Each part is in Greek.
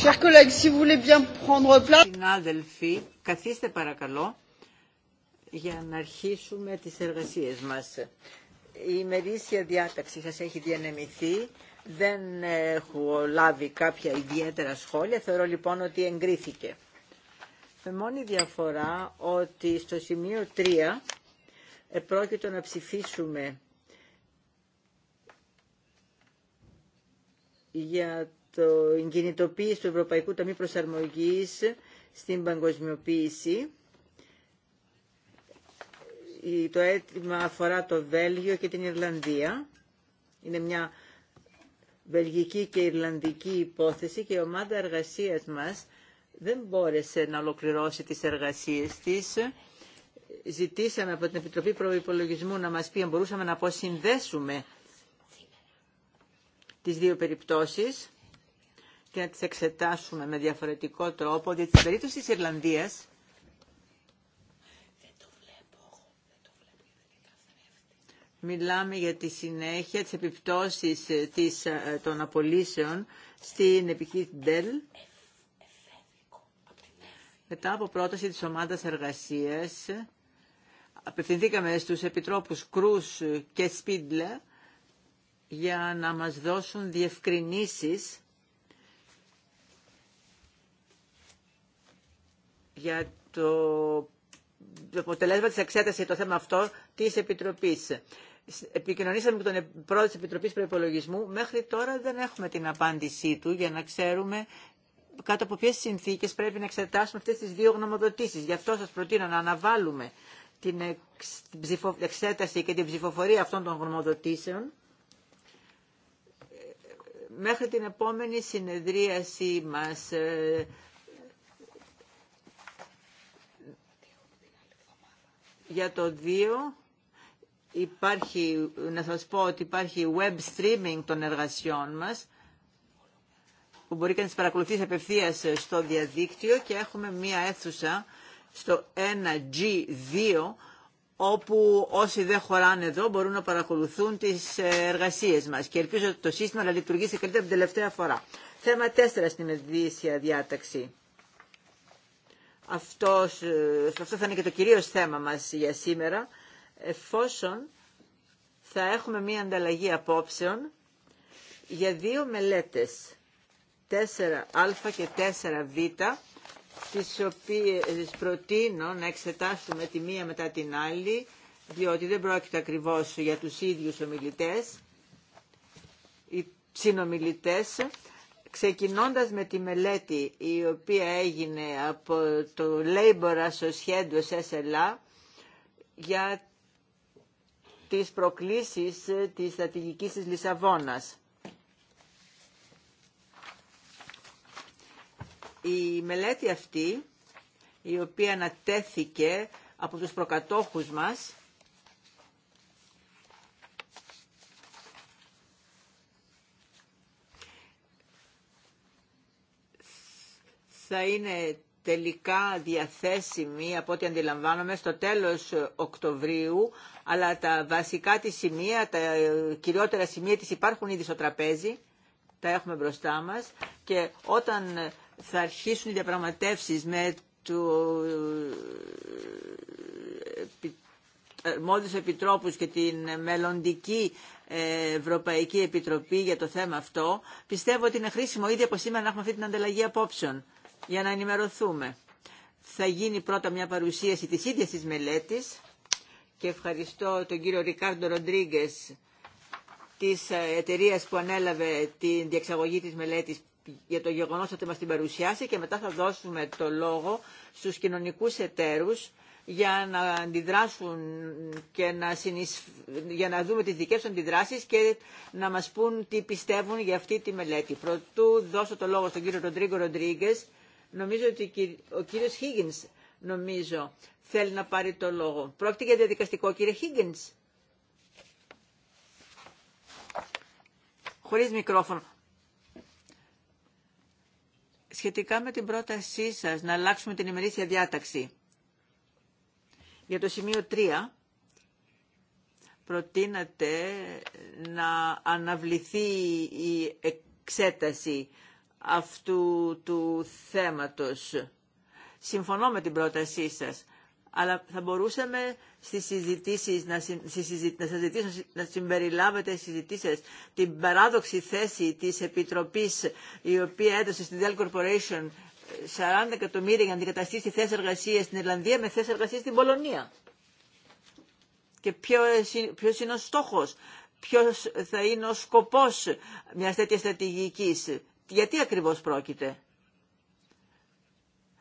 Chers collègues, si vous voulez bien prendre καθίστε παρακαλώ για να αρχίσουμε τις εργασίες μας. Η ημερήσια διάταξη σας έχει διανεμηθεί. Δεν έχω λάβει κάποια ιδιαίτερα σχόλια. Θεωρώ λοιπόν ότι εγκρίθηκε. Με μόνη διαφορά ότι στο σημείο 3 επρόκειτο να ψηφίσουμε για το κινητοποίηση του Ευρωπαϊκού Ταμείου Προσαρμογής στην παγκοσμιοποίηση. Το αίτημα αφορά το Βέλγιο και την Ιρλανδία. Είναι μια βελγική και ιρλανδική υπόθεση και η ομάδα εργασίας μας δεν μπόρεσε να ολοκληρώσει τις εργασίες της. Ζητήσαμε από την Επιτροπή Προϋπολογισμού να μας πει αν μπορούσαμε να αποσυνδέσουμε τις δύο περιπτώσεις και να τις εξετάσουμε με διαφορετικό τρόπο, διότι στην περίπτωση της Ιρλανδίας Μιλάμε για τη συνέχεια της επιπτώσεις ε, της, ε, των απολύσεων στην επιχείρηση Dell μετά από πρόταση της ομάδας εργασίας απευθυνθήκαμε στους επιτρόπους Κρούς και Σπίτλε για να μας δώσουν διευκρινήσεις για το αποτελέσμα της εξέτασης για το θέμα αυτό της Επιτροπής. Επικοινωνήσαμε με τον πρόεδρο της Επιτροπής Προϋπολογισμού. Μέχρι τώρα δεν έχουμε την απάντησή του για να ξέρουμε κάτω από ποιες συνθήκες πρέπει να εξετάσουμε αυτές τις δύο γνωμοδοτήσεις. Γι' αυτό σας προτείνω να αναβάλουμε την εξέταση και την ψηφοφορία αυτών των γνωμοδοτήσεων ε, μέχρι την επόμενη συνεδρίαση μας ε, Για το 2 υπάρχει, να σας πω ότι υπάρχει web streaming των εργασιών μας που μπορεί και να τις παρακολουθείς απευθείας στο διαδίκτυο και έχουμε μία αίθουσα στο 1G2 όπου όσοι δεν χωράνε εδώ μπορούν να παρακολουθούν τις εργασίες μας και ελπίζω ότι το σύστημα να λειτουργήσει καλύτερα από την τελευταία φορά. Θέμα 4 στην ειδήσια διάταξη. Αυτός, ε, αυτό θα είναι και το κυρίως θέμα μας για σήμερα, εφόσον θα έχουμε μία ανταλλαγή απόψεων για δύο μελέτες, 4α και 4β, τις οποίες προτείνω να εξετάσουμε τη μία μετά την άλλη, διότι δεν πρόκειται ακριβώς για τους ίδιους ομιλητές, οι συνομιλητές, ξεκινώντας με τη μελέτη η οποία έγινε από το Labor Associates SLA για τις προκλήσεις της στρατηγικής της Λισαβόνας. Η μελέτη αυτή, η οποία ανατέθηκε από τους προκατόχους μας, θα είναι τελικά διαθέσιμη από ό,τι αντιλαμβάνομαι στο τέλος Οκτωβρίου αλλά τα βασικά της σημεία, τα κυριότερα σημεία της υπάρχουν ήδη στο τραπέζι τα έχουμε μπροστά μας και όταν θα αρχίσουν οι διαπραγματεύσεις με του αρμόδιους ε, επιτρόπους και την μελλοντική Ευρωπαϊκή Επιτροπή για το θέμα αυτό, πιστεύω ότι είναι χρήσιμο ήδη από σήμερα να έχουμε αυτή την ανταλλαγή απόψεων για να ενημερωθούμε. Θα γίνει πρώτα μια παρουσίαση της ίδιας της μελέτης και ευχαριστώ τον κύριο Ρικάρντο Ροντρίγκε της εταιρεία που ανέλαβε την διεξαγωγή της μελέτης για το γεγονός ότι μας την παρουσιάσει και μετά θα δώσουμε το λόγο στους κοινωνικούς εταίρους για να αντιδράσουν και να, δούμε τις δικές τους αντιδράσεις και να μας πούν τι πιστεύουν για αυτή τη μελέτη. Προτού δώσω το λόγο στον κύριο Ροντρίγκο Ροντρίγκες, Νομίζω ότι ο κύριος Higgins, νομίζω, θέλει να πάρει το λόγο. Πρόκειται για διαδικαστικό, κύριε Higgins. Χωρίς μικρόφωνο. Σχετικά με την πρότασή σας να αλλάξουμε την ημερήσια διάταξη. Για το σημείο 3 προτείνατε να αναβληθεί η εξέταση αυτού του θέματος. Συμφωνώ με την πρότασή σας, αλλά θα μπορούσαμε στις συζητήσεις, να, να, να συμπεριλάβετε στις συζητήσεις την παράδοξη θέση της Επιτροπής η οποία έδωσε στην Dell Corporation 40 εκατομμύρια για να αντικαταστήσει θέσεις εργασίας στην Ιρλανδία με θέσεις εργασίας στην Πολωνία. Και ποιο είναι ο στόχος ποιος θα είναι ο σκοπός μιας τέτοιας στρατηγικής γιατί ακριβώς πρόκειται.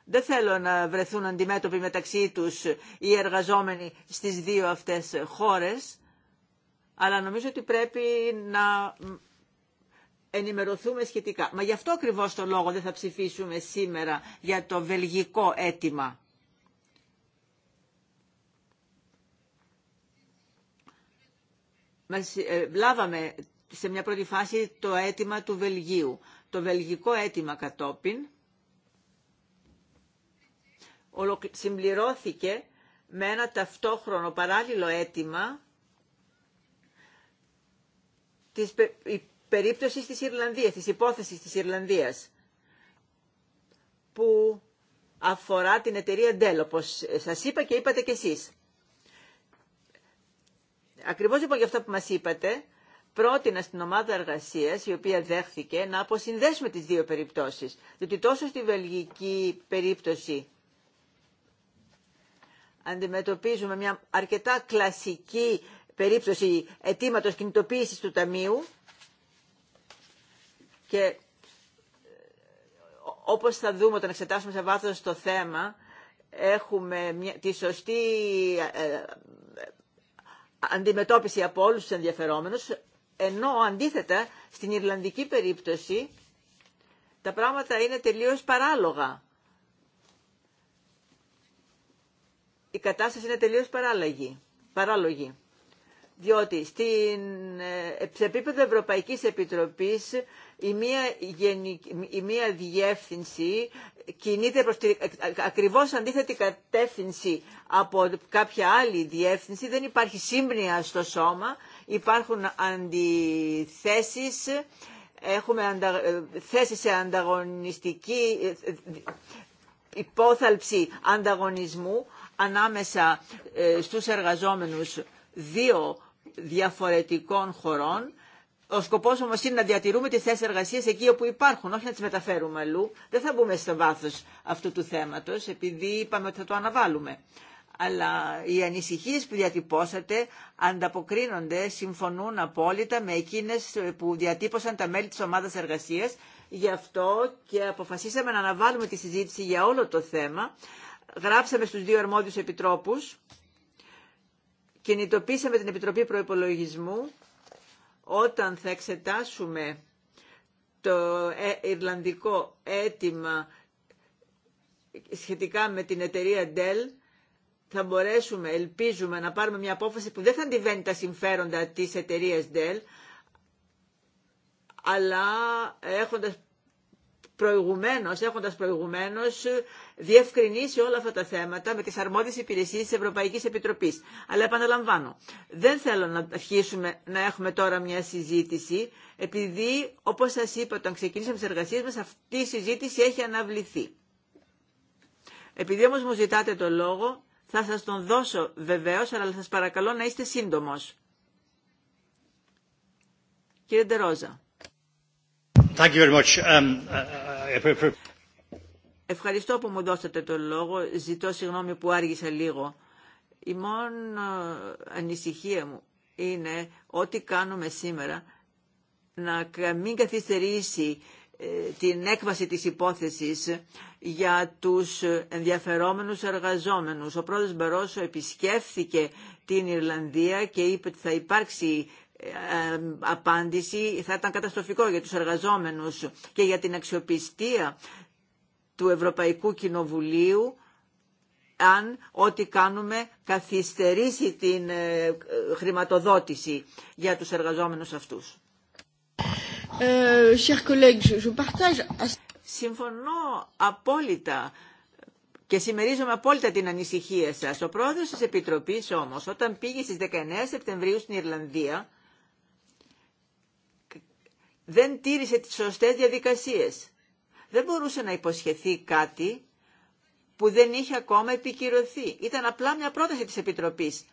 Δεν θέλω να βρεθούν αντιμέτωποι μεταξύ τους οι εργαζόμενοι στις δύο αυτές χώρες, αλλά νομίζω ότι πρέπει να ενημερωθούμε σχετικά. Μα γι' αυτό ακριβώς το λόγο δεν θα ψηφίσουμε σήμερα για το βελγικό αίτημα. Ε, λάβαμε σε μια πρώτη φάση το αίτημα του Βελγίου το βελγικό αίτημα κατόπιν συμπληρώθηκε με ένα ταυτόχρονο παράλληλο αίτημα της περίπτωσης της Ιρλανδίας, της υπόθεσης της Ιρλανδίας, που αφορά την εταιρεία Dell, όπως σας είπα και είπατε κι εσείς. Ακριβώς λοιπόν για αυτά που μας είπατε, πρότεινα στην ομάδα εργασία, η οποία δέχθηκε, να αποσυνδέσουμε τι δύο περιπτώσει, Διότι τόσο στη βελγική περίπτωση αντιμετωπίζουμε μια αρκετά κλασική περίπτωση αιτήματο κινητοποίησης του Ταμείου και ε, όπως θα δούμε όταν εξετάσουμε σε βάθος το θέμα, έχουμε τη σωστή ε, ε, αντιμετώπιση από όλους τους ενδιαφερόμενους, ενώ αντίθετα στην Ιρλανδική περίπτωση τα πράγματα είναι τελείως παράλογα. Η κατάσταση είναι τελείως παράλογη. παράλογη. Διότι στην, ε, σε επίπεδο Ευρωπαϊκής Επιτροπής η μία, η μία διεύθυνση κινείται προς την ακριβώς αντίθετη κατεύθυνση από κάποια άλλη διεύθυνση, δεν υπάρχει σύμπνοια στο σώμα Υπάρχουν αντιθέσεις, έχουμε αντα... Ε, θέσεις σε ανταγωνιστική ε, υπόθαλψη ανταγωνισμού ανάμεσα ε, στους εργαζόμενους δύο διαφορετικών χωρών. Ο σκοπό όμω είναι να διατηρούμε τι θέσει εργασία εκεί όπου υπάρχουν, όχι να τι μεταφέρουμε αλλού. Δεν θα μπούμε στο βάθο αυτού του θέματο, επειδή είπαμε ότι θα το αναβάλουμε αλλά οι ανησυχίες που διατυπώσατε ανταποκρίνονται, συμφωνούν απόλυτα με εκείνες που διατύπωσαν τα μέλη της ομάδας εργασίας. Γι' αυτό και αποφασίσαμε να αναβάλουμε τη συζήτηση για όλο το θέμα. Γράψαμε στους δύο αρμόδιους επιτρόπους, κινητοποίησαμε την Επιτροπή Προϋπολογισμού όταν θα εξετάσουμε το ε, Ιρλανδικό αίτημα σχετικά με την εταιρεία Dell θα μπορέσουμε, ελπίζουμε, να πάρουμε μια απόφαση που δεν θα αντιβαίνει τα συμφέροντα της εταιρείας Dell, αλλά έχοντας προηγουμένως, έχοντας προηγουμένως διευκρινίσει όλα αυτά τα θέματα με τις αρμόδιες υπηρεσίες της Ευρωπαϊκής Επιτροπής. Αλλά επαναλαμβάνω, δεν θέλω να αρχίσουμε να έχουμε τώρα μια συζήτηση, επειδή, όπως σας είπα, όταν ξεκινήσαμε τις εργασίες μας, αυτή η συζήτηση έχει αναβληθεί. Επειδή όμως μου ζητάτε το λόγο, θα σας τον δώσω βεβαίως, αλλά σας παρακαλώ να είστε σύντομος. Κύριε Ντερόζα. Ευχαριστώ που μου δώσατε το λόγο. Ζητώ συγγνώμη που άργησα λίγο. Η μόνη ε, ανησυχία μου είναι ότι κάνουμε σήμερα να μην καθυστερήσει ε, την έκβαση της υπόθεσης για τους ενδιαφερόμενους εργαζόμενους. Ο πρόεδρος μπερόσο επισκέφθηκε την Ιρλανδία και είπε ότι θα υπάρξει ε, απάντηση, θα ήταν καταστροφικό για τους εργαζόμενους και για την αξιοπιστία του Ευρωπαϊκού Κοινοβουλίου αν ό,τι κάνουμε καθυστερήσει την ε, χρηματοδότηση για τους εργαζόμενους αυτούς. Ε, Συμφωνώ απόλυτα και συμμερίζομαι απόλυτα την ανησυχία σας. Ο πρόεδρος της Επιτροπής όμως, όταν πήγε στις 19 Σεπτεμβρίου στην Ιρλανδία, δεν τήρησε τις σωστές διαδικασίες. Δεν μπορούσε να υποσχεθεί κάτι που δεν είχε ακόμα επικυρωθεί. Ήταν απλά μια πρόταση της Επιτροπής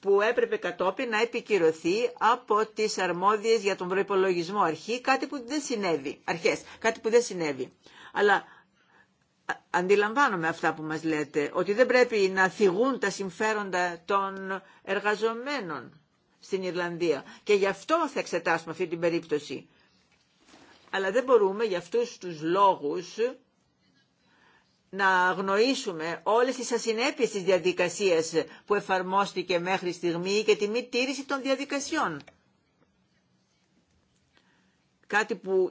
που έπρεπε κατόπιν να επικυρωθεί από τις αρμόδιες για τον προϋπολογισμό αρχή, κάτι που δεν συνέβη, αρχές, κάτι που δεν συνέβη. Αλλά αντιλαμβάνομαι αυτά που μας λέτε, ότι δεν πρέπει να θυγούν τα συμφέροντα των εργαζομένων στην Ιρλανδία. Και γι' αυτό θα εξετάσουμε αυτή την περίπτωση. Αλλά δεν μπορούμε για αυτού τους λόγους να γνωρίσουμε όλες τις ασυνέπειες της διαδικασίας που εφαρμόστηκε μέχρι στιγμή και τη μη τήρηση των διαδικασιών. Κάτι που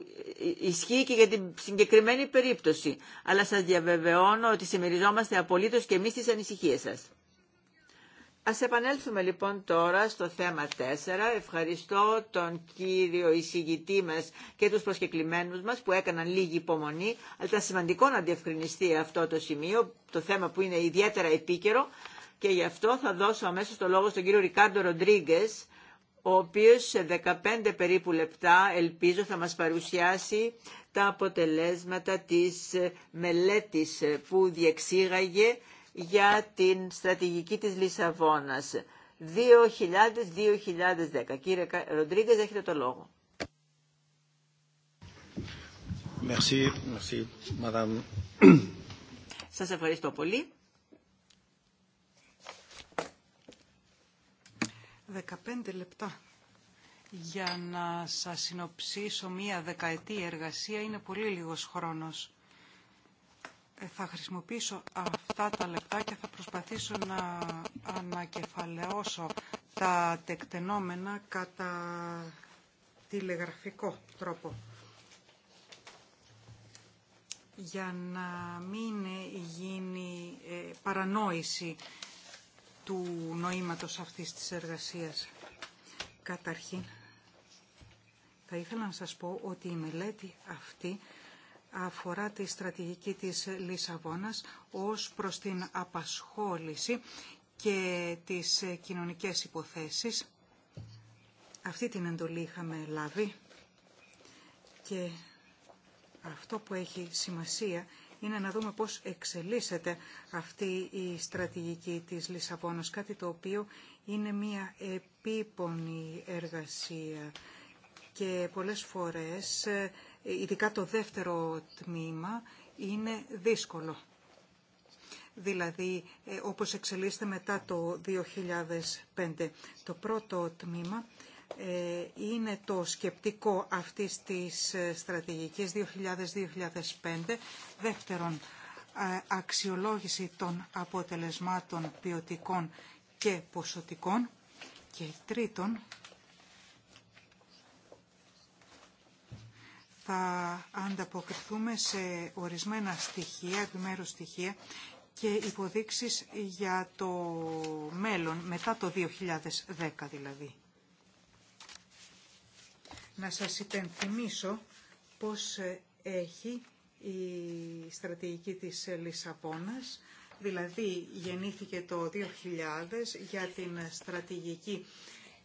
ισχύει και για την συγκεκριμένη περίπτωση. Αλλά σας διαβεβαιώνω ότι συμμεριζόμαστε απολύτως και εμείς τις ανησυχίες σας. Ας επανέλθουμε λοιπόν τώρα στο θέμα 4. Ευχαριστώ τον κύριο εισηγητή μας και τους προσκεκλημένους μας που έκαναν λίγη υπομονή, αλλά ήταν σημαντικό να διευκρινιστεί αυτό το σημείο, το θέμα που είναι ιδιαίτερα επίκαιρο και γι' αυτό θα δώσω αμέσως το λόγο στον κύριο Ρικάρντο Ροντρίγκε, ο οποίος σε 15 περίπου λεπτά ελπίζω θα μας παρουσιάσει τα αποτελέσματα της μελέτης που διεξήγαγε για την στρατηγική της Λισαβόνας 2000-2010. Κύριε Ροντρίγκες, έχετε το λόγο. Merci, merci, Σας ευχαριστώ πολύ. 15 λεπτά για να σας συνοψίσω μία δεκαετή εργασία είναι πολύ λίγος χρόνος. Ε, θα χρησιμοποιήσω αυτά τα λεπτά και θα προσπαθήσω να ανακεφαλαιώσω τα τεκτενόμενα κατά τηλεγραφικό τρόπο. Για να μην γίνει ε, παρανόηση του νοήματος αυτής της εργασίας. Καταρχήν, θα ήθελα να σας πω ότι η μελέτη αυτή αφορά τη στρατηγική της Λισαβόνας ως προς την απασχόληση και τις κοινωνικές υποθέσεις. Αυτή την εντολή είχαμε λάβει και αυτό που έχει σημασία είναι να δούμε πώς εξελίσσεται αυτή η στρατηγική της Λισαβόνας, κάτι το οποίο είναι μια επίπονη εργασία και πολλές φορές ε, ειδικά το δεύτερο τμήμα, είναι δύσκολο. Δηλαδή, ε, όπως εξελίσσεται μετά το 2005. Το πρώτο τμήμα ε, είναι το σκεπτικό αυτής της ε, στρατηγικής 2000-2005. Δεύτερον, αξιολόγηση των αποτελεσμάτων ποιοτικών και ποσοτικών. Και τρίτον, θα ανταποκριθούμε σε ορισμένα στοιχεία, επιμέρους στοιχεία και υποδείξεις για το μέλλον, μετά το 2010 δηλαδή. Να σας υπενθυμίσω πώς έχει η στρατηγική της Λισαβόνας, δηλαδή γεννήθηκε το 2000 για την στρατηγική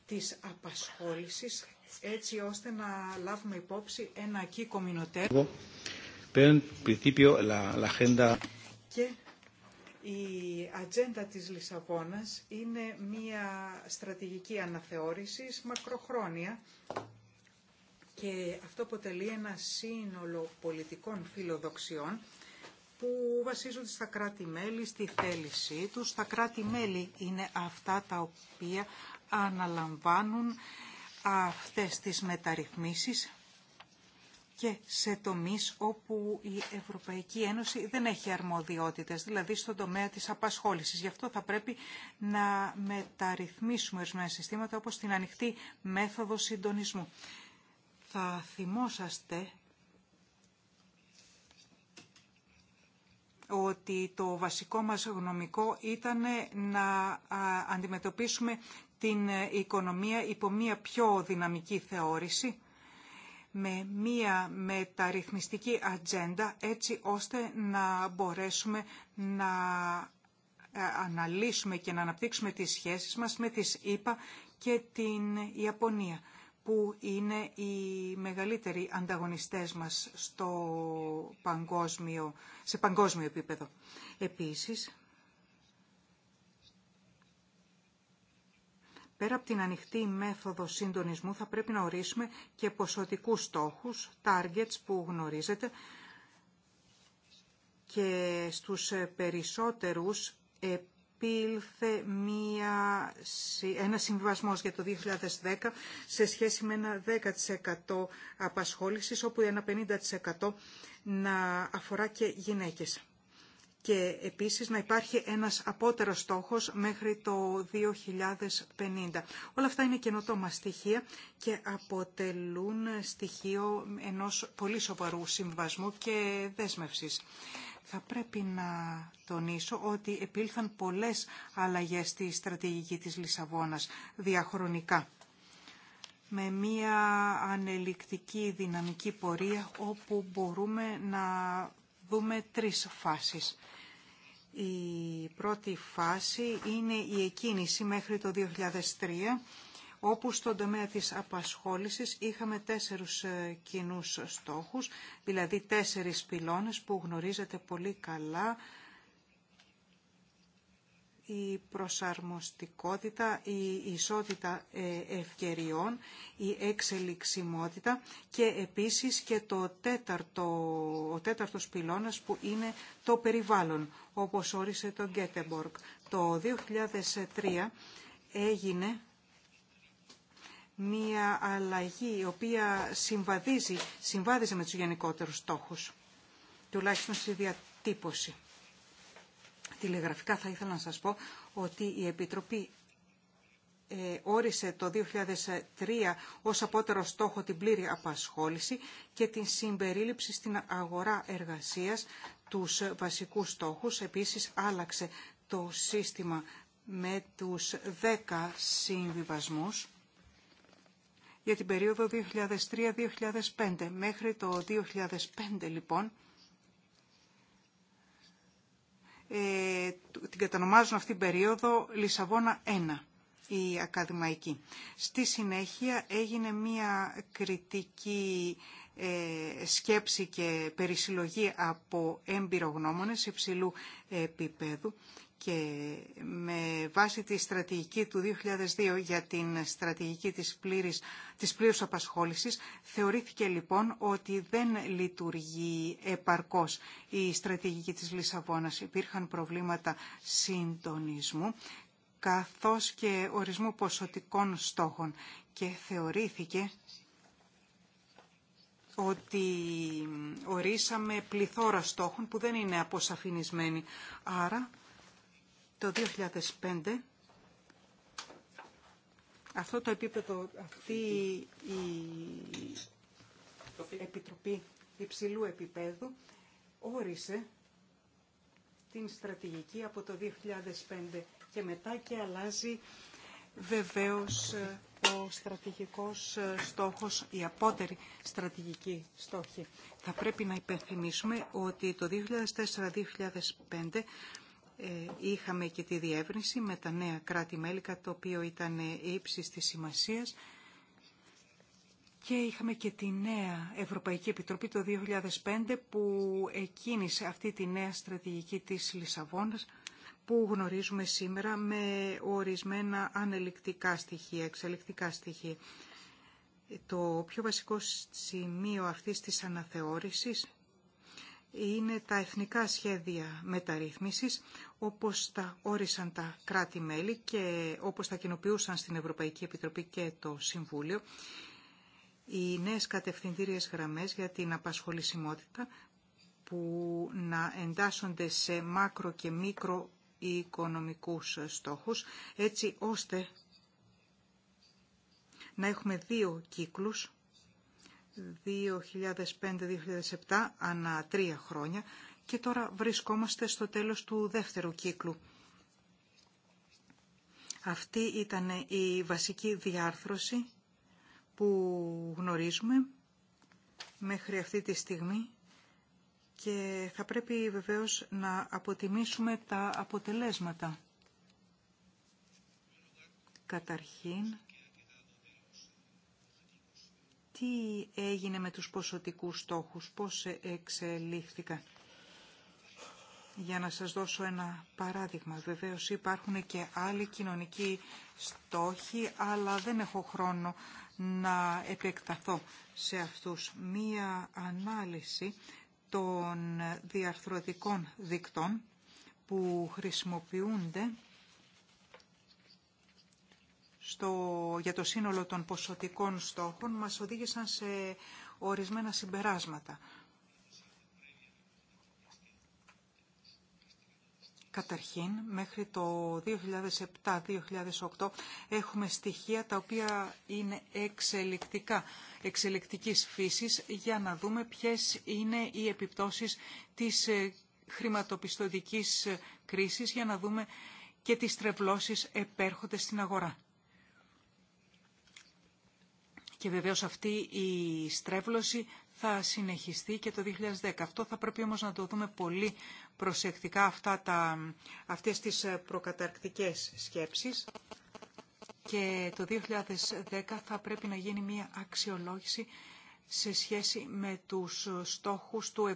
της απασχόλησης έτσι ώστε να λάβουμε υπόψη ένα la agenda... και η ατζέντα της Λισαβόνας είναι μια στρατηγική αναθεώρησης μακροχρόνια και αυτό αποτελεί ένα σύνολο πολιτικών φιλοδοξιών που βασίζονται στα κράτη-μέλη, στη θέλησή τους. Τα κράτη-μέλη είναι αυτά τα οποία αναλαμβάνουν αυτές τις μεταρρυθμίσεις και σε τομείς όπου η Ευρωπαϊκή Ένωση δεν έχει αρμοδιότητες, δηλαδή στον τομέα της απασχόλησης. Γι' αυτό θα πρέπει να μεταρρυθμίσουμε ορισμένα συστήματα όπως την ανοιχτή μέθοδο συντονισμού. Θα θυμόσαστε ότι το βασικό μας γνωμικό ήταν να αντιμετωπίσουμε την ε, οικονομία υπό μία πιο δυναμική θεώρηση, με μία μεταρρυθμιστική ατζέντα, έτσι ώστε να μπορέσουμε να ε, αναλύσουμε και να αναπτύξουμε τις σχέσεις μας με τις ΗΠΑ και την Ιαπωνία που είναι οι μεγαλύτεροι ανταγωνιστές μας στο παγκόσμιο, σε παγκόσμιο επίπεδο. Επίσης, Πέρα από την ανοιχτή μέθοδο συντονισμού θα πρέπει να ορίσουμε και ποσοτικούς στόχους, targets που γνωρίζετε και στους περισσότερους επήλθε μία, ένα συμβιβασμό για το 2010 σε σχέση με ένα 10% απασχόλησης όπου ένα 50% να αφορά και γυναίκες και επίσης να υπάρχει ένας απότερος στόχος μέχρι το 2050. Όλα αυτά είναι καινοτόμα στοιχεία και αποτελούν στοιχείο ενός πολύ σοβαρού συμβασμού και δέσμευσης. Θα πρέπει να τονίσω ότι επήλθαν πολλές αλλαγές στη στρατηγική της Λισαβόνας διαχρονικά με μία ανελικτική δυναμική πορεία όπου μπορούμε να δούμε τρεις φάσεις. Η πρώτη φάση είναι η εκκίνηση μέχρι το 2003, όπου στον τομέα της απασχόλησης είχαμε τέσσερους ε, κοινούς στόχους, δηλαδή τέσσερις πυλώνες που γνωρίζετε πολύ καλά η προσαρμοστικότητα, η ισότητα ε, ευκαιριών, η εξελιξιμότητα και επίσης και το τέταρτο, ο τέταρτος πυλώνας που είναι το περιβάλλον, όπως όρισε το Γκέτεμπορκ. Το 2003 έγινε μία αλλαγή η οποία συμβαδίζει, συμβάδιζε με τους γενικότερους στόχους, τουλάχιστον στη διατύπωση τηλεγραφικά θα ήθελα να σας πω ότι η Επιτροπή ε, όρισε το 2003 ως απότερο στόχο την πλήρη απασχόληση και την συμπερίληψη στην αγορά εργασίας τους βασικούς στόχους. Επίσης άλλαξε το σύστημα με τους 10 συμβιβασμούς για την περίοδο 2003-2005. Μέχρι το 2005 λοιπόν ε, την κατανομάζουν αυτήν την περίοδο Λισαβόνα 1 η ακαδημαϊκή. Στη συνέχεια έγινε μία κριτική ε, σκέψη και περισυλλογή από έμπειρογνώμονες υψηλού επίπεδου και με βάση τη στρατηγική του 2002 για την στρατηγική της πλήρης, της πλήρους απασχόλησης θεωρήθηκε λοιπόν ότι δεν λειτουργεί επαρκώς η στρατηγική της Λισαβόνας. Υπήρχαν προβλήματα συντονισμού καθώς και ορισμού ποσοτικών στόχων και θεωρήθηκε ότι ορίσαμε πληθώρα στόχων που δεν είναι αποσαφηνισμένοι Άρα το 2005 αυτό το επίπεδο, αυτή η Επιτροπή Υψηλού Επιπέδου όρισε την στρατηγική από το 2005 και μετά και αλλάζει βεβαίως ε, ο στρατηγικός ε, στόχος, η απότερη στρατηγική στόχη. Θα πρέπει να υπενθυμίσουμε ότι το 2004-2005 ε, είχαμε και τη διεύρυνση με τα νέα κράτη-μέλη, το οποίο ήταν ύψης της σημασίας. Και είχαμε και τη νέα Ευρωπαϊκή Επιτροπή το 2005 που εκκίνησε αυτή τη νέα στρατηγική της Λισαβόνας που γνωρίζουμε σήμερα με ορισμένα ανελικτικά στοιχεία, εξελικτικά στοιχεία. Το πιο βασικό σημείο αυτής της αναθεώρησης είναι τα εθνικά σχέδια μεταρρύθμισης όπως τα όρισαν τα κράτη-μέλη και όπως τα κοινοποιούσαν στην Ευρωπαϊκή Επιτροπή και το Συμβούλιο οι νέες κατευθυντήριες γραμμές για την απασχολησιμότητα που να εντάσσονται σε μάκρο και μικρο οικονομικούς στόχους έτσι ώστε να έχουμε δύο κύκλους 2005-2007 ανά τρία χρόνια και τώρα βρισκόμαστε στο τέλος του δεύτερου κύκλου. Αυτή ήταν η βασική διάρθρωση που γνωρίζουμε μέχρι αυτή τη στιγμή και θα πρέπει βεβαίως να αποτιμήσουμε τα αποτελέσματα. Καταρχήν, τι έγινε με τους ποσοτικούς στόχους, πώς εξελίχθηκαν. Για να σας δώσω ένα παράδειγμα, βεβαίως υπάρχουν και άλλοι κοινωνικοί στόχοι, αλλά δεν έχω χρόνο να επεκταθώ σε αυτούς. Μία ανάλυση των διαρθρωτικών δικτών που χρησιμοποιούνται στο, για το σύνολο των ποσοτικών στόχων μας οδήγησαν σε ορισμένα συμπεράσματα. Καταρχήν, μέχρι το 2007-2008 έχουμε στοιχεία τα οποία είναι εξελικτικά, εξελικτικής φύσης για να δούμε ποιες είναι οι επιπτώσεις της ε, χρηματοπιστωτικής ε, κρίσης για να δούμε και τις τρευλώσεις επέρχονται στην αγορά. Και βεβαίως αυτή η στρέβλωση θα συνεχιστεί και το 2010. Αυτό θα πρέπει όμως να το δούμε πολύ προσεκτικά αυτά τα, αυτές τις ε, προκαταρκτικές σκέψεις και το 2010 θα πρέπει να γίνει μια αξιολόγηση σε σχέση με τους στόχους του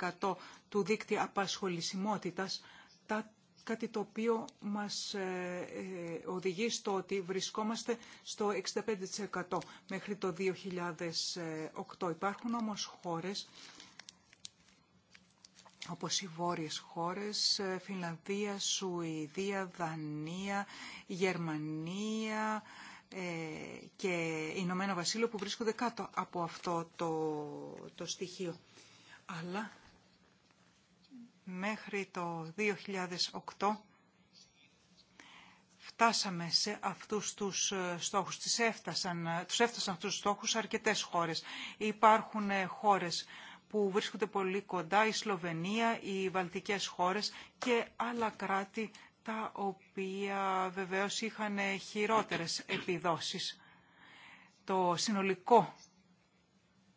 70% του δίκτυα απασχολησιμότητας, τα κάτι το οποίο μας ε, ε, οδηγεί στο ότι βρισκόμαστε στο 65% μέχρι το 2008. Υπάρχουν όμως χώρες, όπως οι βόρειες χώρες, ε, Φιλανδία, Σουηδία, Δανία, Γερμανία και Ηνωμένο Βασίλειο που βρίσκονται κάτω από αυτό το, το στοιχείο. Αλλά μέχρι το 2008 φτάσαμε σε αυτούς τους ε, στόχους. Τις έφτασαν, ε, τους έφτασαν αυτούς τους στόχους αρκετές χώρες. Υπάρχουν ε, χώρες που βρίσκονται πολύ κοντά, η Σλοβενία, οι Βαλτικές χώρες και άλλα κράτη τα οποία βεβαίως είχαν χειρότερες επιδόσεις. Το συνολικό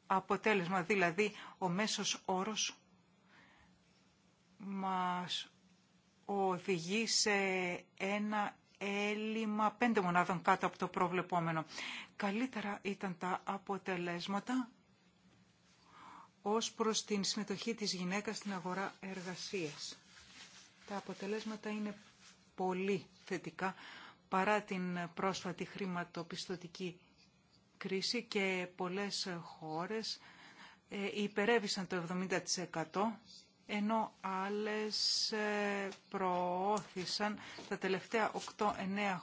αποτέλεσμα, δηλαδή ο μέσος όρος μας οδηγεί σε ένα έλλειμμα πέντε μονάδων κάτω από το προβλεπόμενο. Καλύτερα ήταν τα αποτελέσματα ως προς την συμμετοχή της γυναίκας στην αγορά εργασίας. Τα αποτελέσματα είναι πολύ θετικά παρά την πρόσφατη χρηματοπιστωτική κρίση και πολλές χώρες ε, υπερέβησαν το 70% ενώ άλλες ε, προώθησαν τα τελευταία 8-9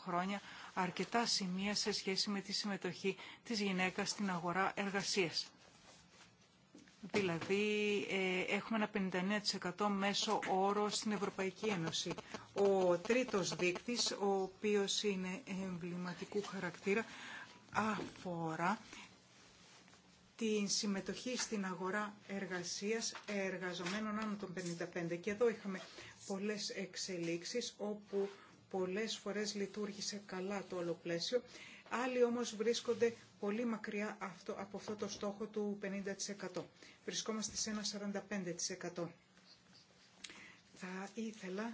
χρόνια αρκετά σημεία σε σχέση με τη συμμετοχή της γυναίκας στην αγορά εργασίας. Δηλαδή ε, έχουμε ένα 59% μέσο όρο στην Ευρωπαϊκή Ένωση. Ο τρίτος δείκτης, ο οποίος είναι εμβληματικού χαρακτήρα, αφορά την συμμετοχή στην αγορά εργασίας εργαζομένων άνω των 55. Και εδώ είχαμε πολλές εξελίξεις όπου πολλές φορές λειτουργήσε καλά το όλο πλαίσιο. Άλλοι όμως βρίσκονται πολύ μακριά από αυτό το στόχο του 50%. Βρισκόμαστε σε ένα 45%. Θα ήθελα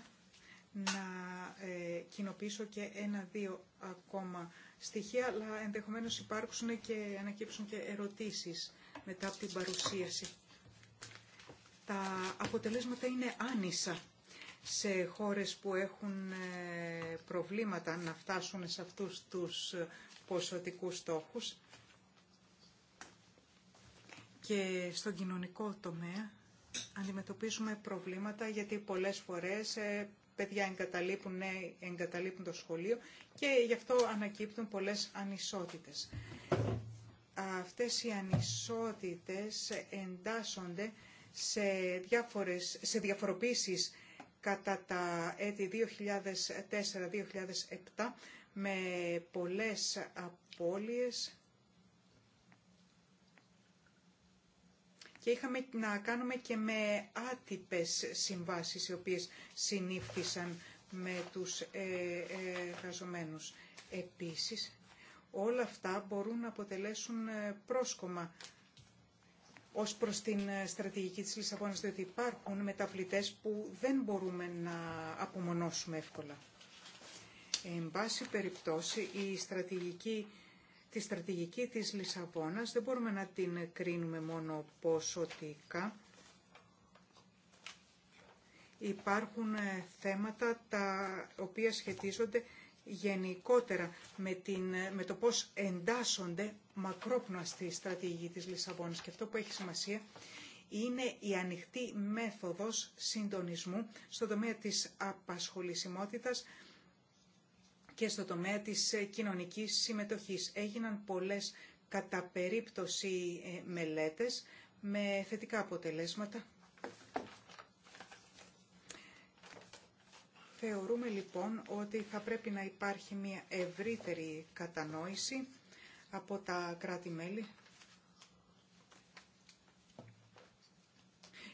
να ε, κοινοποιήσω και ένα-δύο ακόμα στοιχεία, αλλά ενδεχομένως υπάρξουν και ανακύψουν και ερωτήσεις μετά από την παρουσίαση. Τα αποτελέσματα είναι άνισα σε χώρες που έχουν ε, προβλήματα να φτάσουν σε αυτούς τους ε, ποσοτικούς στόχους και στον κοινωνικό τομέα αντιμετωπίζουμε προβλήματα γιατί πολλές φορές παιδιά εγκαταλείπουν, ναι, εγκαταλείπουν το σχολείο και γι' αυτό ανακύπτουν πολλές ανισότητες. Αυτές οι ανισότητες εντάσσονται σε, διάφορες, σε διαφοροποίησεις κατά τα έτη 2004-2007 με πολλές απώλειες και είχαμε να κάνουμε και με άτυπες συμβάσεις οι οποίες συνήφθησαν με τους ε, εργαζομένους. Επίσης, όλα αυτά μπορούν να αποτελέσουν ε, πρόσκομα ως προς την ε, στρατηγική της Λισαβόνας, διότι υπάρχουν μεταβλητές που δεν μπορούμε να απομονώσουμε εύκολα. Εν πάση περιπτώσει, η στρατηγική Τη στρατηγική της Λισαβόνας δεν μπορούμε να την κρίνουμε μόνο ποσοτικά. Υπάρχουν ε, θέματα τα οποία σχετίζονται γενικότερα με, την, ε, με το πώς εντάσσονται μακρόπνοα στη στρατηγική της Λισαβόνας. Και αυτό που έχει σημασία είναι η ανοιχτή μέθοδος συντονισμού στον τομέα της απασχολησιμότητας και στο τομέα της ε, κοινωνικής συμμετοχής. Έγιναν πολλές κατά περίπτωση ε, μελέτες με θετικά αποτελέσματα. Θεωρούμε λοιπόν ότι θα πρέπει να υπάρχει μια ευρύτερη κατανόηση από τα κράτη-μέλη.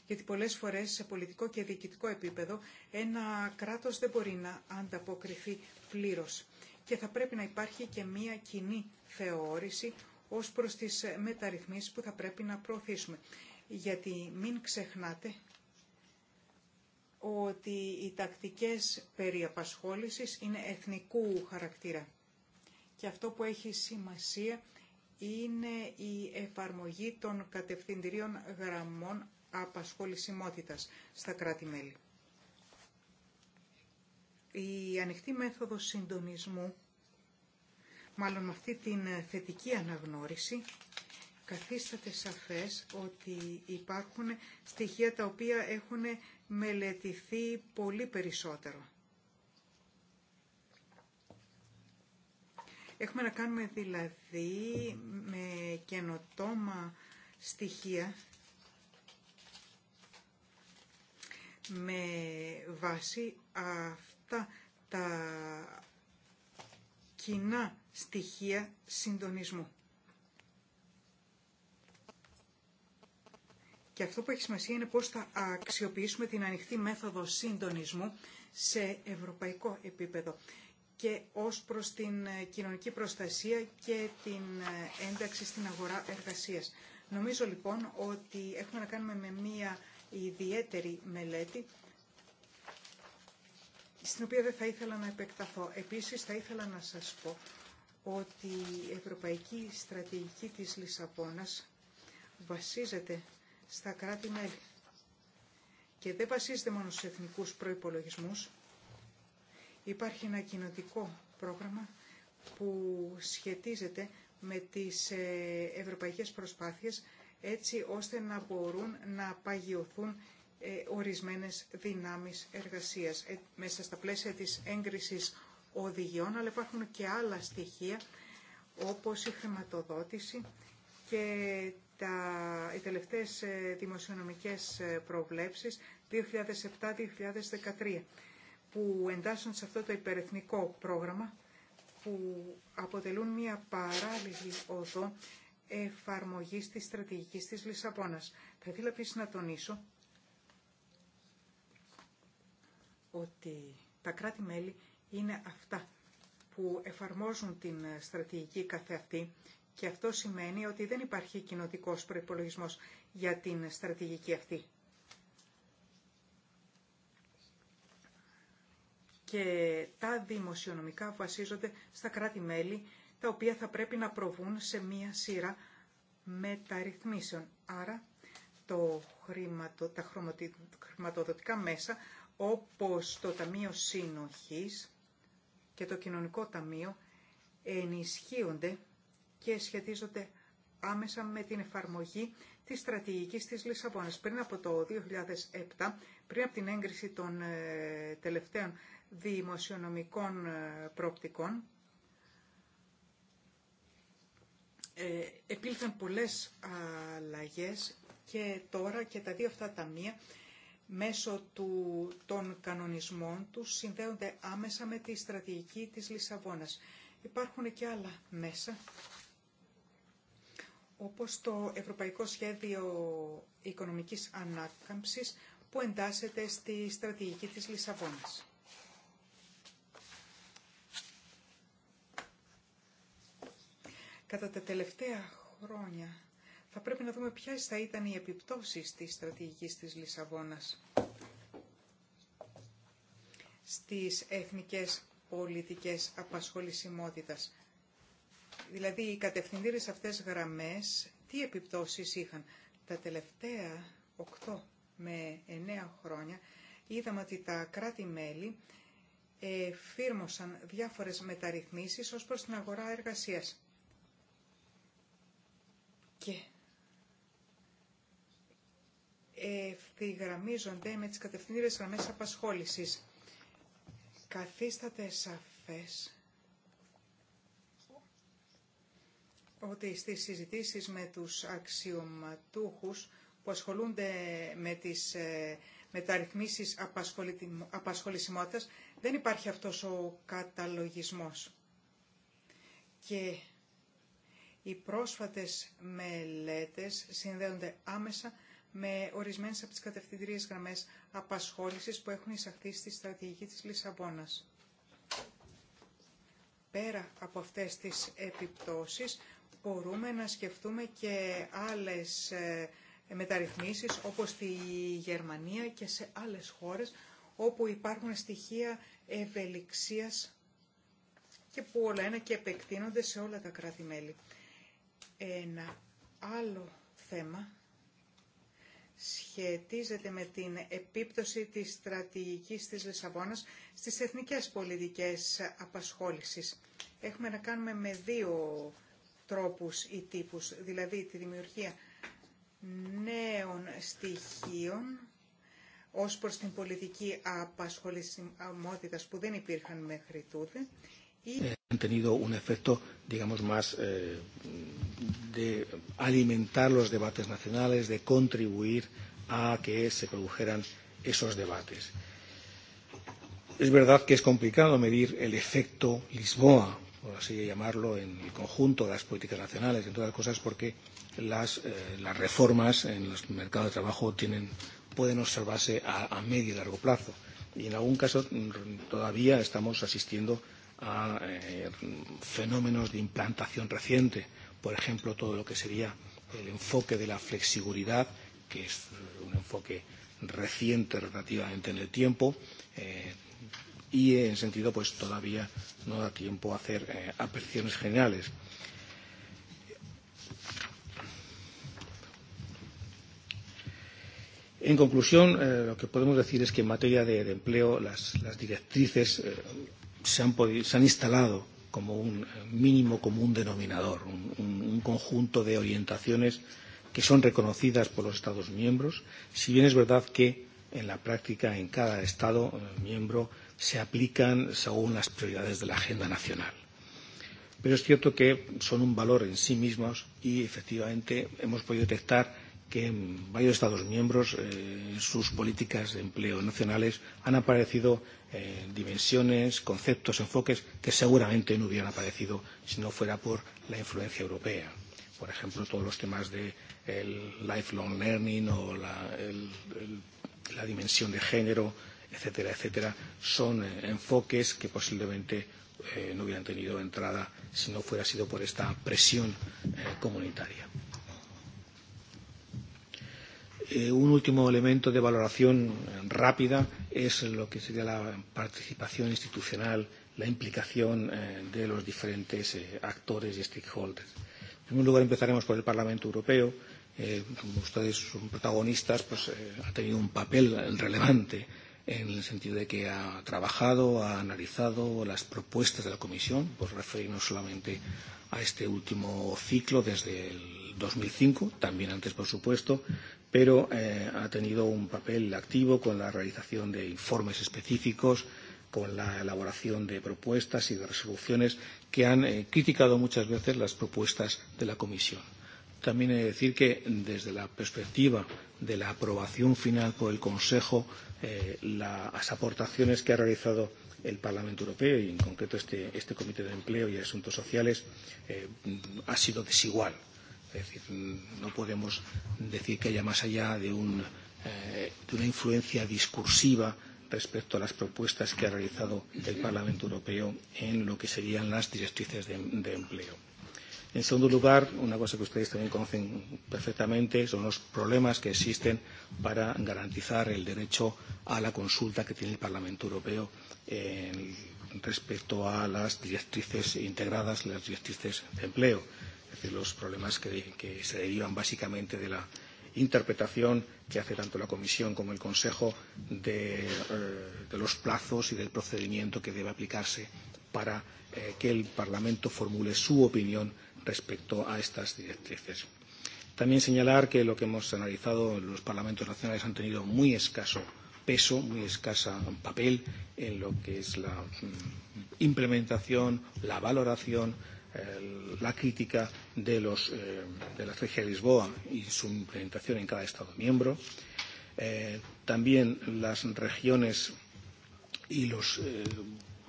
Γιατί πολλές φορές σε πολιτικό και διοικητικό επίπεδο ένα κράτος δεν μπορεί να ανταποκριθεί και θα πρέπει να υπάρχει και μία κοινή θεώρηση ως προς τις ε, μεταρρυθμίσεις που θα πρέπει να προωθήσουμε. Γιατί μην ξεχνάτε ότι οι τακτικές περί είναι εθνικού χαρακτήρα. Και αυτό που έχει σημασία είναι η εφαρμογή των κατευθυντηρίων γραμμών απασχολησιμότητας στα κράτη-μέλη η ανοιχτή μέθοδος συντονισμού, μάλλον με αυτή την ε, θετική αναγνώριση, καθίσταται σαφές ότι υπάρχουν στοιχεία τα οποία έχουν μελετηθεί πολύ περισσότερο. Έχουμε να κάνουμε δηλαδή με καινοτόμα στοιχεία με βάση αυτή τα κοινά στοιχεία συντονισμού. Και αυτό που έχει σημασία είναι πώς θα αξιοποιήσουμε την ανοιχτή μέθοδο συντονισμού σε ευρωπαϊκό επίπεδο και ως προς την ε, κοινωνική προστασία και την ε, ένταξη στην αγορά εργασίας. Νομίζω λοιπόν ότι έχουμε να κάνουμε με μία ιδιαίτερη μελέτη στην οποία δεν θα ήθελα να επεκταθώ. Επίσης θα ήθελα να σας πω ότι η Ευρωπαϊκή Στρατηγική της Λισαβόνας βασίζεται στα κράτη-μέλη και δεν βασίζεται μόνο στους εθνικούς προϋπολογισμούς. Υπάρχει ένα κοινοτικό πρόγραμμα που σχετίζεται με τις ε, ευρωπαϊκές προσπάθειες έτσι ώστε να μπορούν να παγιωθούν ε, ορισμένες δυνάμεις εργασίας ε, μέσα στα πλαίσια της έγκρισης οδηγιών, αλλά υπάρχουν και άλλα στοιχεία όπως η χρηματοδότηση και τα, οι τελευταίες ε, δημοσιονομικές προβλέψεις 2007-2013 που εντάσσουν σε αυτό το υπερεθνικό πρόγραμμα που αποτελούν μια παράλληλη οδό εφαρμογής της στρατηγικής της Λισαβόνας. Θα ήθελα επίσης να τονίσω ότι τα κράτη-μέλη είναι αυτά που εφαρμόζουν την στρατηγική καθεαυτή και αυτό σημαίνει ότι δεν υπάρχει κοινοτικό προπολογισμό για την στρατηγική αυτή. Και τα δημοσιονομικά βασίζονται στα κράτη-μέλη, τα οποία θα πρέπει να προβούν σε μία σειρά μεταρρυθμίσεων. Άρα το χρηματο, τα χρηματοδοτικά μέσα όπως το Ταμείο Σύνοχης και το Κοινωνικό Ταμείο ενισχύονται και σχετίζονται άμεσα με την εφαρμογή της στρατηγικής της Λισαβόνας. Πριν από το 2007, πριν από την έγκριση των ε, τελευταίων δημοσιονομικών ε, πρόπτικων ε, επήλθαν πολλές αλλαγές και τώρα και τα δύο αυτά ταμεία μέσω του, των κανονισμών του συνδέονται άμεσα με τη στρατηγική της Λισαβόνας. Υπάρχουν και άλλα μέσα, όπως το Ευρωπαϊκό Σχέδιο Οικονομικής Ανάκαμψης που εντάσσεται στη στρατηγική της Λισαβόνας. Κατά τα τελευταία χρόνια θα πρέπει να δούμε ποιες θα ήταν οι επιπτώσεις της στρατηγικής της Λισαβόνας στις εθνικές πολιτικές απασχολησιμότητας. Δηλαδή, οι κατευθυντήρες αυτές γραμμές, τι επιπτώσεις είχαν. Τα τελευταία 8 με 9 χρόνια είδαμε ότι τα κράτη-μέλη φύρμωσαν διάφορες μεταρρυθμίσεις ως προς την αγορά εργασίας. Και ευθυγραμμίζονται με τις κατευθυντήρες γραμμές απασχόλησης. Καθίσταται σαφές ότι στις συζητήσεις με τους αξιωματούχους που ασχολούνται με τις ε, μεταρρυθμίσεις απασχολησιμότητας δεν υπάρχει αυτός ο καταλογισμός. Και οι πρόσφατες μελέτες συνδέονται άμεσα με ορισμένες από τις κατευθυντήριες γραμμές απασχόλησης που έχουν εισαχθεί στη στρατηγική της Λισαβόνας. Πέρα από αυτές τις επιπτώσεις μπορούμε να σκεφτούμε και άλλες ε, μεταρρυθμίσεις όπως στη Γερμανία και σε άλλες χώρες όπου υπάρχουν στοιχεία ευελιξίας και που όλα ένα και επεκτείνονται σε όλα τα κράτη-μέλη. Ένα άλλο θέμα σχετίζεται με την επίπτωση της στρατηγικής της Λισαβόνας στις εθνικές πολιτικές απασχόλησης. Έχουμε να κάνουμε με δύο τρόπους ή τύπους, δηλαδή τη δημιουργία νέων στοιχείων ως προς την πολιτική απασχολησιμότητας που δεν υπήρχαν μέχρι τούτε. Ή... Ε, de alimentar los debates nacionales, de contribuir a que se produjeran esos debates. Es verdad que es complicado medir el efecto Lisboa, por así llamarlo, en el conjunto de las políticas nacionales, en todas las cosas, porque las reformas en los mercados de trabajo tienen pueden observarse a medio y largo plazo. Y en algún caso todavía estamos asistiendo a fenómenos de implantación reciente por ejemplo, todo lo que sería el enfoque de la flexiguridad, que es un enfoque reciente relativamente en el tiempo, y en sentido pues todavía no da tiempo a hacer apreciaciones generales. En conclusión, lo que podemos decir es que en materia de empleo las directrices se han instalado como un mínimo común denominador, un conjunto de orientaciones que son reconocidas por los Estados miembros, si bien es verdad que en la práctica en cada Estado miembro se aplican según las prioridades de la agenda nacional. Pero es cierto que son un valor en sí mismos y efectivamente hemos podido detectar que en varios Estados miembros sus políticas de empleo nacionales han aparecido dimensiones, conceptos, enfoques que seguramente no hubieran aparecido si no fuera por la influencia europea. Por ejemplo, todos los temas de el lifelong learning o la, el, la dimensión de género, etcétera, etcétera, son enfoques que posiblemente no hubieran tenido entrada si no fuera sido por esta presión comunitaria. Un último elemento de valoración rápida es lo que sería la participación institucional, la implicación de los diferentes actores y stakeholders. En primer lugar, empezaremos por el Parlamento Europeo. Como ustedes son protagonistas, pues ha tenido un papel relevante en el sentido de que ha trabajado, ha analizado las propuestas de la Comisión, por referirnos solamente a este último ciclo desde el 2005, también antes, por supuesto, pero ha tenido un papel activo con la realización de informes específicos, con la elaboración de propuestas y de resoluciones que han criticado muchas veces las propuestas de la Comisión. También he de decir que desde la perspectiva de la aprobación final por el Consejo, las aportaciones que ha realizado el Parlamento Europeo y en concreto este Comité de Empleo y Asuntos Sociales ha sido desigual Es decir, no podemos decir que haya más allá de de una influencia discursiva respecto a las propuestas que ha realizado el Parlamento Europeo en lo que serían las directrices de empleo. En segundo lugar, una cosa que ustedes también conocen perfectamente son los problemas que existen para garantizar el derecho a la consulta que tiene el Parlamento Europeo respecto a las directrices integradas, las directrices de empleo de los problemas que, que se derivan básicamente de la interpretación que hace tanto la Comisión como el Consejo de, de los plazos y del procedimiento que debe aplicarse para que el Parlamento formule su opinión respecto a estas directrices. También señalar que lo que hemos analizado los parlamentos nacionales han tenido muy escaso peso, muy escaso papel en lo que es la implementación, la valoración la crítica de los de la estrategia de Lisboa y su implementación en cada estado miembro también las regiones y las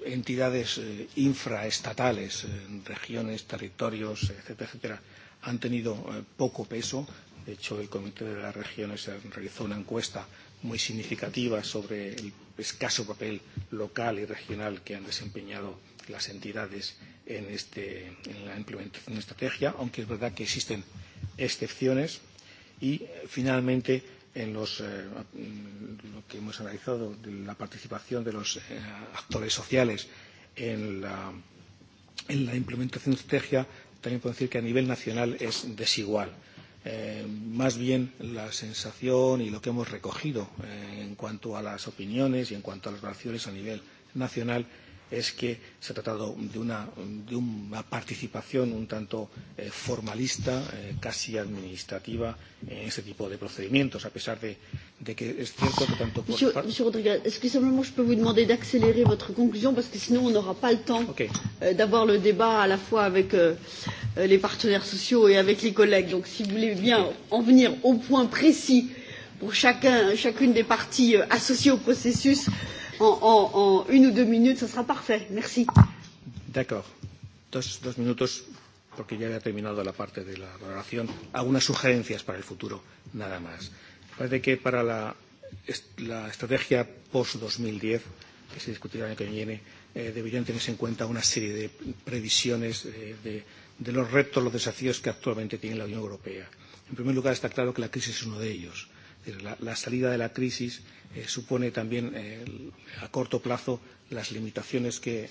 entidades infraestatales regiones territorios etcétera etcétera han tenido poco peso de hecho el comité de las regiones realizó una encuesta muy significativa sobre el escaso papel local y regional que han desempeñado las entidades en, este, en la implementación de estrategia, aunque es verdad que existen excepciones. Y, finalmente, en los, lo que hemos analizado de la participación de los actores sociales en la, en la implementación de estrategia, también puedo decir que a nivel nacional es desigual. Más bien la sensación y lo que hemos recogido en cuanto a las opiniones y en cuanto a las relaciones a nivel nacional es que se ha tratado de una de una participación un tanto formalista, casi administrativa en este tipo de procedimientos, a pesar de de que es cierto que tanto por Monsieur Rodriguez, est-ce que simplement je peux vous demander d'accélérer votre conclusion parce que sinon on n'aura pas le temps d'avoir le débat à la fois avec les partenaires sociaux et avec les collègues. Donc si vous voulez bien en venir au point précis pour chacun chacune des parties associées au processus en une ou deux minutes, ce sera parfait. Merci. D'accord. Dos, dos minutos, porque ya había terminado la parte de la valoración. Algunas sugerencias para el futuro, nada más. Parece que para la, la estrategia post-2010, que se discutirá el año que viene, eh, deberían tenerse en cuenta una serie de previsiones de, de los retos, los desafíos que actualmente tiene la Unión Europea. En primer lugar, está claro que la crisis es uno de ellos la salida de la crisis supone también a corto plazo las limitaciones que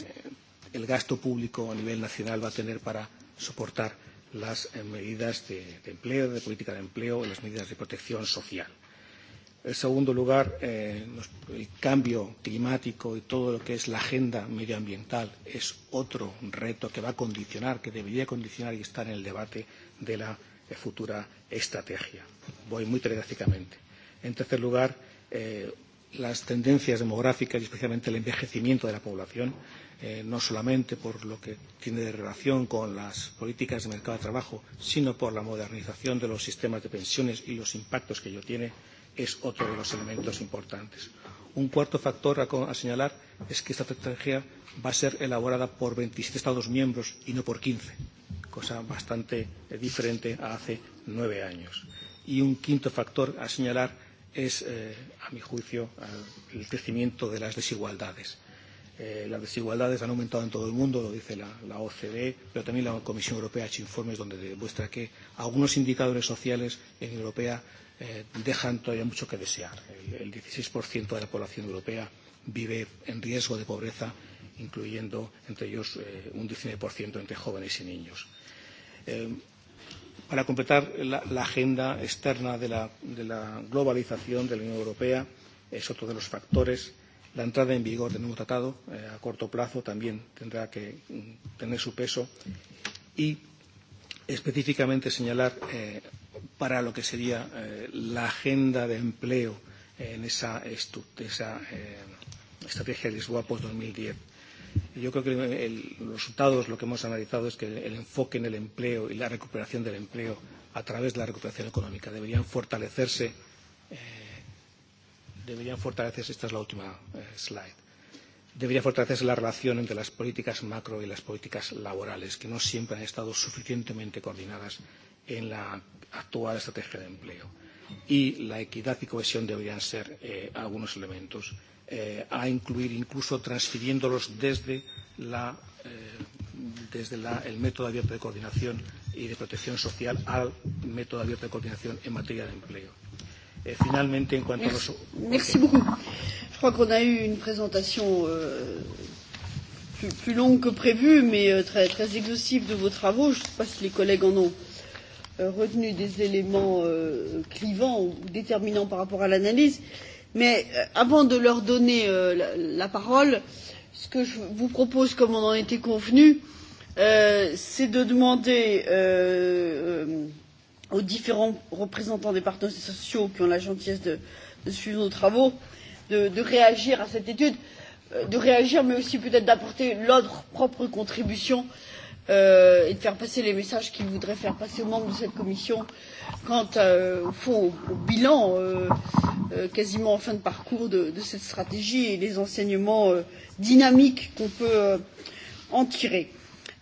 el gasto público a nivel nacional va a tener para soportar las medidas de empleo, de política de empleo y las medidas de protección social. En segundo lugar, el cambio climático y todo lo que es la agenda medioambiental es otro reto que va a condicionar, que debería condicionar y estar en el debate de la futura estrategia. Voy muy telegráficamente. En tercer lugar, las tendencias demográficas y especialmente el envejecimiento de la población, no solamente por lo que tiene de relación con las políticas de mercado de trabajo, sino por la modernización de los sistemas de pensiones y los impactos que ello tiene, es otro de los elementos importantes. Un cuarto factor a señalar es que esta estrategia va a ser elaborada por 27 Estados miembros y no por 15, cosa bastante diferente a hace nueve años. Y un quinto factor a señalar es, a mi juicio, el crecimiento de las desigualdades. Las desigualdades han aumentado en todo el mundo, lo dice la OCDE, pero también la Comisión Europea ha hecho informes donde demuestra que algunos indicadores sociales en Europea dejan todavía mucho que desear. El 16% de la población europea vive en riesgo de pobreza, incluyendo entre ellos un 19% entre jóvenes y niños para completar la agenda externa de la globalización de la Unión Europea. Es otro de los factores. La entrada en vigor del nuevo tratado a corto plazo también tendrá que tener su peso y específicamente señalar para lo que sería la agenda de empleo en esa estrategia de Lisboa post-2010 Yo creo que los resultados, lo que hemos analizado, es que el enfoque en el empleo y la recuperación del empleo a través de la recuperación económica deberían fortalecerse. Deberían fortalecerse, esta es la última slide, debería fortalecerse la relación entre las políticas macro y las políticas laborales, que no siempre han estado suficientemente coordinadas en la actual estrategia de empleo. Y la equidad y cohesión deberían ser algunos elementos a incluir incluso transfiriéndolos desde la desde el método abierto de coordinación y de protección social al método abierto de coordinación en materia de empleo. Finalmente, en cuanto a Merci beaucoup. Je crois qu'on a eu une présentation plus longue que prévu, mais très très exhaustive de vos travaux. Je ne sais pas si les collègues en ont retenu des éléments clivants ou déterminants par rapport à l'analyse. Mais avant de leur donner la parole, ce que je vous propose, comme on en était convenu, c'est de demander aux différents représentants des partenaires sociaux qui ont la gentillesse de suivre nos travaux de réagir à cette étude, de réagir, mais aussi peut-être d'apporter leur propre contribution et de faire passer les messages qu'il voudrait faire passer aux membres de cette commission quant au fond au bilan quasiment en fin de parcours de cette stratégie et les enseignements dynamiques qu'on peut en tirer.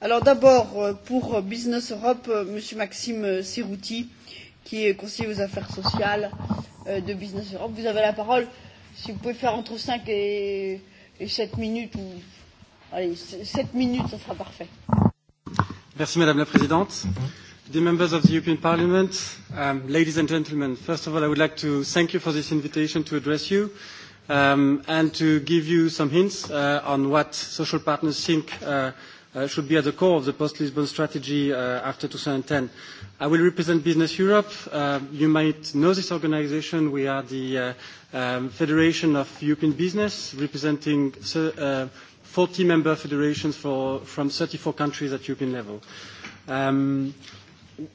Alors d'abord pour Business Europe, M. Maxime Serruti, qui est conseiller aux affaires sociales de Business Europe. Vous avez la parole. Si vous pouvez faire entre 5 et 7 minutes, ou... Allez, 7 minutes, ce sera parfait. Madam President, dear members of the European Parliament, ladies and gentlemen, first of all, I would like to thank you for this invitation to address you and to give you some hints on what social partners think should be at the core of the post-Lisbon strategy after 2010. I will represent Business Europe. You might know this organization. We are the Federation of European Business, representing 40 member federations for, from 34 countries at European level. Um,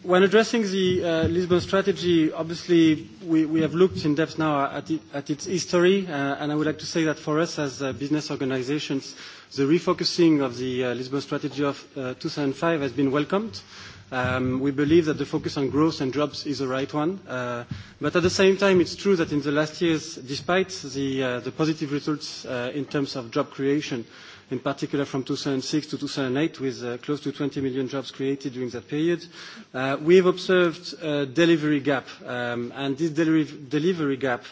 when addressing the Lisbon strategy, obviously we, we have looked in depth now at, its history, and I would like to say that for us as business organizations, the refocusing of the Lisbon strategy of uh, 2005 has been welcomed. We believe that the focus on growth and jobs is the right one. But at the same time, it's true that in the last years, despite the positive results in terms of job creation, in particular from 2006 to 2008, with close to 20 million jobs created during that period, we have observed a delivery gap. And this delivery gap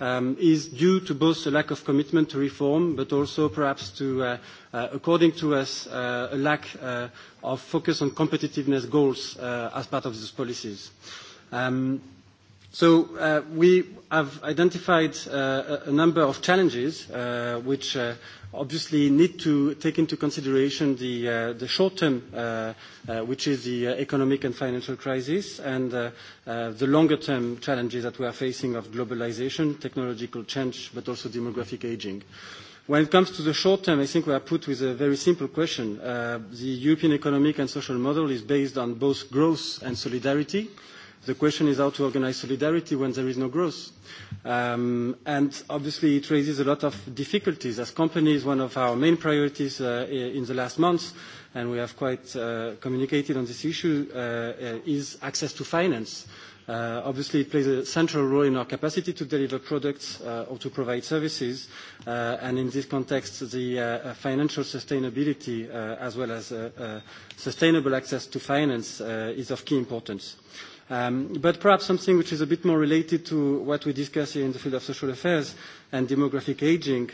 is due to both a lack of commitment to reform, but also perhaps to, according to us, a lack of focus on competitiveness goals as part of these policies. So we have identified a number of challenges which obviously need to take into consideration the short term, which is the economic and financial crisis, and the longer term challenges that we are facing of globalization, technological change, but also demographic aging. When it comes to the short term, I think we are put with a very simple question. The European economic and social model is based on both growth and solidarity. The question is how to organize solidarity when there is no growth. And obviously, it raises a lot of difficulties. As companies, one of our main priorities in the last months, and we have quite communicated on this issue, is access to finance. Obviously, it plays a central role in our capacity to deliver products or to provide services. And in this context, the financial sustainability as well as sustainable access to finance is of key importance. But perhaps something which is a bit more related to what we discuss here in the field of social affairs and demographic aging,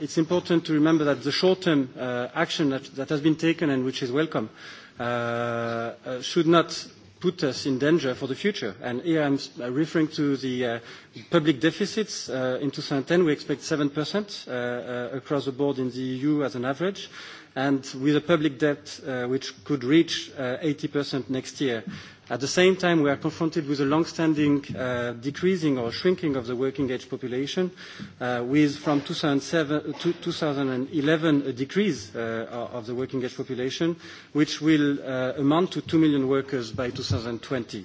it's important to remember that the short-term action that has been taken and which is welcome should not put us in danger for the future. And here I'm referring to the public deficits. In 2010, we expect 7% across the board in the EU as an average, and with a public debt which could reach 80% next year. At the same time, we are confronted with a long-standing decreasing or shrinking of the working-age population, with from 2007 2011 a decrease of the working-age population, which will amount to 2 million workers by 2020.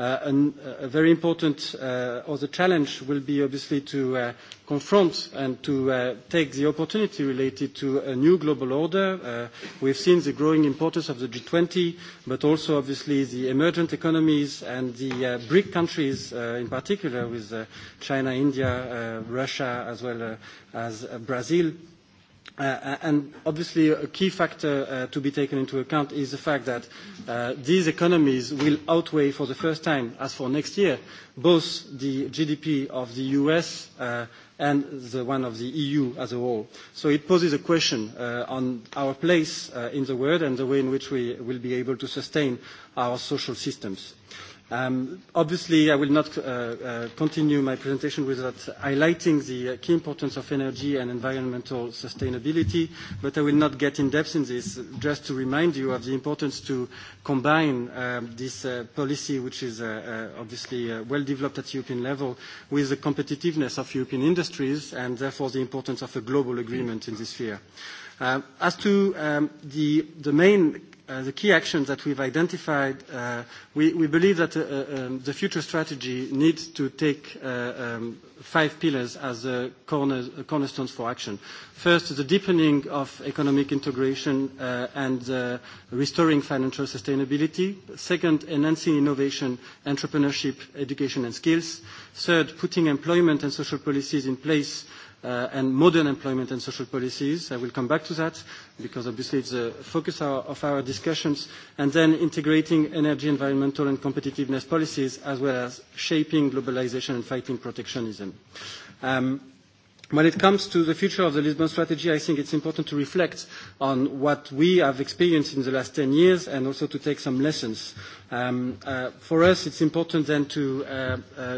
A very important other challenge will be obviously to confront and to take the opportunity related to a new global order. We've seen the growing importance of the G20, but also obviously the emergent economies and the BRIC countries in particular with China, India, Russia, as well as Brazil And obviously, a key factor to be taken into account is the fact that these economies will outweigh for the first time, as for next year, both the GDP of the US and the one of the EU as a whole. So it poses a question on our place in the world and the way in which we will be able to sustain our social systems. Obviously, I will not continue my presentation without highlighting the key importance of energy and environmental sustainability, but I will not get in depth in this, just to remind you of the importance to combine this policy, which is obviously well developed at European level, with the competitiveness of European industries, and therefore the importance of a global agreement in this sphere. As to the main the key actions that we've identified, we believe that the future strategy needs to take five pillars as cornerstones for action. First, the deepening of economic integration and restoring financial sustainability. Second, enhancing innovation, entrepreneurship, education and skills. Third, putting employment and social policies in place and modern employment and social policies. I will come back to that because obviously it's the focus of our discussions. And then integrating energy, environmental and competitiveness policies as well as shaping globalization and fighting protectionism. When it comes to the future of the Lisbon strategy, I think it's important to reflect on what we have experienced in the last 10 years and also to take some lessons. For us, it's important then to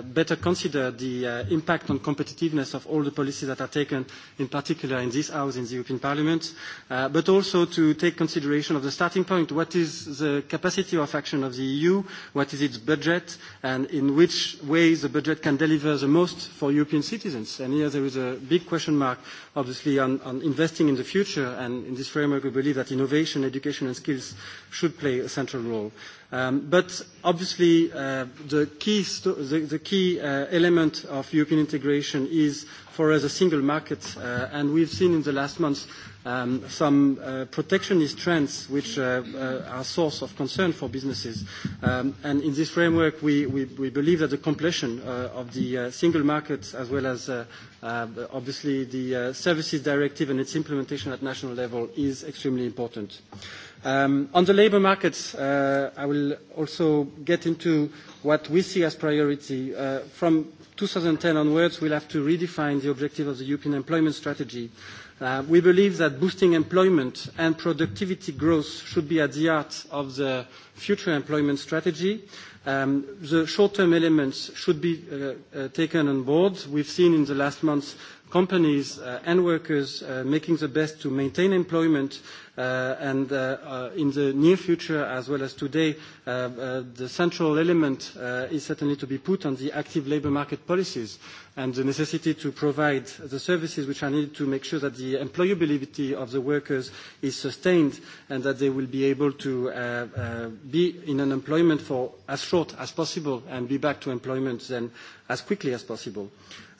better consider the impact on competitiveness of all the policies that are taken, in particular in this House, in the European Parliament, but also to take consideration of the starting point. What is the capacity of action of the EU? What is its budget? And in which ways the budget can deliver the most for European citizens? And here there is a big question mark, obviously, on investing in the future. And in this framework, we believe that innovation, education, and skills should play a central role. But obviously, the key the key element of European integration is for a single market. And we've seen in the last months some protectionist trends which are a source of concern for businesses. And in this framework, we believe that the completion of the single market, as well as obviously the Services Directive and its implementation at national level, is extremely important. On the labour markets, I will also get into what we see as priority. From 2010 onwards, we'll have to redefine the objective of the European employment strategy. We believe that boosting employment and productivity growth should be at the heart of the future employment strategy. The short-term elements should be taken on board. We've seen in the last months companies and workers making the best to maintain employment And in the near future, as well as today, the central element is certainly to be put on the active labour market policies and the necessity to provide the services which are needed to make sure that the employability of the workers is sustained and that they will be able to be in unemployment for as short as possible and be back to employment then as quickly as possible.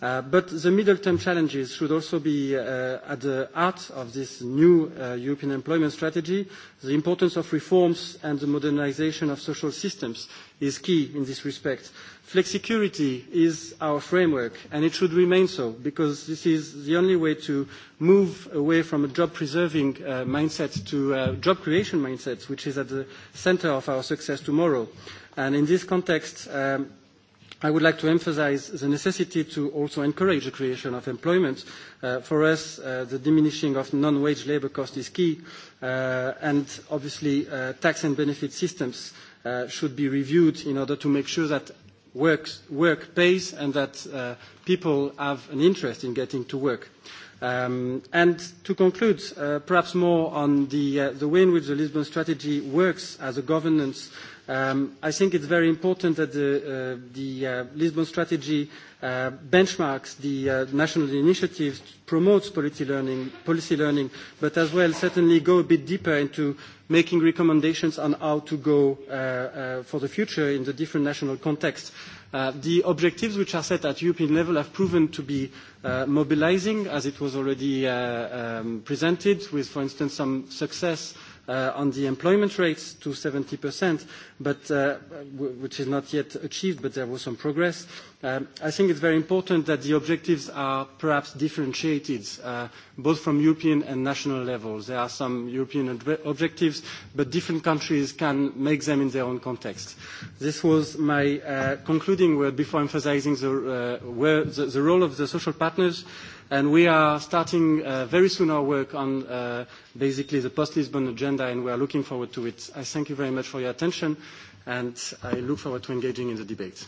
But the middle-term challenges should also be at the heart of this new European employment strategy. The importance of reforms and the modernization of social systems is key in this respect Flexicurity is our framework, and it should remain so, because this is the only way to move away from a job-preserving mindset to a job-creation mindset, which is at the center of our success tomorrow. And in this context, I would like to emphasize the necessity to also encourage the creation of employment. For us, the diminishing of non-wage labor costs is key, and obviously tax and benefit systems should be reviewed in order to make sure that work pays and that people have an interest in getting to work. And to conclude, perhaps more on the way in which the Lisbon strategy works as a governance I think it's very important that the Lisbon strategy benchmarks the national initiatives, promotes policy learning, but as well certainly go a bit deeper into making recommendations on how to go for the future in the different national contexts. The objectives which are set at European level have proven to be mobilising, as it was already presented, with, for instance, some success on the employment rates to 70%, but which is not yet achieved, but there was some progress. I think it's very important that the objectives are perhaps differentiated, both from European and national levels. There are some European objectives, but different countries can make them in their own context. This was my concluding word before emphasizing the role of the social partners. And we are starting very soon our work on basically the post-Lisbon agenda, and we are looking forward to it. I thank you very much for your attention, and I look forward to engaging in the debate.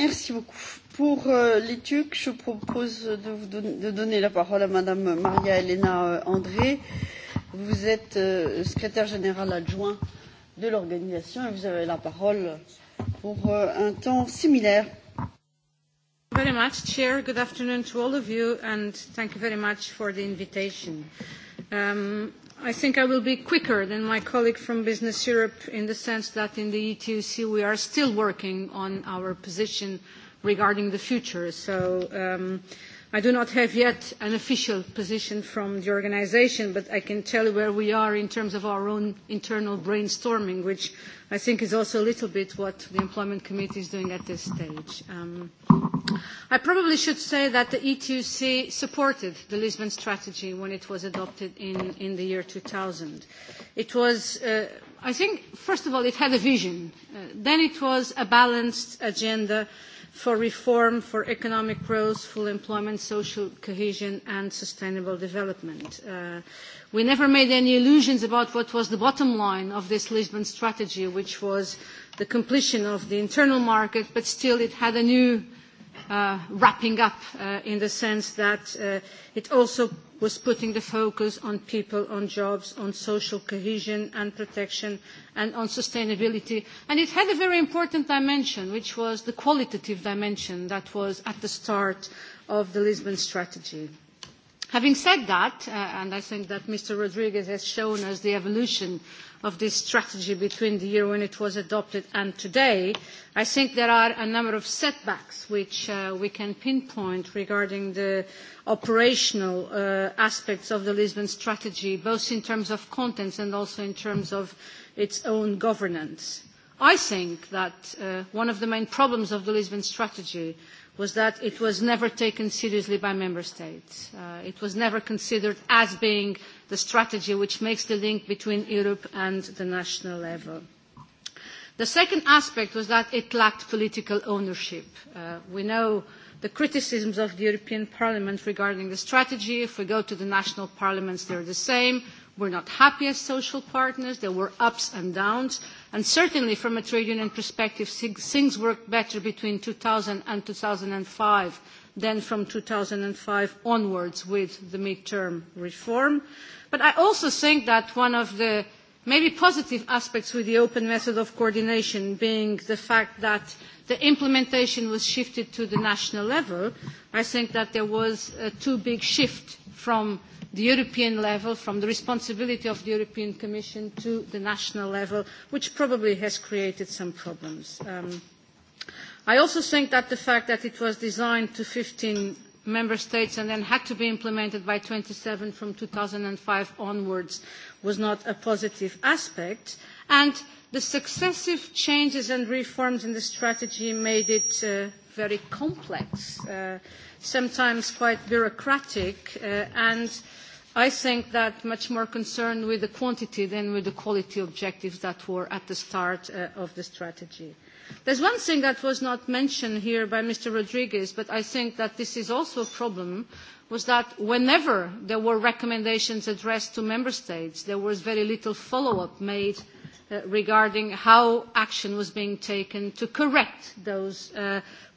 Merci beaucoup. Pour l'étude, je propose de vous donner la parole à Madame Maria Elena André. Vous êtes secrétaire générale adjoint de l'organisation et vous avez la parole pour un temps similaire. Very much, Chair. Good afternoon to all of you and thank you very much for the invitation. Um, I think I will be quicker than my colleague from Business Europe in the sense that in the ETUC we are still working on our position regarding the future. So I do not have yet an official position from the organisation, but I can tell you where we are in terms of our own internal brainstorming, which I think is also a little bit what the Employment Committee is doing at this stage. I probably should say that the ETUC supported the Lisbon strategy when it was adopted in the year 2000. It was, I think, first of all, it had a vision. Then it was a balanced agenda for reform, for economic growth, full employment, social cohesion and sustainable development. We never made any illusions about what was the bottom line of this Lisbon strategy, which was the completion of the internal market, but still it had a new wrapping up in the sense that it also was putting the focus on people, on jobs, on social cohesion and protection and on sustainability. And it had a very important dimension, which was the qualitative dimension that was at the start of the Lisbon strategy. Having said that, and I think that Mr. Rodriguez has shown us the evolution of this strategy between the year when it was adopted and today, I think there are a number of setbacks which we can pinpoint regarding the operational aspects of the Lisbon strategy, both in terms of contents and also in terms of its own governance. I think that one of the main problems of the Lisbon strategy was that it was never taken seriously by member states. It was never considered as being the strategy which makes the link between Europe and the national level. The second aspect was that it lacked political ownership. We know the criticisms of the European Parliament regarding the strategy. If we go to the national parliaments, they are the same. We're not happy as social partners. There were ups and downs. And certainly from a trade union perspective, things worked better between 2000 and 2005 than from 2005 onwards with the mid-term reform. But I also think that one of the maybe positive aspects with the open method of coordination being the fact that the implementation was shifted to the national level, I think that there was a too big shift from the European level, from the responsibility of the European Commission to the national level, which probably has created some problems. I also think that the fact that it was designed to 15 member states and then had to be implemented by 27 from 2005 onwards was not a positive aspect and the successive changes and reforms in the strategy made it very complex sometimes quite bureaucratic, and I think that much more concerned with the quantity than with the quality objectives that were at the start of the strategy. There's one thing that was not mentioned here by Mr. Rodriguez, but I think that this is also a problem, was that whenever there were recommendations addressed to member states, there was very little follow-up made regarding how action was being taken to correct those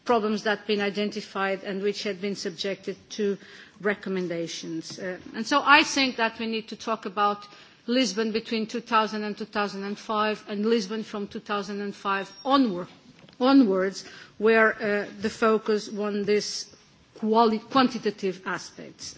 problems that had been identified and which had been subjected to recommendations. And so I think that we need to talk about Lisbon between 2000 and 2005 and Lisbon from 2005 onwards, where the focus on this quantitative aspects.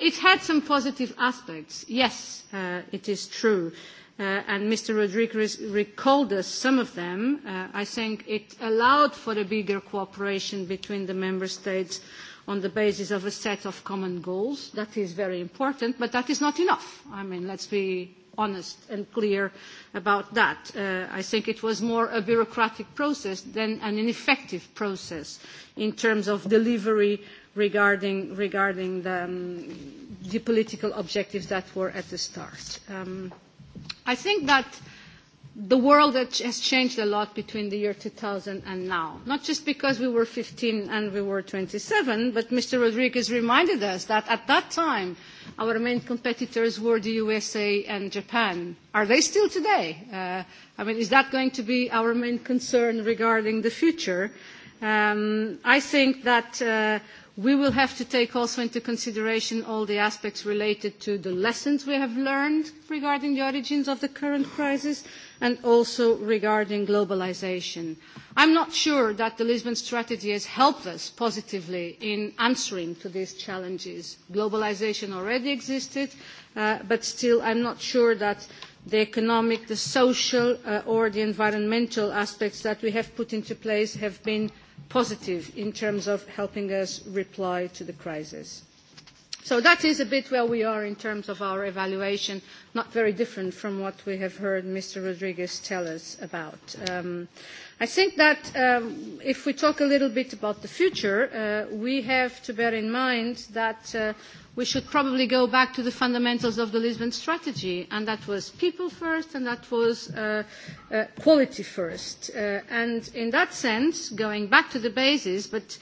It had some positive aspects, yes, it is true and Mr. Rodriguez recalled us some of them, I think it allowed for a bigger cooperation between the member states on the basis of a set of common goals. That is very important, but that is not enough. I mean, let's be honest and clear about that. I think it was more a bureaucratic process than an ineffective process in terms of delivery regarding the political objectives that were at the start. I think that the world has changed a lot between the year 2000 and now, not just because we were 15 and we were 27, but Mr. Rodriguez reminded us that at that time our main competitors were the USA and Japan. Are they still today? I mean, is that going to be our main concern regarding the future? I think that We will have to take also into consideration all the aspects related to the lessons we have learned regarding the origins of the current crisis and also regarding globalisation. I am not sure that the Lisbon strategy has helped us positively in answering to these challenges. Globalisation already existed, but still I am not sure that the economic, the social or the environmental aspects that we have put into place have been positive in terms of helping us reply to the crisis. So that is a bit where we are in terms of our evaluation, not very different from what we have heard Mr. Rodriguez tell us about. I think that if we talk a little bit about the future, we have to bear in mind that we should probably go back to the fundamentals of the Lisbon strategy, and that was people first, and that was quality first. And in that sense, going back to the basis, but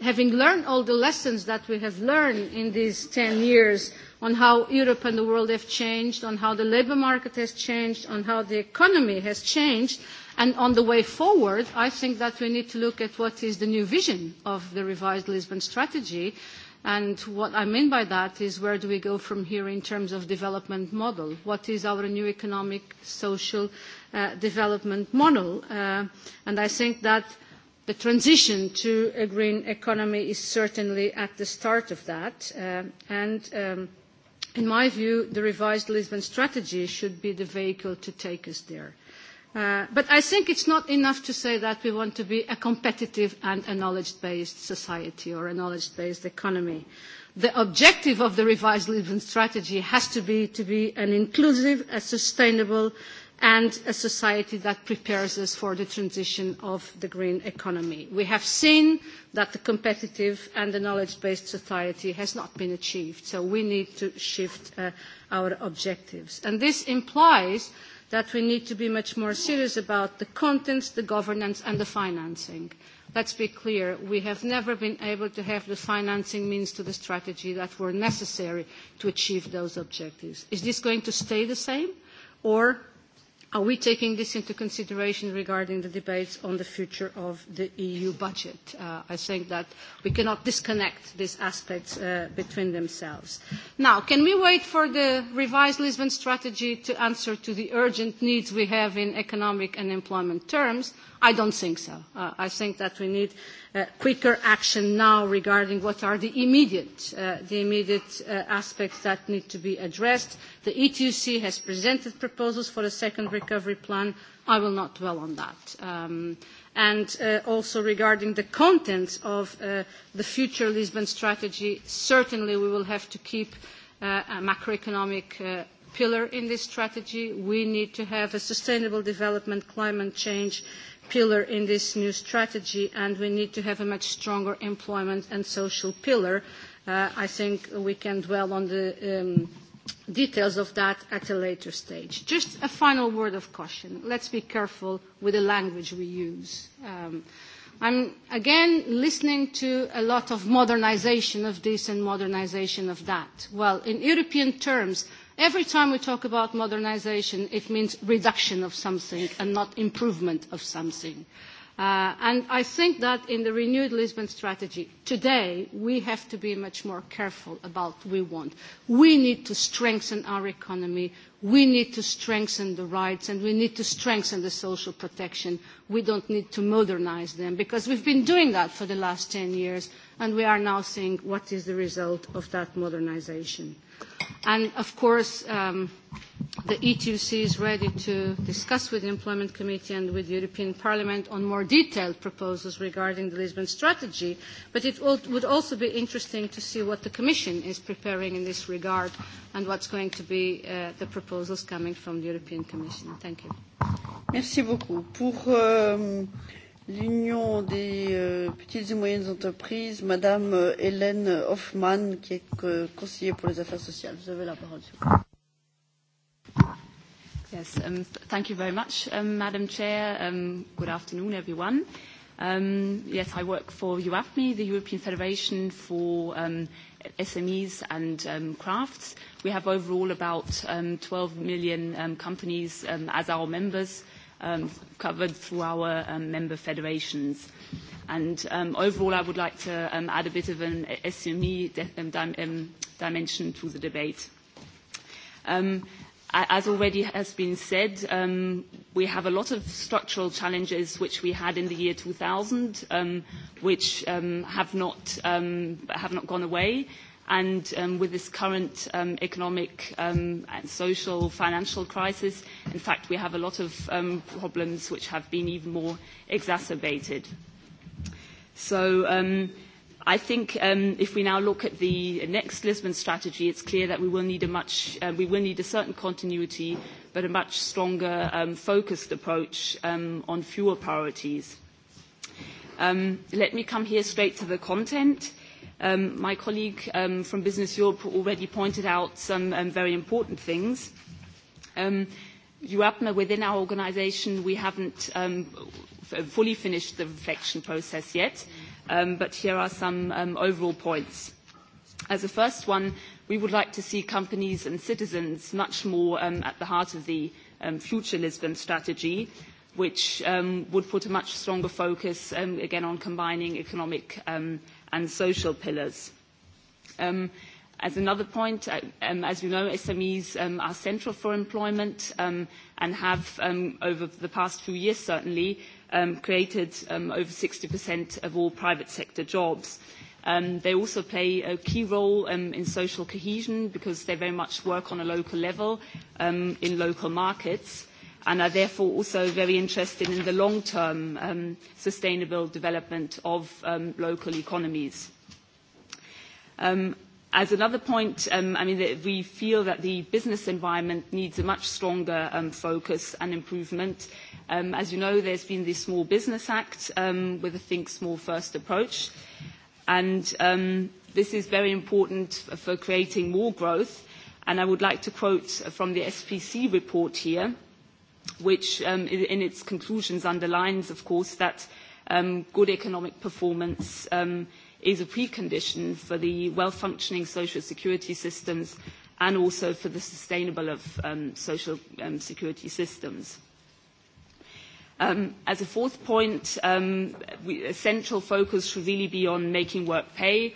having learned all the lessons that we have learned in these 10 years on how Europe and the world have changed, on how the labour market has changed, on how the economy has changed, and on the way forward, I think that we need to look at what is the new vision of the revised Lisbon strategy what I mean by that is where do we go from here in terms of development model? What is our new economic social development model? And I think that the transition to a green economy is certainly at the start of that. And in my view, the revised Lisbon strategy should be the vehicle to take us there. But I think it's not enough to say that we want to be a competitive and a knowledge-based society or a knowledge-based economy. The objective of the revised Lisbon strategy has to be to be an inclusive, a sustainable and a society that prepares us for the transition of the green economy. We have seen that the competitive and the knowledge-based society has not been achieved, so we need to shift our objectives. And this implies that we need to be much more serious about the contents, the governance and the financing. Let's be clear, we have never been able to have the financing means to the strategy that were necessary to achieve those objectives. Is this going to stay the same or Are we taking this into consideration regarding the debates on the future of the EU budget? I think that we cannot disconnect these aspects between themselves. Now, can we wait for the revised Lisbon strategy to answer to the urgent needs we have in economic and employment terms? I don't think so. I think that we need quicker action now regarding what are the immediate aspects that need to be addressed. The ETUC has presented proposals for a second recovery plan. I will not dwell on that. And also regarding the contents of the future Lisbon strategy, certainly we will have to keep a macroeconomic pillar in this strategy. We need to have a sustainable development, climate change pillar in this new strategy and we need to have a much stronger employment and social pillar. I think we can dwell on the details of that at a later stage. Just a final word of caution. Let's be careful with the language we use. I'm again listening to a lot of modernisation of this and modernisation of that. Well, in European terms, Every time we talk about modernisation, it means reduction of something and not improvement of something. And I think that in the renewed Lisbon strategy, today we have to be much more careful about what we want. We need to strengthen our economy, we need to strengthen the rights, and we need to strengthen the social protection. We don't need to modernise them, because we've been doing that for the last 10 years, and we are now seeing what is the result of that modernisation. And of course, the ETUC is ready to discuss with the Employment Committee and with the European Parliament on more detailed proposals regarding the Lisbon Strategy. But it would also be interesting to see what the Commission is preparing in this regard and what's going to be the proposals coming from the European Commission. Thank you. Merci beaucoup l'Union des petites et moyennes entreprises, Madame Hélène Hoffmann, qui est conseillère pour les affaires sociales. Vous avez la parole. Yes, thank you very much, Madam Chair. Good afternoon, everyone. Yes, I work for EUAFME, the European Federation for SMEs and crafts. We have overall about 12 million companies as our members covered through our member federations. And overall, I would like to add a bit of an SME dimension to the debate. As already has been said, we have a lot of structural challenges which we had in the year 2000, which have not gone away And with this current economic and social financial crisis, in fact, we have a lot of problems which have been even more exacerbated. So I think if we now look at the next Lisbon strategy, it's clear that we will need a much, we will need a certain continuity, but a much stronger focused approach on fewer priorities. Let me come here straight to the content. My colleague from Business Europe already pointed out some very important things. UAPMA, within our organization, we haven't fully finished the reflection process yet, but here are some overall points. As a first one, we would like to see companies and citizens much more at the heart of the future Lisbon strategy, which would put a much stronger focus, again, on combining economic and social pillars. As another point, as we know, SMEs are central for employment and have, over the past few years certainly, created over 60% of all private sector jobs. They also play a key role in social cohesion because they very much work on a local level in local markets and are therefore also very interested in the long-term sustainable development of local economies. As another point, we feel that the business environment needs a much stronger focus and improvement. As you know, there's been the Small Business Act with a Think Small First approach, and this is very important for creating more growth. And I would like to quote from the SPC report here which in its conclusions underlines, of course, that good economic performance is a precondition for the well-functioning social security systems and also for the sustainable of social security systems. As a fourth point, a central focus should really be on making work pay.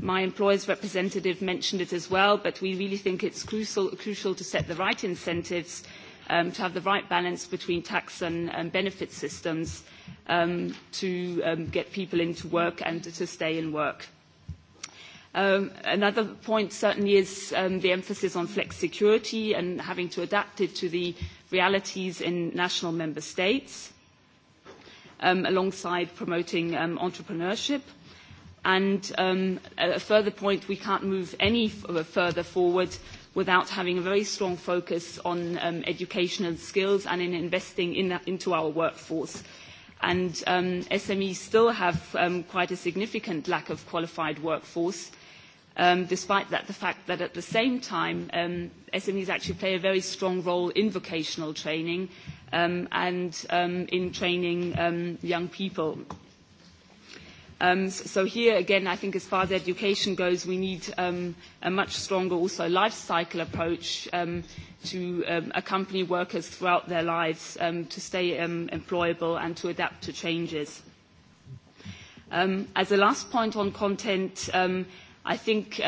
My employer's representative mentioned it as well, but we really think it's crucial to set the right incentives to have the right balance between tax and benefit systems to get people into work and to stay in work. Another point certainly is the emphasis on flex security and having to adapt it to the realities in national member states, alongside promoting entrepreneurship. And a further point, we can't move any further forward without having a very strong focus on educational skills and in investing into our workforce. And SMEs still have quite a significant lack of qualified workforce, despite the fact that at the same time SMEs actually play a very strong role in vocational training and in training young people So here again, I think as far as education goes, we need a much stronger also life cycle approach to accompany workers throughout their lives to stay employable and to adapt to changes. As a last point on content, I think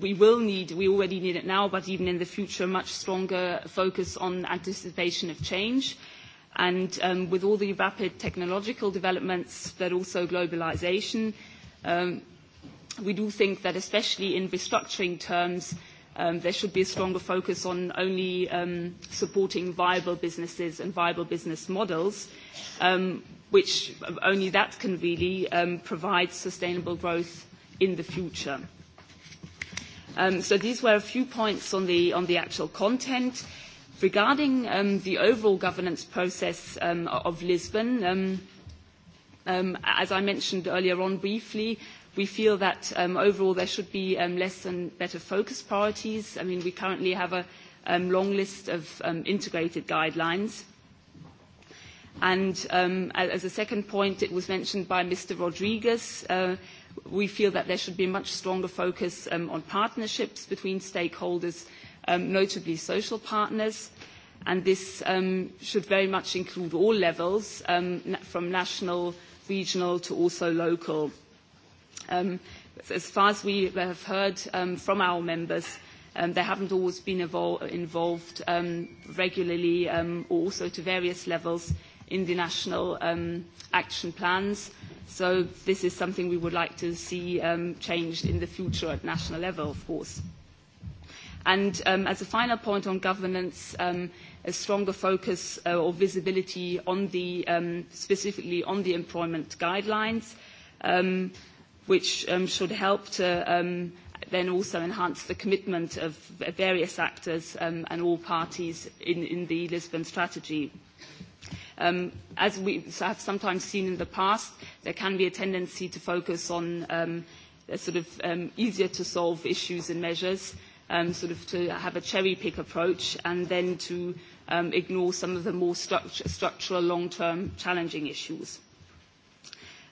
we will need, we already need it now, but even in the future, a much stronger focus on anticipation of change And with all the rapid technological developments, but also globalization, we do think that especially in restructuring terms, there should be a stronger focus on only supporting viable businesses and viable business models, which only that can really provide sustainable growth in the future. So these were a few points on the actual content. Regarding the overall governance process of Lisbon, as I mentioned earlier on briefly, we feel that overall there should be less and better focus priorities. I mean, we currently have a long list of integrated guidelines. And as a second point, it was mentioned by Mr. Rodriguez, we feel that there should be a much stronger focus on partnerships between stakeholders notably social partners, and this should very much include all levels, from national, regional to also local. As far as we have heard from our members, they haven't always been involved regularly or also to various levels in the national action plans. So this is something we would like to see changed in the future at national level, of course. And as a final point on governance, a stronger focus or visibility on the, specifically on the employment guidelines, which should help to then also enhance the commitment of various actors and all parties in the Lisbon strategy. As we have sometimes seen in the past, there can be a tendency to focus on sort of easier to solve issues and measures sort of to have a cherry-pick approach and then to ignore some of the more structural long-term challenging issues.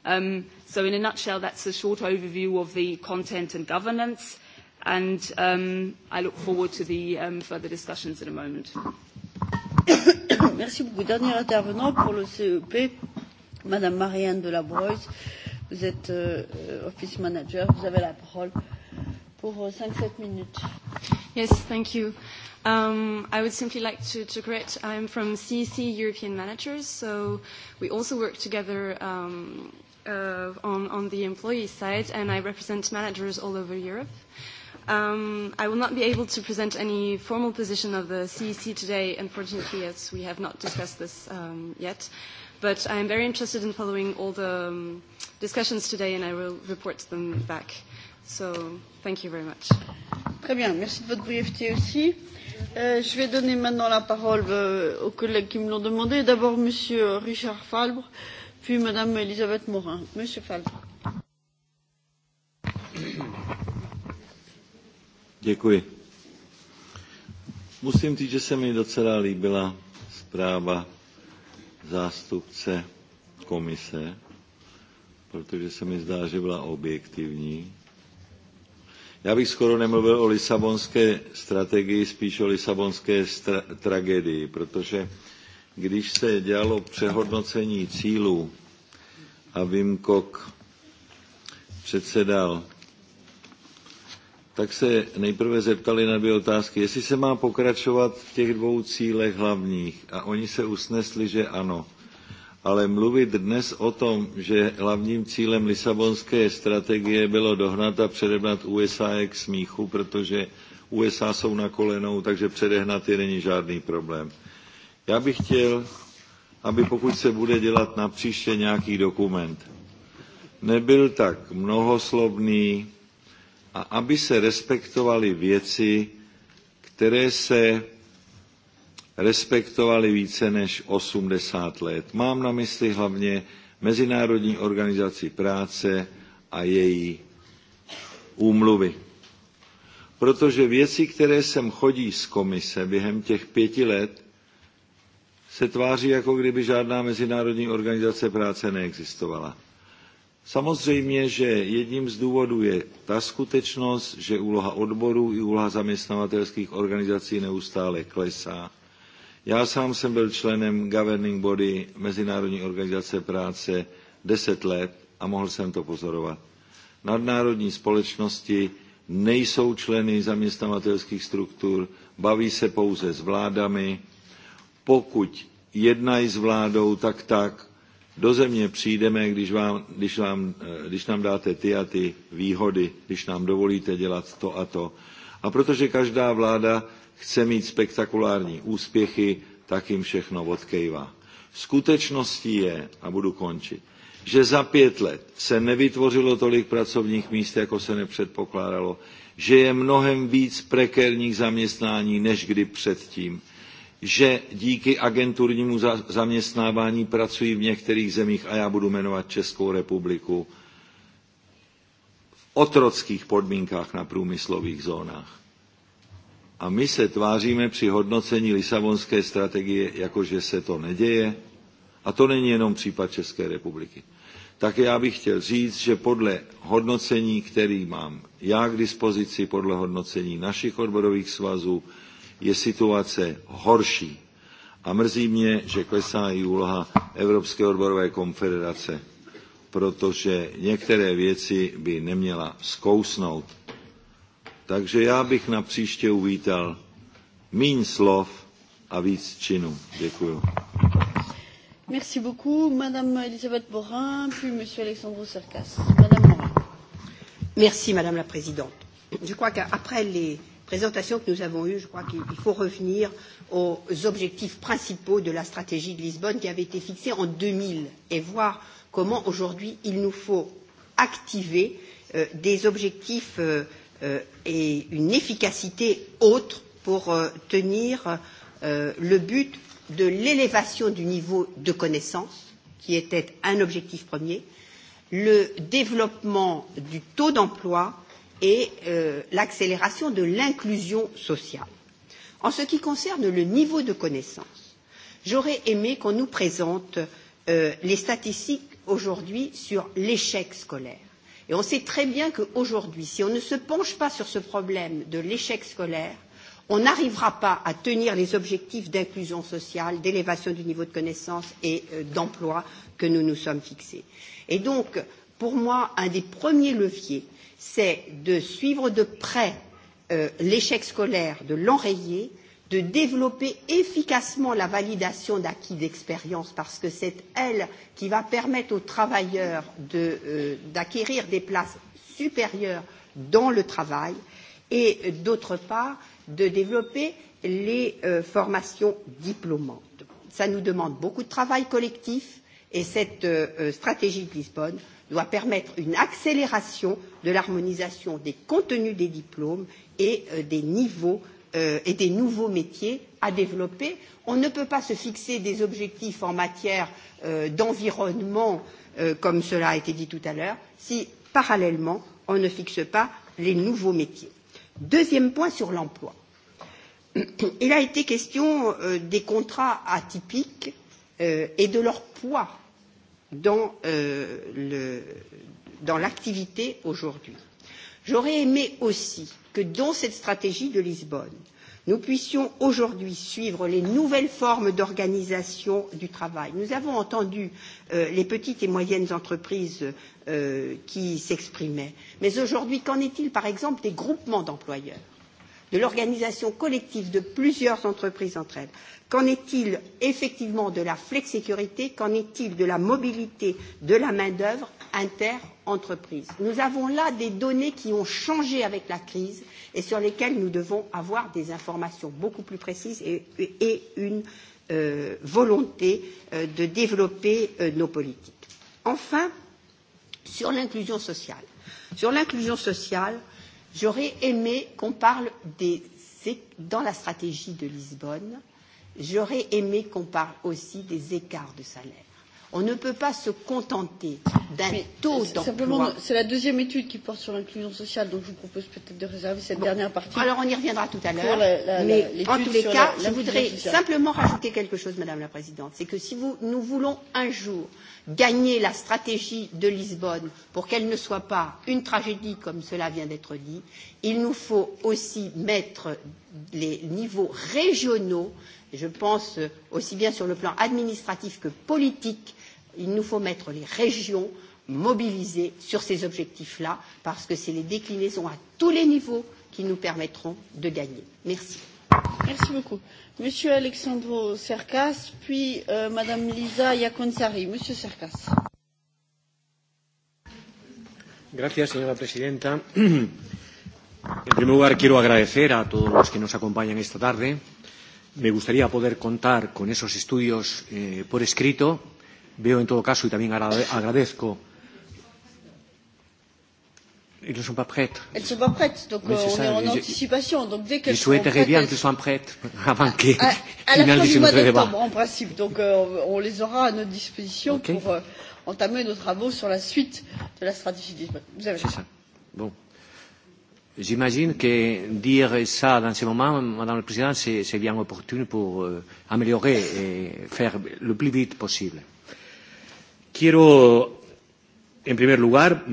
So in a nutshell, that's a short overview of the content and governance, and I look forward to the further discussions in a moment. Merci beaucoup. Dernier intervenant pour le CEP, Madame Marianne de La Vous êtes office manager. Vous avez la parole Yes, thank you. Um, I would simply like to, to correct, I'm from CEC European Managers, so we also work together um, uh, on, on the employee side, and I represent managers all over Europe. Um, I will not be able to present any formal position of the CEC today, unfortunately, as we have not discussed this um, yet. But I am very interested in following all the discussions today, and I will report them back. So Thank you very much. Très bien, merci de votre brièveté aussi. Euh, Je vais donner maintenant la parole aux collègues qui me l'ont demandé. D'abord, Monsieur Richard Falbre, puis Madame Elisabeth Morin. Monsieur Falbre. Děkuji. Musím říct, že se mi docela líbila zpráva zástupce komise, protože se mi zdá, že byla objektivní Já bych skoro nemluvil o lisabonské strategii, spíš o lisabonské tragédii, protože když se dělalo přehodnocení cílů a Wim Kok předsedal, tak se nejprve zeptali na dvě otázky, jestli se má pokračovat v těch dvou cílech hlavních. A oni se usnesli, že ano ale mluvit dnes o tom, že hlavním cílem Lisabonské strategie bylo dohnat a předehnat USA k smíchu, protože USA jsou na kolenou, takže předehnat je není žádný problém. Já bych chtěl, aby pokud se bude dělat na příště nějaký dokument, nebyl tak mnohoslovný a aby se respektovaly věci, které se respektovaly více než 80 let. Mám na mysli hlavně Mezinárodní organizaci práce a její úmluvy. Protože věci, které sem chodí z komise během těch pěti let, se tváří, jako kdyby žádná mezinárodní organizace práce neexistovala. Samozřejmě, že jedním z důvodů je ta skutečnost, že úloha odborů i úloha zaměstnavatelských organizací neustále klesá Já sám jsem byl členem governing body Mezinárodní organizace práce deset let a mohl jsem to pozorovat. Nadnárodní společnosti nejsou členy zaměstnavatelských struktur, baví se pouze s vládami. Pokud jednají s vládou, tak tak, do země přijdeme, když, vám, když, když nám dáte ty a ty výhody, když nám dovolíte dělat to a to. A protože každá vláda chce mít spektakulární úspěchy, tak jim všechno odkejvá. Skutečností je, a budu končit, že za pět let se nevytvořilo tolik pracovních míst, jako se nepředpokládalo, že je mnohem víc prekérních zaměstnání, než kdy předtím, že díky agenturnímu zaměstnávání pracují v některých zemích, a já budu jmenovat Českou republiku, v otrockých podmínkách na průmyslových zónách a my se tváříme při hodnocení Lisabonské strategie, jakože se to neděje. A to není jenom případ České republiky. Tak já bych chtěl říct, že podle hodnocení, který mám já k dispozici, podle hodnocení našich odborových svazů, je situace horší. A mrzí mě, že klesá i úloha Evropské odborové konfederace, protože některé věci by neměla zkousnout Takže já bych na příště uvítal míň slov a víc činů. Děkuju. Merci beaucoup, Madame Elisabeth Borin, puis Monsieur Alexandre Sarkas. Madame Morin. Merci, Madame la Présidente. Je crois qu'après les présentations que nous avons eues, je crois qu'il faut revenir aux objectifs principaux de la stratégie de Lisbonne qui avait été fixée en 2000 et voir comment aujourd'hui il nous faut activer des objectifs et une efficacité autre pour tenir le but de l'élévation du niveau de connaissance, qui était un objectif premier, le développement du taux d'emploi et l'accélération de l'inclusion sociale. En ce qui concerne le niveau de connaissance, j'aurais aimé qu'on nous présente les statistiques aujourd'hui sur l'échec scolaire et on sait très bien qu'aujourd'hui si on ne se penche pas sur ce problème de l'échec scolaire on n'arrivera pas à tenir les objectifs d'inclusion sociale d'élévation du niveau de connaissance et d'emploi que nous nous sommes fixés. et donc pour moi un des premiers leviers c'est de suivre de près l'échec scolaire de l'enrayer de développer efficacement la validation d'acquis d'expérience parce que c'est elle qui va permettre aux travailleurs d'acquérir des places supérieures dans le travail et d'autre part de développer les formations diplômantes. Cela nous demande beaucoup de travail collectif et cette stratégie de Lisbonne doit permettre une accélération de l'harmonisation des contenus des diplômes et des niveaux et des nouveaux métiers à développer. On ne peut pas se fixer des objectifs en matière d'environnement, comme cela a été dit tout à l'heure, si parallèlement on ne fixe pas les nouveaux métiers. Deuxième point sur l'emploi. Il a été question des contrats atypiques et de leur poids dans l'activité aujourd'hui j'aurais aimé aussi que dans cette stratégie de lisbonne nous puissions aujourd'hui suivre les nouvelles formes d'organisation du travail. nous avons entendu les petites et moyennes entreprises qui s'exprimaient mais aujourd'hui qu'en est il par exemple des groupements d'employeurs? de l'organisation collective de plusieurs entreprises entre elles. Qu'en est-il effectivement de la flexicurité Qu'en est-il de la mobilité de la main-d'œuvre inter-entreprise Nous avons là des données qui ont changé avec la crise et sur lesquelles nous devons avoir des informations beaucoup plus précises et une volonté de développer nos politiques. Enfin, sur l'inclusion sociale. Sur l'inclusion sociale, J'aurais aimé qu'on parle des dans la stratégie de Lisbonne, j'aurais aimé qu'on parle aussi des écarts de salaire On ne peut pas se contenter d'un taux d'emploi. c'est la deuxième étude qui porte sur l'inclusion sociale, donc je vous propose peut-être de réserver cette dernière partie. Alors on y reviendra tout à l'heure. Mais en tous les cas, je voudrais simplement rajouter quelque chose, Madame la Présidente. C'est que si nous voulons un jour gagner la stratégie de Lisbonne pour qu'elle ne soit pas une tragédie comme cela vient d'être dit, il nous faut aussi mettre les niveaux régionaux, je pense aussi bien sur le plan administratif que politique, il nous faut mettre les régions mobilisées sur ces objectifs là parce que c'est les déclinaisons à tous les niveaux qui nous permettront de gagner. merci. Merci beaucoup. Monsieur Alexandro Cercas, puis Madame Lisa Yakonsari. Monsieur Cercas. Gracias, señora presidenta. En primer lugar, quiero agradecer a todos los que nos acompañan esta tarde. Me gustaría poder contar con esos estudios por escrito Veo en todo caso, y también agradezco. Elles ne sont pas prêtes. Elles ne sont pas prêtes, donc on est en anticipation. Donc dès qu'elles Je souhaiterais bien qu'elles soient prêtes avant que. À la fin du mois d'octobre, en principe. Donc on les aura à notre disposition pour entamer nos travaux sur la suite de la stratégie Vous avez ça. Bon. J'imagine que dire ça dans ce moment, Madame la Présidente, c'est bien opportun pour améliorer et faire le plus vite possible. Quiero, en primer lugar,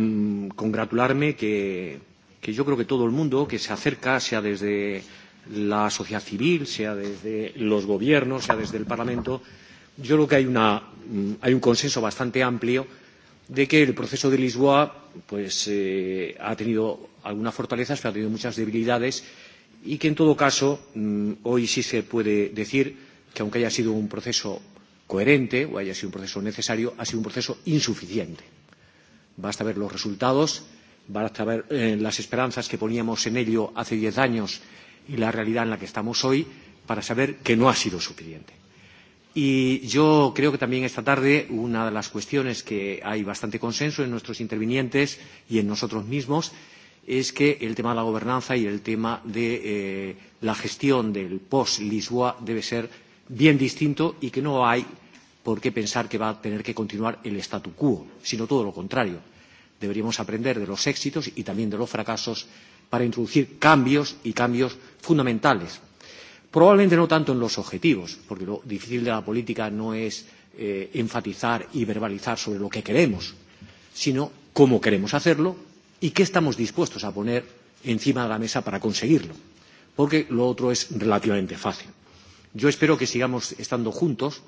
congratularme que yo creo que todo el mundo que se acerca, sea desde la sociedad civil, sea desde los gobiernos, sea desde el Parlamento, yo creo que hay un consenso bastante amplio de que el proceso de Lisboa ha tenido algunas fortalezas, pero ha tenido muchas debilidades y que, en todo caso, hoy sí se puede decir que, aunque haya sido un proceso coherente o haya sido un proceso necesario, ha sido un proceso insuficiente. Basta ver los resultados, basta ver las esperanzas que poníamos en ello hace diez años y la realidad en la que estamos hoy para saber que no ha sido suficiente. Y yo creo que también esta tarde una de las cuestiones que hay bastante consenso en nuestros intervinientes y en nosotros mismos es que el tema de la gobernanza y el tema de la gestión del post-Lisboa debe ser bien distinto y que no hay por qué pensar que va a tener que continuar el statu quo, sino todo lo contrario. Deberíamos aprender de los éxitos y también de los fracasos para introducir cambios y cambios fundamentales. Probablemente no tanto en los objetivos, porque lo difícil de la política no es enfatizar y verbalizar sobre lo que queremos, sino cómo queremos hacerlo y qué estamos dispuestos a poner encima de la mesa para conseguirlo, porque lo otro es relativamente fácil. Yo espero que sigamos estando juntos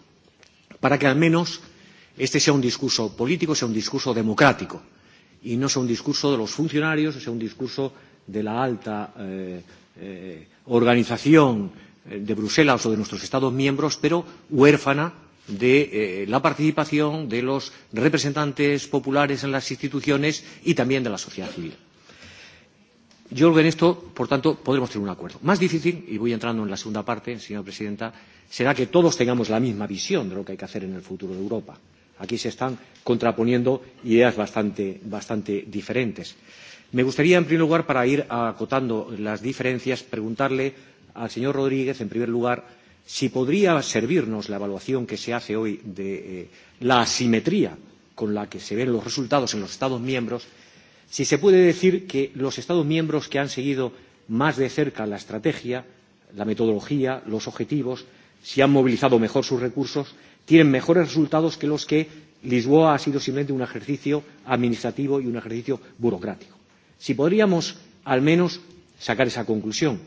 para que al menos este sea un discurso político, sea un discurso democrático y no sea un discurso de los funcionarios, sea un discurso de la alta organización de Bruselas o de nuestros Estados miembros, pero huérfana de la participación de los representantes populares en las instituciones y también de la sociedad civil. Yo creo que en esto, por tanto, podremos tener un acuerdo. Más difícil, y voy entrando en la segunda parte, señora presidenta, será que todos tengamos la misma visión de lo que hay que hacer en el futuro de Europa. Aquí se están contraponiendo ideas bastante, bastante diferentes. Me gustaría, en primer lugar, para ir acotando las diferencias, preguntarle al señor Rodríguez, en primer lugar, si podría servirnos la evaluación que se hace hoy de la asimetría con la que se ven los resultados en los Estados miembros si se puede decir que los Estados miembros que han seguido más de cerca la estrategia, la metodología, los objetivos, si han movilizado mejor sus recursos, tienen mejores resultados que los que Lisboa ha sido simplemente un ejercicio administrativo y un ejercicio burocrático. Si podríamos al menos sacar esa conclusión,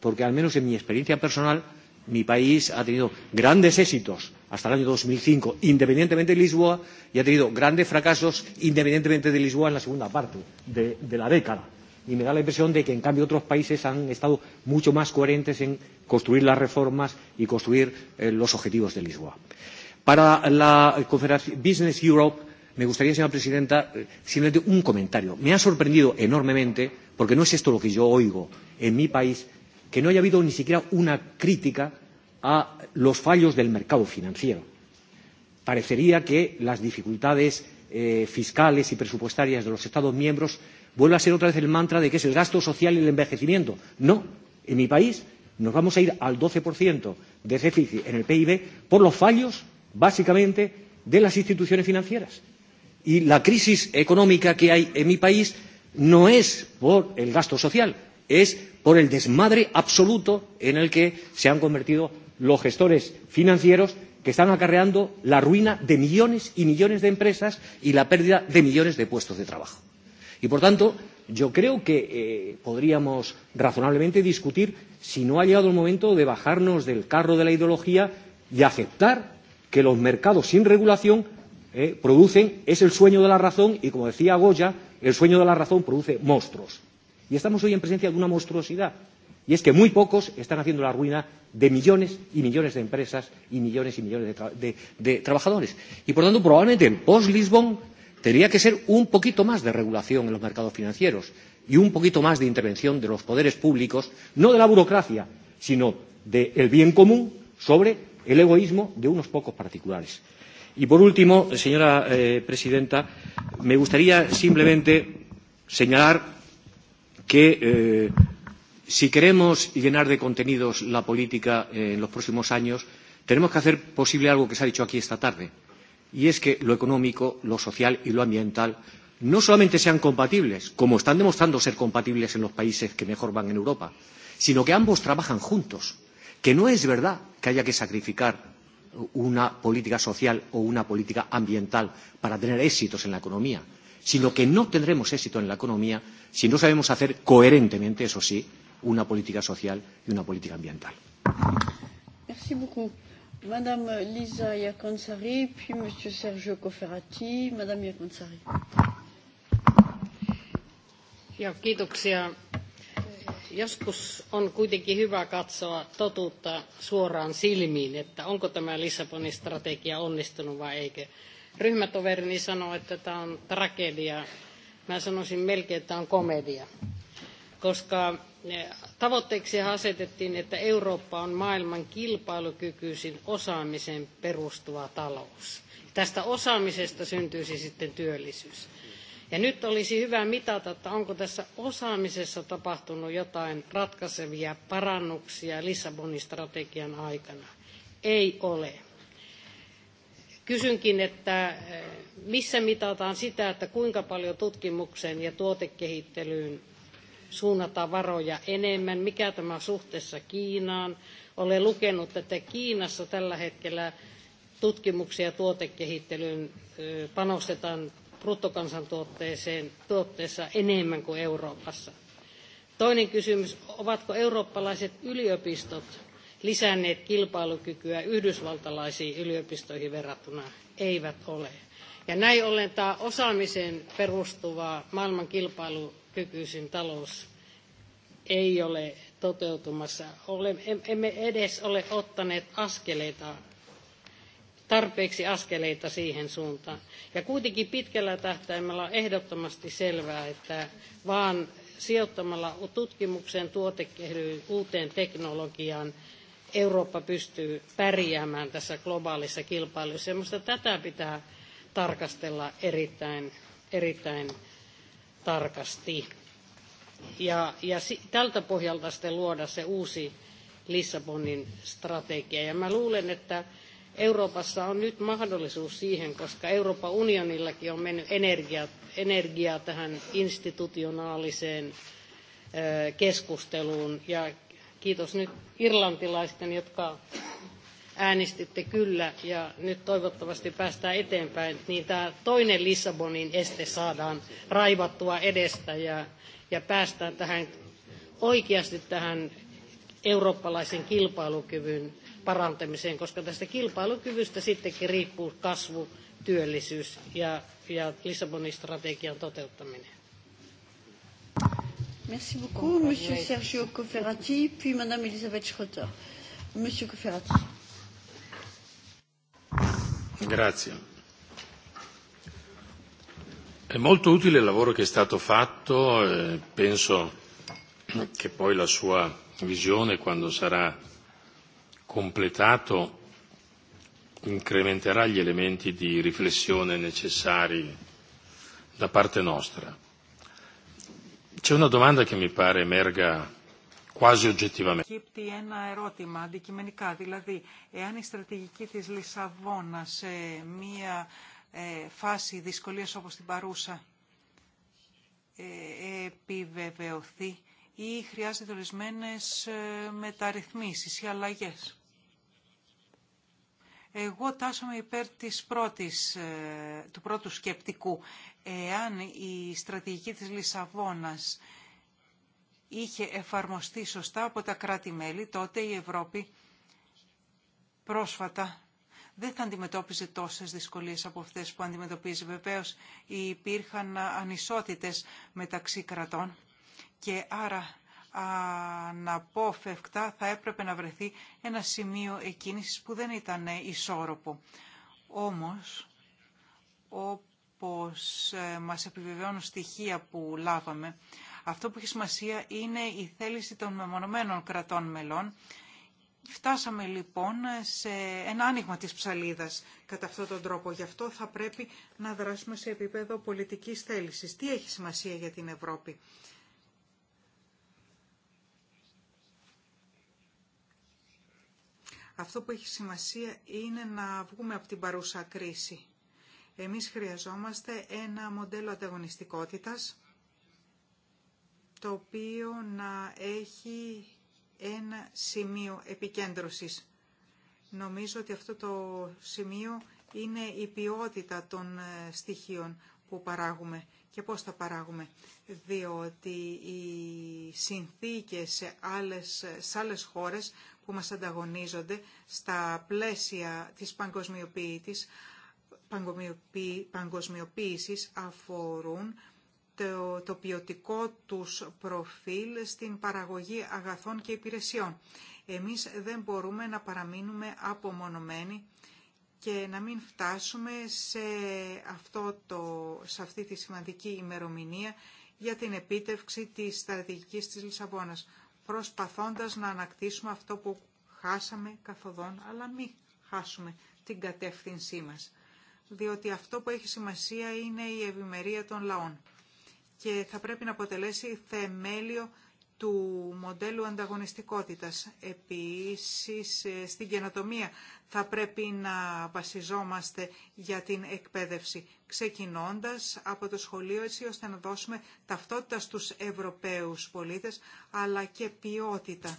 porque al menos en mi experiencia personal mi país ha tenido grandes éxitos hasta el año 2005, independientemente de Lisboa, y ha tenido grandes fracasos, independientemente de Lisboa, en la segunda parte de, de la década. Y me da la impresión de que, en cambio, otros países han estado mucho más coherentes en construir las reformas y construir los objetivos de Lisboa. Para la Confederación Business Europe, me gustaría, señora presidenta, simplemente un comentario. Me ha sorprendido enormemente, porque no es esto lo que yo oigo en mi país, que no haya habido ni siquiera una crítica a los fallos del mercado financiero. Parecería que las dificultades fiscales y presupuestarias de los Estados miembros vuelvan a ser otra vez el mantra de que es el gasto social y el envejecimiento. No, en mi país nos vamos a ir al 12% de déficit en el PIB por los fallos, básicamente, de las instituciones financieras. Y la crisis económica que hay en mi país no es por el gasto social, es por el desmadre absoluto en el que se han convertido los gestores financieros que están acarreando la ruina de millones y millones de empresas y la pérdida de millones de puestos de trabajo. Y, por tanto, yo creo que podríamos razonablemente discutir si no ha llegado el momento de bajarnos del carro de la ideología y aceptar que los mercados sin regulación producen es el sueño de la razón y, como decía Goya, el sueño de la razón produce monstruos. Y estamos hoy en presencia de una monstruosidad Y es que muy pocos están haciendo la ruina de millones y millones de empresas y millones y millones de trabajadores. Y, por tanto, probablemente en post-Lisbon tendría que ser un poquito más de regulación en los mercados financieros y un poquito más de intervención de los poderes públicos, no de la burocracia, sino del bien común sobre el egoísmo de unos pocos particulares. Y, por último, señora presidenta, me gustaría simplemente señalar que si queremos llenar de contenidos la política en los próximos años, tenemos que hacer posible algo que se ha dicho aquí esta tarde, y es que lo económico, lo social y lo ambiental no solamente sean compatibles, como están demostrando ser compatibles en los países que mejor van en Europa, sino que ambos trabajan juntos, que no es verdad que haya que sacrificar una política social o una política ambiental para tener éxitos en la economía, sino que no tendremos éxito en la economía si no sabemos hacer coherentemente, eso sí, una política social y una política ambiental. Merci beaucoup. Madame Lisa Yakonsari, puis Monsieur Sergio Cofferati. Madame Yakonsari. Ja, kiitoksia. Joskus on kuitenkin hyvä katsoa totuutta suoraan silmiin, että onko tämä Lissabonin strategia onnistunut vai eikö. Ryhmätoverini sanoi, että tämä on tragedia. Mä sanoisin melkein, että tämä on komedia. Koska Tavoitteeksi asetettiin, että Eurooppa on maailman kilpailukykyisin osaamiseen perustuva talous. Tästä osaamisesta syntyisi sitten työllisyys. Ja nyt olisi hyvä mitata, että onko tässä osaamisessa tapahtunut jotain ratkaisevia parannuksia Lissabonin strategian aikana. Ei ole. Kysynkin, että missä mitataan sitä, että kuinka paljon tutkimukseen ja tuotekehittelyyn suunnata varoja enemmän, mikä tämä suhteessa Kiinaan. Olen lukenut, että Kiinassa tällä hetkellä tutkimuksia ja tuotekehittelyyn panostetaan bruttokansantuotteeseen tuotteessa enemmän kuin Euroopassa. Toinen kysymys, ovatko eurooppalaiset yliopistot lisänneet kilpailukykyä yhdysvaltalaisiin yliopistoihin verrattuna? Eivät ole. Ja näin ollen tämä osaamiseen perustuva maailman kilpailu kilpailukykyisin talous ei ole toteutumassa. Emme edes ole ottaneet askeleita, tarpeeksi askeleita siihen suuntaan. Ja kuitenkin pitkällä tähtäimellä on ehdottomasti selvää, että vaan sijoittamalla tutkimukseen, tuotekehitykseen, uuteen teknologiaan Eurooppa pystyy pärjäämään tässä globaalissa kilpailussa. Minusta tätä pitää tarkastella erittäin, erittäin tarkasti ja tältä pohjalta sitten luoda se uusi Lissabonin strategia. Ja mä luulen, että Euroopassa on nyt mahdollisuus siihen, koska Euroopan unionillakin on mennyt energiaa tähän institutionaaliseen keskusteluun. Ja kiitos nyt irlantilaisten, jotka äänestitte kyllä ja nyt toivottavasti päästään eteenpäin, niin tämä toinen Lissabonin este saadaan raivattua edestä ja, ja päästään tähän oikeasti tähän eurooppalaisen kilpailukyvyn parantamiseen, koska tästä kilpailukyvystä sittenkin riippuu kasvu, työllisyys ja, ja Lissabonin strategian toteuttaminen. Monsieur Sergio puis Madame Elisabeth Schroeter. Monsieur Grazie. È molto utile il lavoro che è stato fatto e penso che poi la sua visione, quando sarà completato, incrementerà gli elementi di riflessione necessari da parte nostra. C'è una domanda che mi pare emerga quasi oggettivamente. ένα ερώτημα αντικειμενικά, δηλαδή εάν η στρατηγική της Λισαβόνα σε μία ε, φάση δυσκολίας όπως την παρούσα ε, επιβεβαιωθεί ή χρειάζεται ορισμένε ε, μεταρρυθμίσεις ή αλλαγές. Εγώ τάσομαι υπέρ της πρώτης, του πρώτου σκεπτικού. Εάν η στρατηγική της Λισαβόνας είχε εφαρμοστεί σωστά από τα κράτη-μέλη, τότε η Ευρώπη πρόσφατα δεν θα αντιμετώπιζε τόσες δυσκολίες από αυτές που αντιμετωπίζει. Βεβαίως υπήρχαν ανισότητες μεταξύ κρατών και άρα αναπόφευκτα θα έπρεπε να βρεθεί ένα σημείο εκκίνησης που δεν ήταν ισόρροπο. Όμως, όπως ε, μας επιβεβαιώνουν στοιχεία που λάβαμε, αυτό που έχει σημασία είναι η θέληση των μεμονωμένων κρατών μελών. Φτάσαμε λοιπόν σε ένα άνοιγμα της ψαλίδας κατά αυτόν τον τρόπο. Γι' αυτό θα πρέπει να δράσουμε σε επίπεδο πολιτικής θέλησης. Τι έχει σημασία για την Ευρώπη. Αυτό που έχει σημασία είναι να βγούμε από την παρούσα κρίση. Εμείς χρειαζόμαστε ένα μοντέλο ανταγωνιστικότητας το οποίο να έχει ένα σημείο επικέντρωσης. Νομίζω ότι αυτό το σημείο είναι η ποιότητα των ε, στοιχείων που παράγουμε και πώς τα παράγουμε. Διότι οι συνθήκες σε άλλες, σε χώρες που μας ανταγωνίζονται στα πλαίσια της παγκοσμιοποίησης αφορούν το, ποιοτικό τους προφίλ στην παραγωγή αγαθών και υπηρεσιών. Εμείς δεν μπορούμε να παραμείνουμε απομονωμένοι και να μην φτάσουμε σε, αυτό το, σε αυτή τη σημαντική ημερομηνία για την επίτευξη της στρατηγικής της Λισαβόνας, προσπαθώντας να ανακτήσουμε αυτό που χάσαμε καθοδόν, αλλά μην χάσουμε την κατεύθυνσή μας. Διότι αυτό που έχει σημασία είναι η ευημερία των λαών και θα πρέπει να αποτελέσει θεμέλιο του μοντέλου ανταγωνιστικότητας. Επίσης, ε, στην καινοτομία θα πρέπει να βασιζόμαστε για την εκπαίδευση, ξεκινώντας από το σχολείο έτσι ώστε να δώσουμε ταυτότητα στους Ευρωπαίους πολίτες, αλλά και ποιότητα.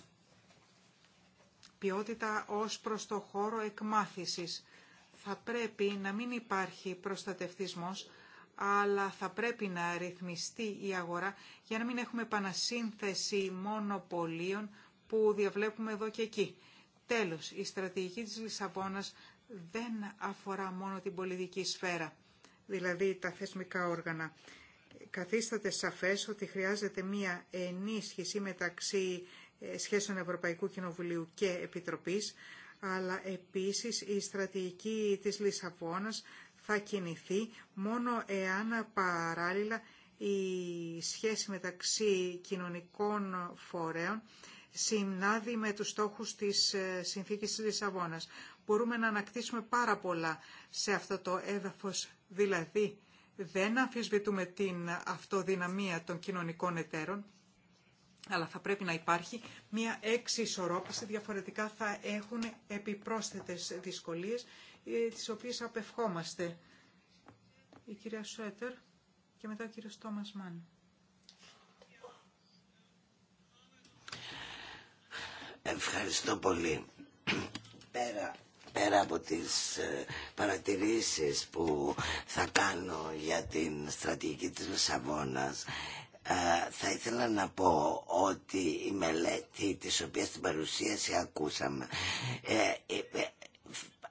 Ποιότητα ως προς το χώρο εκμάθησης. Θα πρέπει να μην υπάρχει προστατευτισμός, αλλά θα πρέπει να ρυθμιστεί η αγορά για να μην έχουμε επανασύνθεση μονοπωλίων που διαβλέπουμε εδώ και εκεί. Τέλος, η στρατηγική της Λισαβόνας δεν αφορά μόνο την πολιτική σφαίρα, δηλαδή τα θεσμικά όργανα. Καθίσταται σαφές ότι χρειάζεται μία ενίσχυση μεταξύ ε, σχέσεων Ευρωπαϊκού Κοινοβουλίου και Επιτροπής, αλλά επίσης η στρατηγική της Λισαβόνας θα κινηθεί μόνο εάν παράλληλα η σχέση μεταξύ κοινωνικών φορέων συνάδει με τους στόχους της ε, συνθήκης της Λισαβόνας. Μπορούμε να ανακτήσουμε πάρα πολλά σε αυτό το έδαφος, δηλαδή δεν αμφισβητούμε την αυτοδυναμία των κοινωνικών εταίρων, αλλά θα πρέπει να υπάρχει μια έξι ισορρόπηση, διαφορετικά θα έχουν επιπρόσθετες δυσκολίες ε, τις οποίες απευχόμαστε. Η κυρία Σουέτερ και μετά ο κύριος Τόμας Μάν. Ευχαριστώ πολύ. Πέρα, πέρα από τις ε, παρατηρήσεις που θα κάνω για την στρατηγική της Λισαβόνας, ε, θα ήθελα να πω ότι η μελέτη της οποίας την παρουσίαση ακούσαμε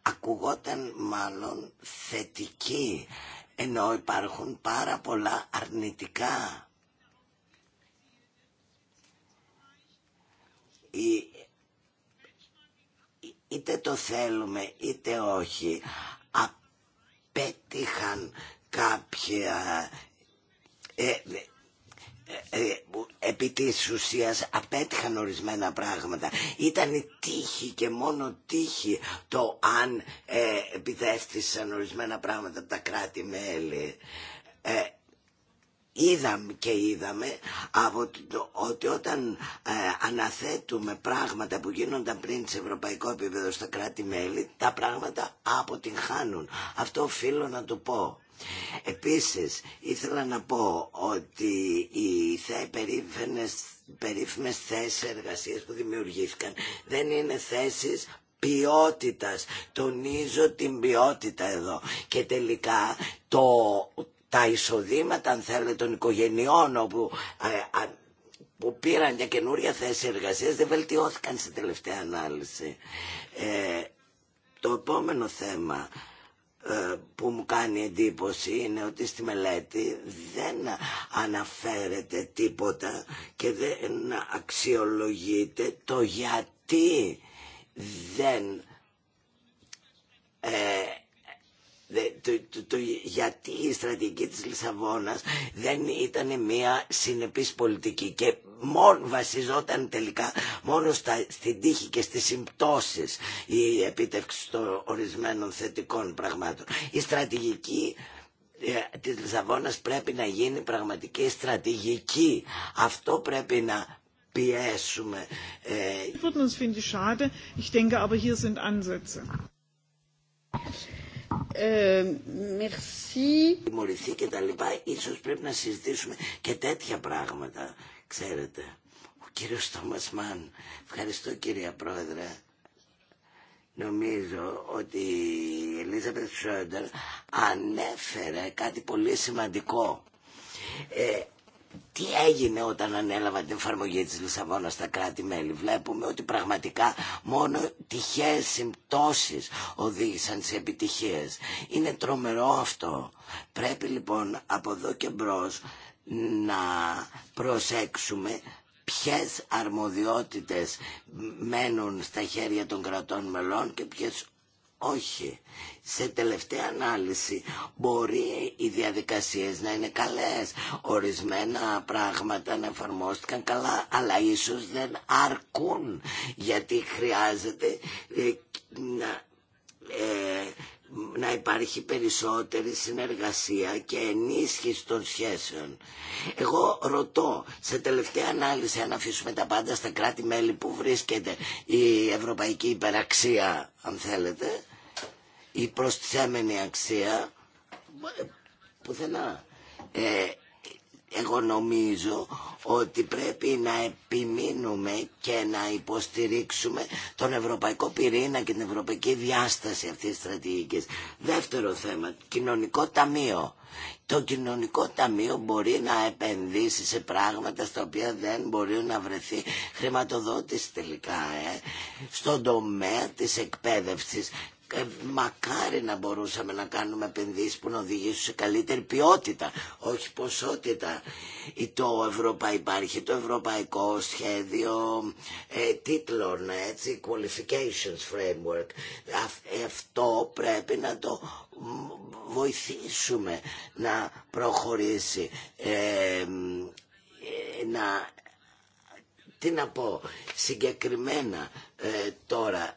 ακουγόταν μάλλον θετική ενώ υπάρχουν πάρα πολλά αρνητικά. Ή, είτε το θέλουμε είτε όχι απέτυχαν κάποια ε, ε, ε, επί της ουσίας απέτυχαν ορισμένα πράγματα ήταν η τύχη και μόνο τύχη το αν ε, ορισμένα πράγματα από τα κράτη-μέλη ε, είδαμε και είδαμε από το, ότι όταν αναθέτουμε πράγματα που γίνονταν πριν σε ευρωπαϊκό επίπεδο στα κράτη-μέλη τα πράγματα αποτυγχάνουν αυτό οφείλω να το πω Επίσης ήθελα να πω ότι οι περίφημες θέσεις εργασίας που δημιουργήθηκαν δεν είναι θέσεις ποιότητας. Τονίζω την ποιότητα εδώ. Και τελικά το, τα εισοδήματα θέλετε των οικογενειών ε, που πήραν για καινούρια θέση εργασία, δεν βελτιώθηκαν στην τελευταία ανάλυση. Ε, το επόμενο θέμα ε, που μου κάνει εντύπωση είναι ότι στη μελέτη δεν αναφέρεται τίποτα και δεν αξιολογείται το γιατί δεν ε, γιατί η στρατηγική της Λισαβόνας δεν ήταν μια συνεπής πολιτική και μόνο βασιζόταν τελικά μόνο στα, στην τύχη και στις συμπτώσεις η επίτευξη των ορισμένων θετικών πραγμάτων. Η στρατηγική ε, της Λισαβόνας πρέπει να γίνει πραγματική στρατηγική. Αυτό πρέπει να πιέσουμε. Ε, Δημιουργηθεί ε, και τα λοιπά. Ίσως πρέπει να συζητήσουμε και τέτοια πράγματα, ξέρετε. Ο κύριος Τόμας Μαν. Ευχαριστώ κύριε Πρόεδρε. Νομίζω ότι η Ελίζαπεθ Σόντερ ανέφερε κάτι πολύ σημαντικό. Ε, τι έγινε όταν ανέλαβα την εφαρμογή της Λισαβόνα στα κράτη-μέλη. Βλέπουμε ότι πραγματικά μόνο τυχαίες συμπτώσεις οδήγησαν σε επιτυχίες. Είναι τρομερό αυτό. Πρέπει λοιπόν από εδώ και μπρο να προσέξουμε ποιες αρμοδιότητες μένουν στα χέρια των κρατών μελών και ποιες όχι σε τελευταία ανάλυση μπορεί οι διαδικασίες να είναι καλές ορισμένα πράγματα να εφαρμόστηκαν καλά αλλά ίσως δεν αρκούν γιατί χρειάζεται ε, να, ε, να υπάρχει περισσότερη συνεργασία και ενίσχυση των σχέσεων. Εγώ ρωτώ, σε τελευταία ανάλυση, αν αφήσουμε τα πάντα στα κράτη-μέλη που βρίσκεται η ευρωπαϊκή υπεραξία, αν θέλετε, η προστιθέμενη αξία πουθενά. Ε, εγώ νομίζω ότι πρέπει να επιμείνουμε και να υποστηρίξουμε τον ευρωπαϊκό πυρήνα και την ευρωπαϊκή διάσταση αυτής της στρατηγικής. Δεύτερο θέμα, κοινωνικό ταμείο. Το κοινωνικό ταμείο μπορεί να επενδύσει σε πράγματα στα οποία δεν μπορεί να βρεθεί χρηματοδότηση τελικά. Ε. Στον τομέα της εκπαίδευσης ε, μακάρι να μπορούσαμε να κάνουμε επενδύσεις που να οδηγήσουν σε καλύτερη ποιότητα, όχι ποσότητα. Το, Ευρωπα... υπάρχει το ευρωπαϊκό σχέδιο ε, τίτλων, έτσι, qualifications framework. Ε, αυτό πρέπει να το βοηθήσουμε να προχωρήσει, ε, να, τι να πω, συγκεκριμένα τώρα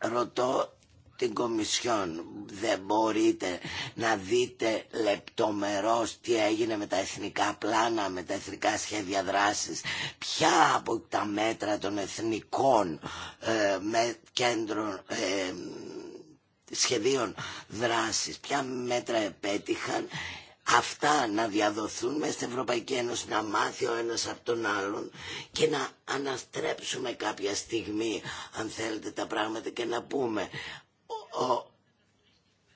ρωτώ την Κομισιόν δεν μπορείτε να δείτε λεπτομερώς τι έγινε με τα εθνικά πλάνα, με τα εθνικά σχέδια δράσης, ποια από τα μέτρα των εθνικών ε, με κέντρων ε, σχεδίων δράσης, ποια μέτρα επέτυχαν αυτά να διαδοθούν μέσα στην Ευρωπαϊκή Ένωση, να μάθει ο ένας από τον άλλον και να αναστρέψουμε κάποια στιγμή, αν θέλετε, τα πράγματα και να πούμε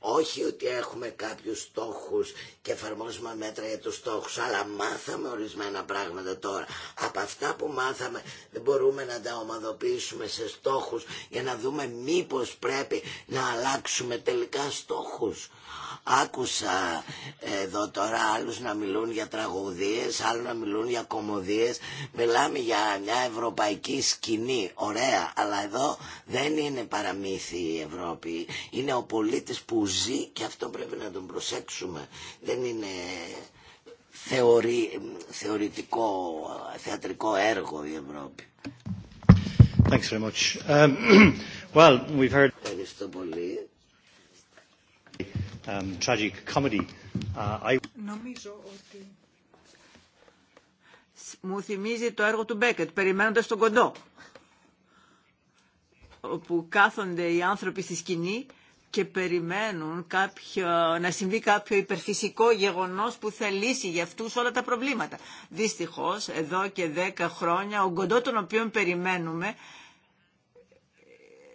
όχι ότι έχουμε κάποιους στόχους και εφαρμόζουμε μέτρα για τους στόχους, αλλά μάθαμε ορισμένα πράγματα τώρα. Από αυτά που μάθαμε δεν μπορούμε να τα ομαδοποιήσουμε σε στόχους για να δούμε μήπως πρέπει να αλλάξουμε τελικά στόχους. Άκουσα εδώ τώρα άλλους να μιλούν για τραγωδίες, άλλους να μιλούν για κομμωδίες. Μιλάμε για μια ευρωπαϊκή σκηνή, ωραία, αλλά εδώ δεν είναι παραμύθι η Ευρώπη. Είναι ο πολίτης που ζει και αυτό πρέπει να τον προσέξουμε. Δεν είναι θεωρη, θεωρητικό, θεατρικό έργο η Ευρώπη. Thanks very much. Um, well, we've Ευχαριστώ πολύ. Um, uh, Νομίζω ότι μου θυμίζει το έργο του Μπέκετ, περιμένοντας τον κοντό, όπου κάθονται οι άνθρωποι στη σκηνή και περιμένουν κάποιο, να συμβεί κάποιο υπερφυσικό γεγονός που θα λύσει για αυτούς όλα τα προβλήματα. Δυστυχώς, εδώ και δέκα χρόνια, ο κοντό τον οποίον περιμένουμε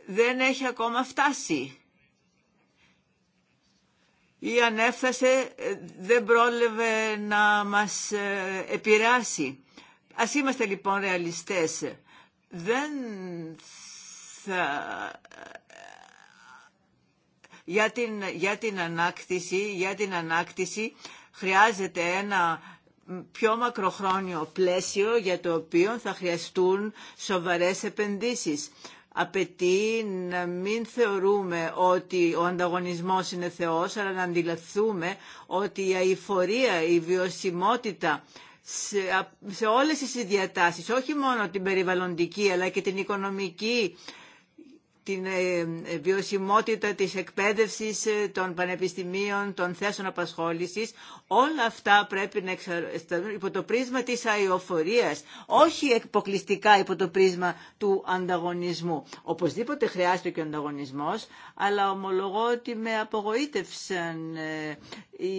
δεν έχει ακόμα φτάσει ή αν έφτασε ε, δεν πρόλευε να μας ε, επηρεάσει. Ας είμαστε λοιπόν ρεαλιστές. Δεν ε, Για την, για την ανάκτηση, για την ανάκτηση χρειάζεται ένα πιο μακροχρόνιο πλαίσιο για το οποίο θα χρειαστούν σοβαρές επενδύσεις απαιτεί να μην θεωρούμε ότι ο ανταγωνισμός είναι θεός, αλλά να αντιλαθούμε ότι η αηφορία, η βιωσιμότητα σε, σε όλες τις διατάσεις, όχι μόνο την περιβαλλοντική αλλά και την οικονομική, την ε, ε, βιωσιμότητα της εκπαίδευσης ε, των πανεπιστημίων, των θέσεων απασχόλησης. Όλα αυτά πρέπει να εξαρτηθούν υπό το πρίσμα της αειοφορίας, όχι αποκλειστικά υπό το πρίσμα του ανταγωνισμού. Οπωσδήποτε χρειάζεται και ο ανταγωνισμός, αλλά ομολογώ ότι με απογοήτευσαν οι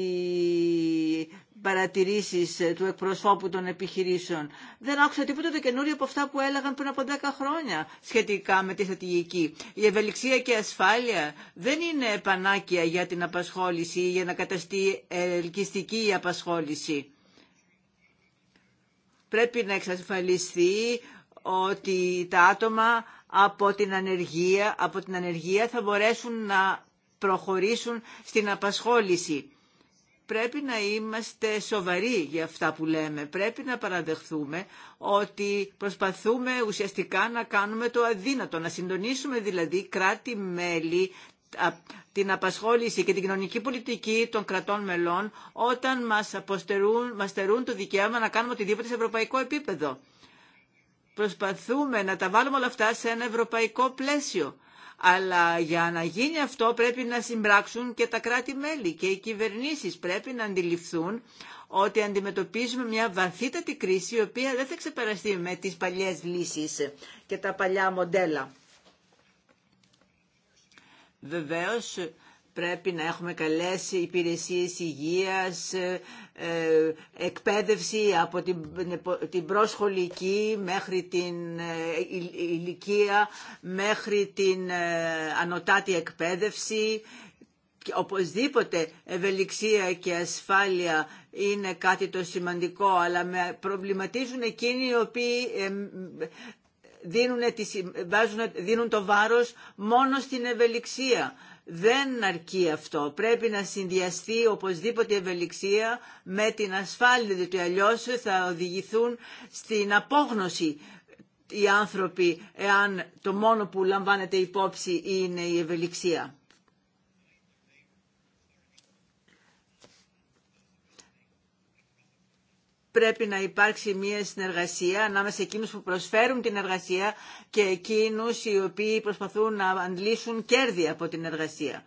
Παρατηρήσει ε, του εκπροσώπου των επιχειρήσεων. Δεν άκουσα τίποτα το καινούριο από αυτά που έλεγαν πριν από 10 χρόνια σχετικά με τη στρατηγική. Η ευελιξία και η ασφάλεια δεν είναι επανάκια για την απασχόληση ή για να καταστεί ελκυστική η απασχόληση. Πρέπει να εξασφαλιστεί ότι τα άτομα από την ανεργία, από την ανεργία θα μπορέσουν να προχωρήσουν στην απασχόληση πρέπει να είμαστε σοβαροί για αυτά που λέμε. Πρέπει να παραδεχθούμε ότι προσπαθούμε ουσιαστικά να κάνουμε το αδύνατο, να συντονίσουμε δηλαδή κράτη-μέλη την απασχόληση και την κοινωνική πολιτική των κρατών μελών όταν μας, αποστερούν, μας στερούν το δικαίωμα να κάνουμε οτιδήποτε σε ευρωπαϊκό επίπεδο. Προσπαθούμε να τα βάλουμε όλα αυτά σε ένα ευρωπαϊκό πλαίσιο. Αλλά για να γίνει αυτό πρέπει να συμπράξουν και τα κράτη-μέλη και οι κυβερνήσεις πρέπει να αντιληφθούν ότι αντιμετωπίζουμε μια βαθύτατη κρίση η οποία δεν θα ξεπεραστεί με τις παλιές λύσεις και τα παλιά μοντέλα. Βεβαίως πρέπει να έχουμε καλές υπηρεσίες υγείας, ε, ε, εκπαίδευση από την προσχολική μέχρι την ε, ηλικία, μέχρι την ανωτάτη εκπαίδευση. Οπωσδήποτε ευελιξία και ασφάλεια είναι κάτι το σημαντικό, αλλά με προβληματίζουν εκείνοι οι οποίοι δίνουν, δίνουν το βάρος μόνο στην ευελιξία δεν αρκεί αυτό. Πρέπει να συνδυαστεί οπωσδήποτε η ευελιξία με την ασφάλεια, διότι αλλιώς θα οδηγηθούν στην απόγνωση οι άνθρωποι εάν το μόνο που λαμβάνεται υπόψη είναι η ευελιξία. πρέπει να υπάρξει μια συνεργασία ανάμεσα εκείνους που προσφέρουν την εργασία και εκείνους οι οποίοι προσπαθούν να αντλήσουν κέρδη από την εργασία.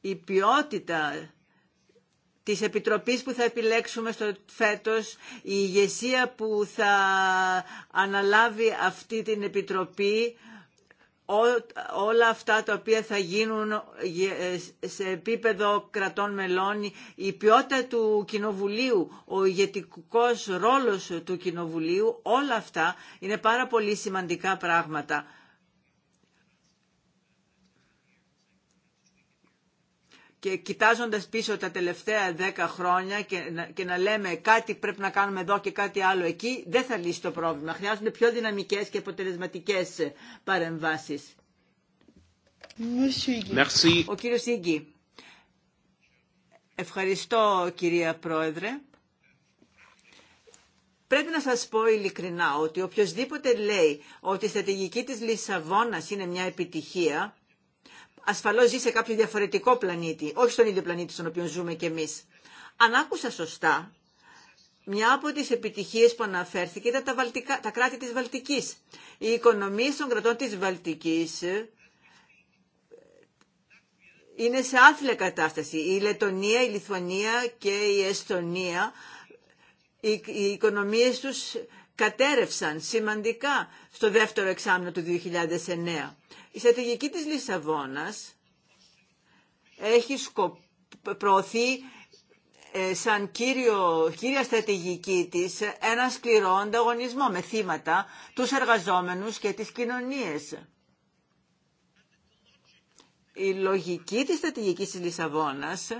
Η ποιότητα της επιτροπής που θα επιλέξουμε στο φέτος, η ηγεσία που θα αναλάβει αυτή την επιτροπή όλα αυτά τα οποία θα γίνουν ε, σε επίπεδο κρατών μελών, η ποιότητα του Κοινοβουλίου, ο ηγετικός ρόλος του Κοινοβουλίου, όλα αυτά είναι πάρα πολύ σημαντικά πράγματα. και κοιτάζοντας πίσω τα τελευταία δέκα χρόνια και να, και να λέμε κάτι πρέπει να κάνουμε εδώ και κάτι άλλο εκεί, δεν θα λύσει το πρόβλημα. Χρειάζονται πιο δυναμικές και αποτελεσματικές παρεμβάσεις. Ο κύριος Ίγκη. Ευχαριστώ κυρία Πρόεδρε. Πρέπει να σας πω ειλικρινά ότι οποιοδήποτε λέει ότι η στρατηγική της Λισαβόνας είναι μια επιτυχία, ασφαλώς ζει σε κάποιο διαφορετικό πλανήτη, όχι στον ίδιο πλανήτη στον οποίο ζούμε κι εμείς. Αν άκουσα σωστά, μια από τις επιτυχίες που αναφέρθηκε ήταν τα, βαλτικά, τα κράτη της Βαλτικής. Οι οικονομίε των κρατών της Βαλτικής ε, είναι σε άθλια κατάσταση. Η Λετωνία, η Λιθουανία και η Εστονία, οι, οι οικονομίες τους κατέρευσαν σημαντικά στο δεύτερο εξάμεινο του 2009. Η στρατηγική της Λισαβόνας έχει προωθεί ε, σαν κύριο, κύρια στρατηγική της ένα σκληρό ανταγωνισμό με θύματα τους εργαζόμενους και τις κοινωνίες. Η λογική της στρατηγικής της Λισαβόνας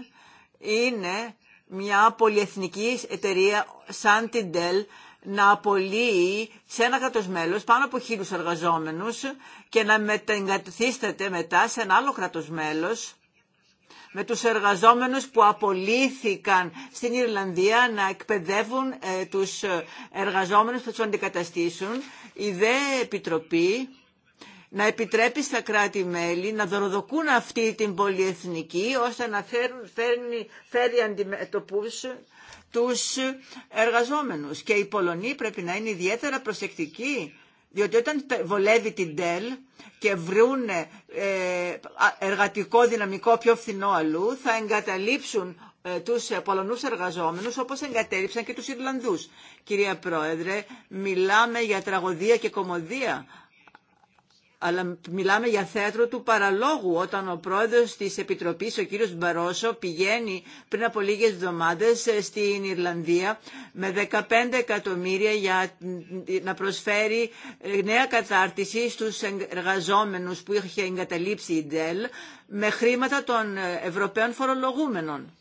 είναι μια πολυεθνική εταιρεία σαν την Dell να απολύει σε ένα κράτος μέλος πάνω από χίλιους εργαζόμενους και να μετεγκαθίσταται μετά σε ένα άλλο κράτος μέλος με τους εργαζόμενους που απολύθηκαν στην Ιρλανδία να εκπαιδεύουν ε, τους εργαζόμενους που τους αντικαταστήσουν. Η ΔΕ Επιτροπή να επιτρέπει στα κράτη-μέλη να δωροδοκούν αυτή την πολυεθνική ώστε να φέρουν, φέρει αντιμετωπούς τους εργαζόμενους. Και οι Πολωνοί πρέπει να είναι ιδιαίτερα προσεκτικοί, διότι όταν βολεύει την ΤΕΛ και βρούνε ε, εργατικό δυναμικό πιο φθηνό αλλού, θα εγκαταλείψουν ε, τους ε, Πολωνούς εργαζόμενους όπως εγκατέλειψαν και τους Ιρλανδούς. Κυρία Πρόεδρε, μιλάμε για τραγωδία και κομμωδία αλλά μιλάμε για θέατρο του παραλόγου όταν ο πρόεδρος της Επιτροπής, ο κύριος Μπαρόσο, πηγαίνει πριν από λίγες εβδομάδες ε, στην Ιρλανδία με 15 εκατομμύρια για ε, να προσφέρει ε, νέα κατάρτιση στους εργαζόμενους που είχε εγκαταλείψει η ΔΕΛ με χρήματα των Ευρωπαίων φορολογούμενων.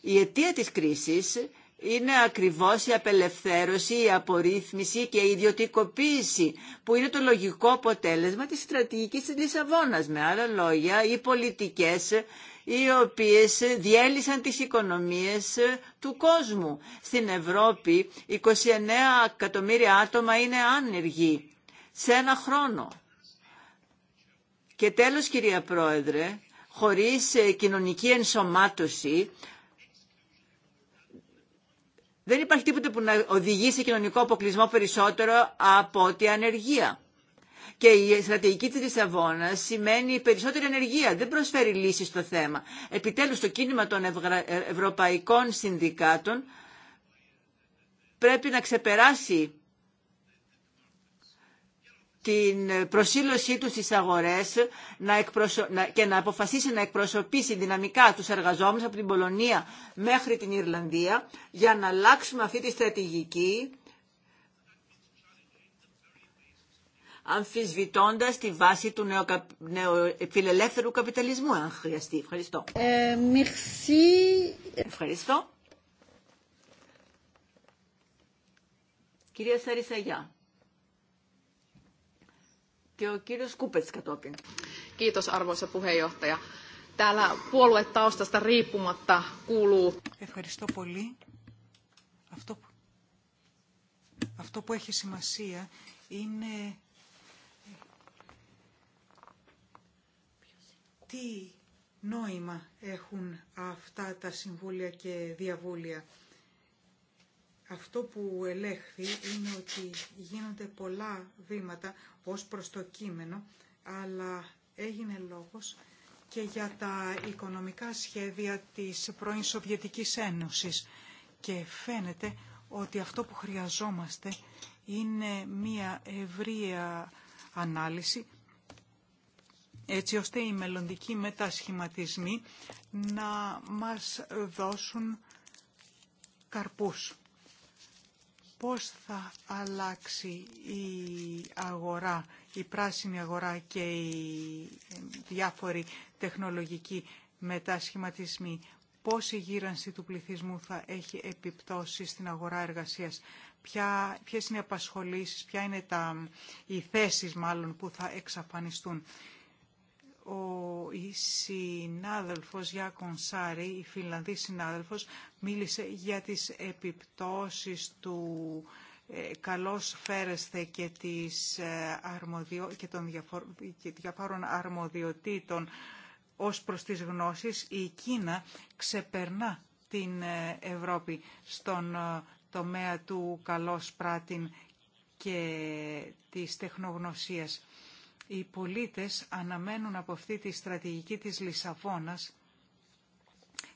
Η αιτία της κρίσης είναι ακριβώς η απελευθέρωση, η απορρίθμιση και η ιδιωτικοποίηση που είναι το λογικό αποτέλεσμα της στρατηγικής της Λισαβόνας. Με άλλα λόγια, οι πολιτικές οι οποίες διέλυσαν τις οικονομίες του κόσμου. Στην Ευρώπη 29 εκατομμύρια άτομα είναι άνεργοι σε ένα χρόνο. Και τέλος κυρία Πρόεδρε, χωρίς κοινωνική ενσωμάτωση δεν υπάρχει τίποτα που να οδηγήσει κοινωνικό αποκλεισμό περισσότερο από ότι ανεργία. Και η στρατηγική της Λισαβόνα σημαίνει περισσότερη ανεργία. Δεν προσφέρει λύση στο θέμα. Επιτέλους το κίνημα των ε, ευρωπαϊκών συνδικάτων πρέπει να ξεπεράσει την προσήλωσή του στις αγορές και να αποφασίσει να εκπροσωπήσει δυναμικά τους εργαζόμενους από την Πολωνία μέχρι την Ιρλανδία για να αλλάξουμε αυτή τη στρατηγική αμφισβητώντας τη βάση του νεοφιλελεύθερου καπιταλισμού, αν χρειαστεί. Ευχαριστώ. Ε, Ευχαριστώ. Κυρία Σαρισαγιά και ο κύριος Κούπετς κατόπιν. arvoisa puheenjohtaja. Täällä puoluetaustasta riippumatta kuuluu... Ευχαριστώ πολύ. Αυτό που, αυτό που έχει σημασία είναι τι νόημα έχουν αυτά τα συμβούλια και διαβούλια. Αυτό που ελέγχθη είναι ότι γίνονται πολλά βήματα ως προς το κείμενο, αλλά έγινε λόγος και για τα οικονομικά σχέδια της πρώην Σοβιετικής Ένωσης. Και φαίνεται ότι αυτό που χρειαζόμαστε είναι μία ευρία ανάλυση, έτσι ώστε οι μελλοντικοί μετασχηματισμοί να μας δώσουν καρπούς πώς θα αλλάξει η αγορά, η πράσινη αγορά και οι διάφοροι τεχνολογικοί μετασχηματισμοί. Πώς η γύρανση του πληθυσμού θα έχει επιπτώσει στην αγορά εργασίας. Ποια, ποιες είναι οι απασχολήσεις, ποια είναι οι θέσεις μάλλον που θα εξαφανιστούν ο η συνάδελφος Γιάκον Σάρη, η Φιλανδή συνάδελφος, μίλησε για τις επιπτώσεις του ε, καλώς φέρεσθε και, τις, ε, αρμοδιο, και των και διαφόρων αρμοδιοτήτων ως προς τις γνώσεις. Η Κίνα ξεπερνά την ε, Ευρώπη στον τομέα του καλώς πράτην και της τεχνογνωσίας οι πολίτες αναμένουν από αυτή τη στρατηγική της Λισαβόνας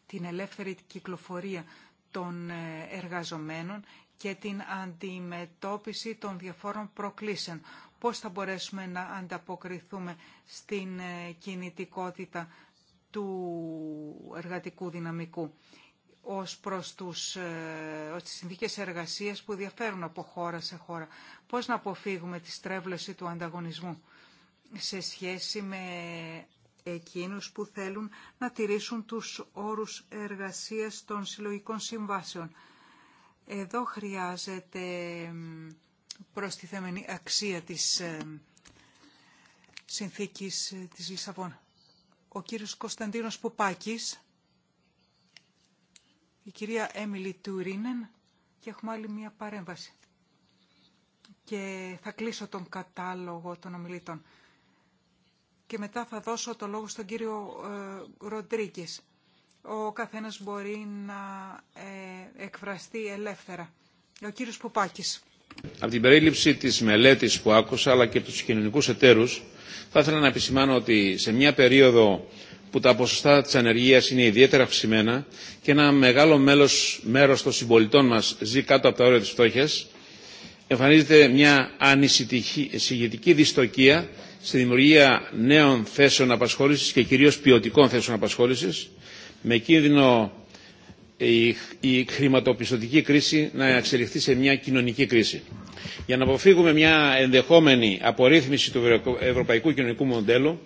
την ελεύθερη κυκλοφορία των ε, εργαζομένων και την αντιμετώπιση των διαφόρων προκλήσεων. Πώς θα μπορέσουμε να ανταποκριθούμε στην ε, κινητικότητα του εργατικού δυναμικού ως προς τους, ε, ως τις συνθήκες εργασίας που διαφέρουν από χώρα σε χώρα. Πώς να αποφύγουμε τη στρέβλωση του ανταγωνισμού σε σχέση με εκείνους που θέλουν να τηρήσουν τους όρους εργασίας των συλλογικών συμβάσεων. Εδώ χρειάζεται προστιθέμενη αξία της ε, συνθήκης ε, της Λισαβόνα. Ο κύριος Κωνσταντίνος Πουπάκης, η κυρία Έμιλι Τουρίνεν και έχουμε άλλη μία παρέμβαση. Και θα κλείσω τον κατάλογο των ομιλητών και μετά θα δώσω το λόγο στον κύριο ε, Ροντρίγκε. Ο καθένας μπορεί να ε, εκφραστεί ελεύθερα. Ο κύριος Πουπάκης. Από την περίληψη της μελέτης που άκουσα αλλά και από τους κοινωνικούς εταίρους θα ήθελα να επισημάνω ότι σε μια περίοδο που τα ποσοστά της ανεργίας είναι ιδιαίτερα αυξημένα και ένα μεγάλο μέλος, μέρος των συμπολιτών μας ζει κάτω από τα όρια της φτώχειας εμφανίζεται μια ανησυχητική δυστοκία στη δημιουργία νέων θέσεων απασχόλησης και κυρίως ποιοτικών θέσεων απασχόλησης με κίνδυνο η χρηματοπιστωτική κρίση να εξελιχθεί σε μια κοινωνική κρίση. Για να αποφύγουμε μια ενδεχόμενη απορρίθμιση του ευρωπαϊκού κοινωνικού μοντέλου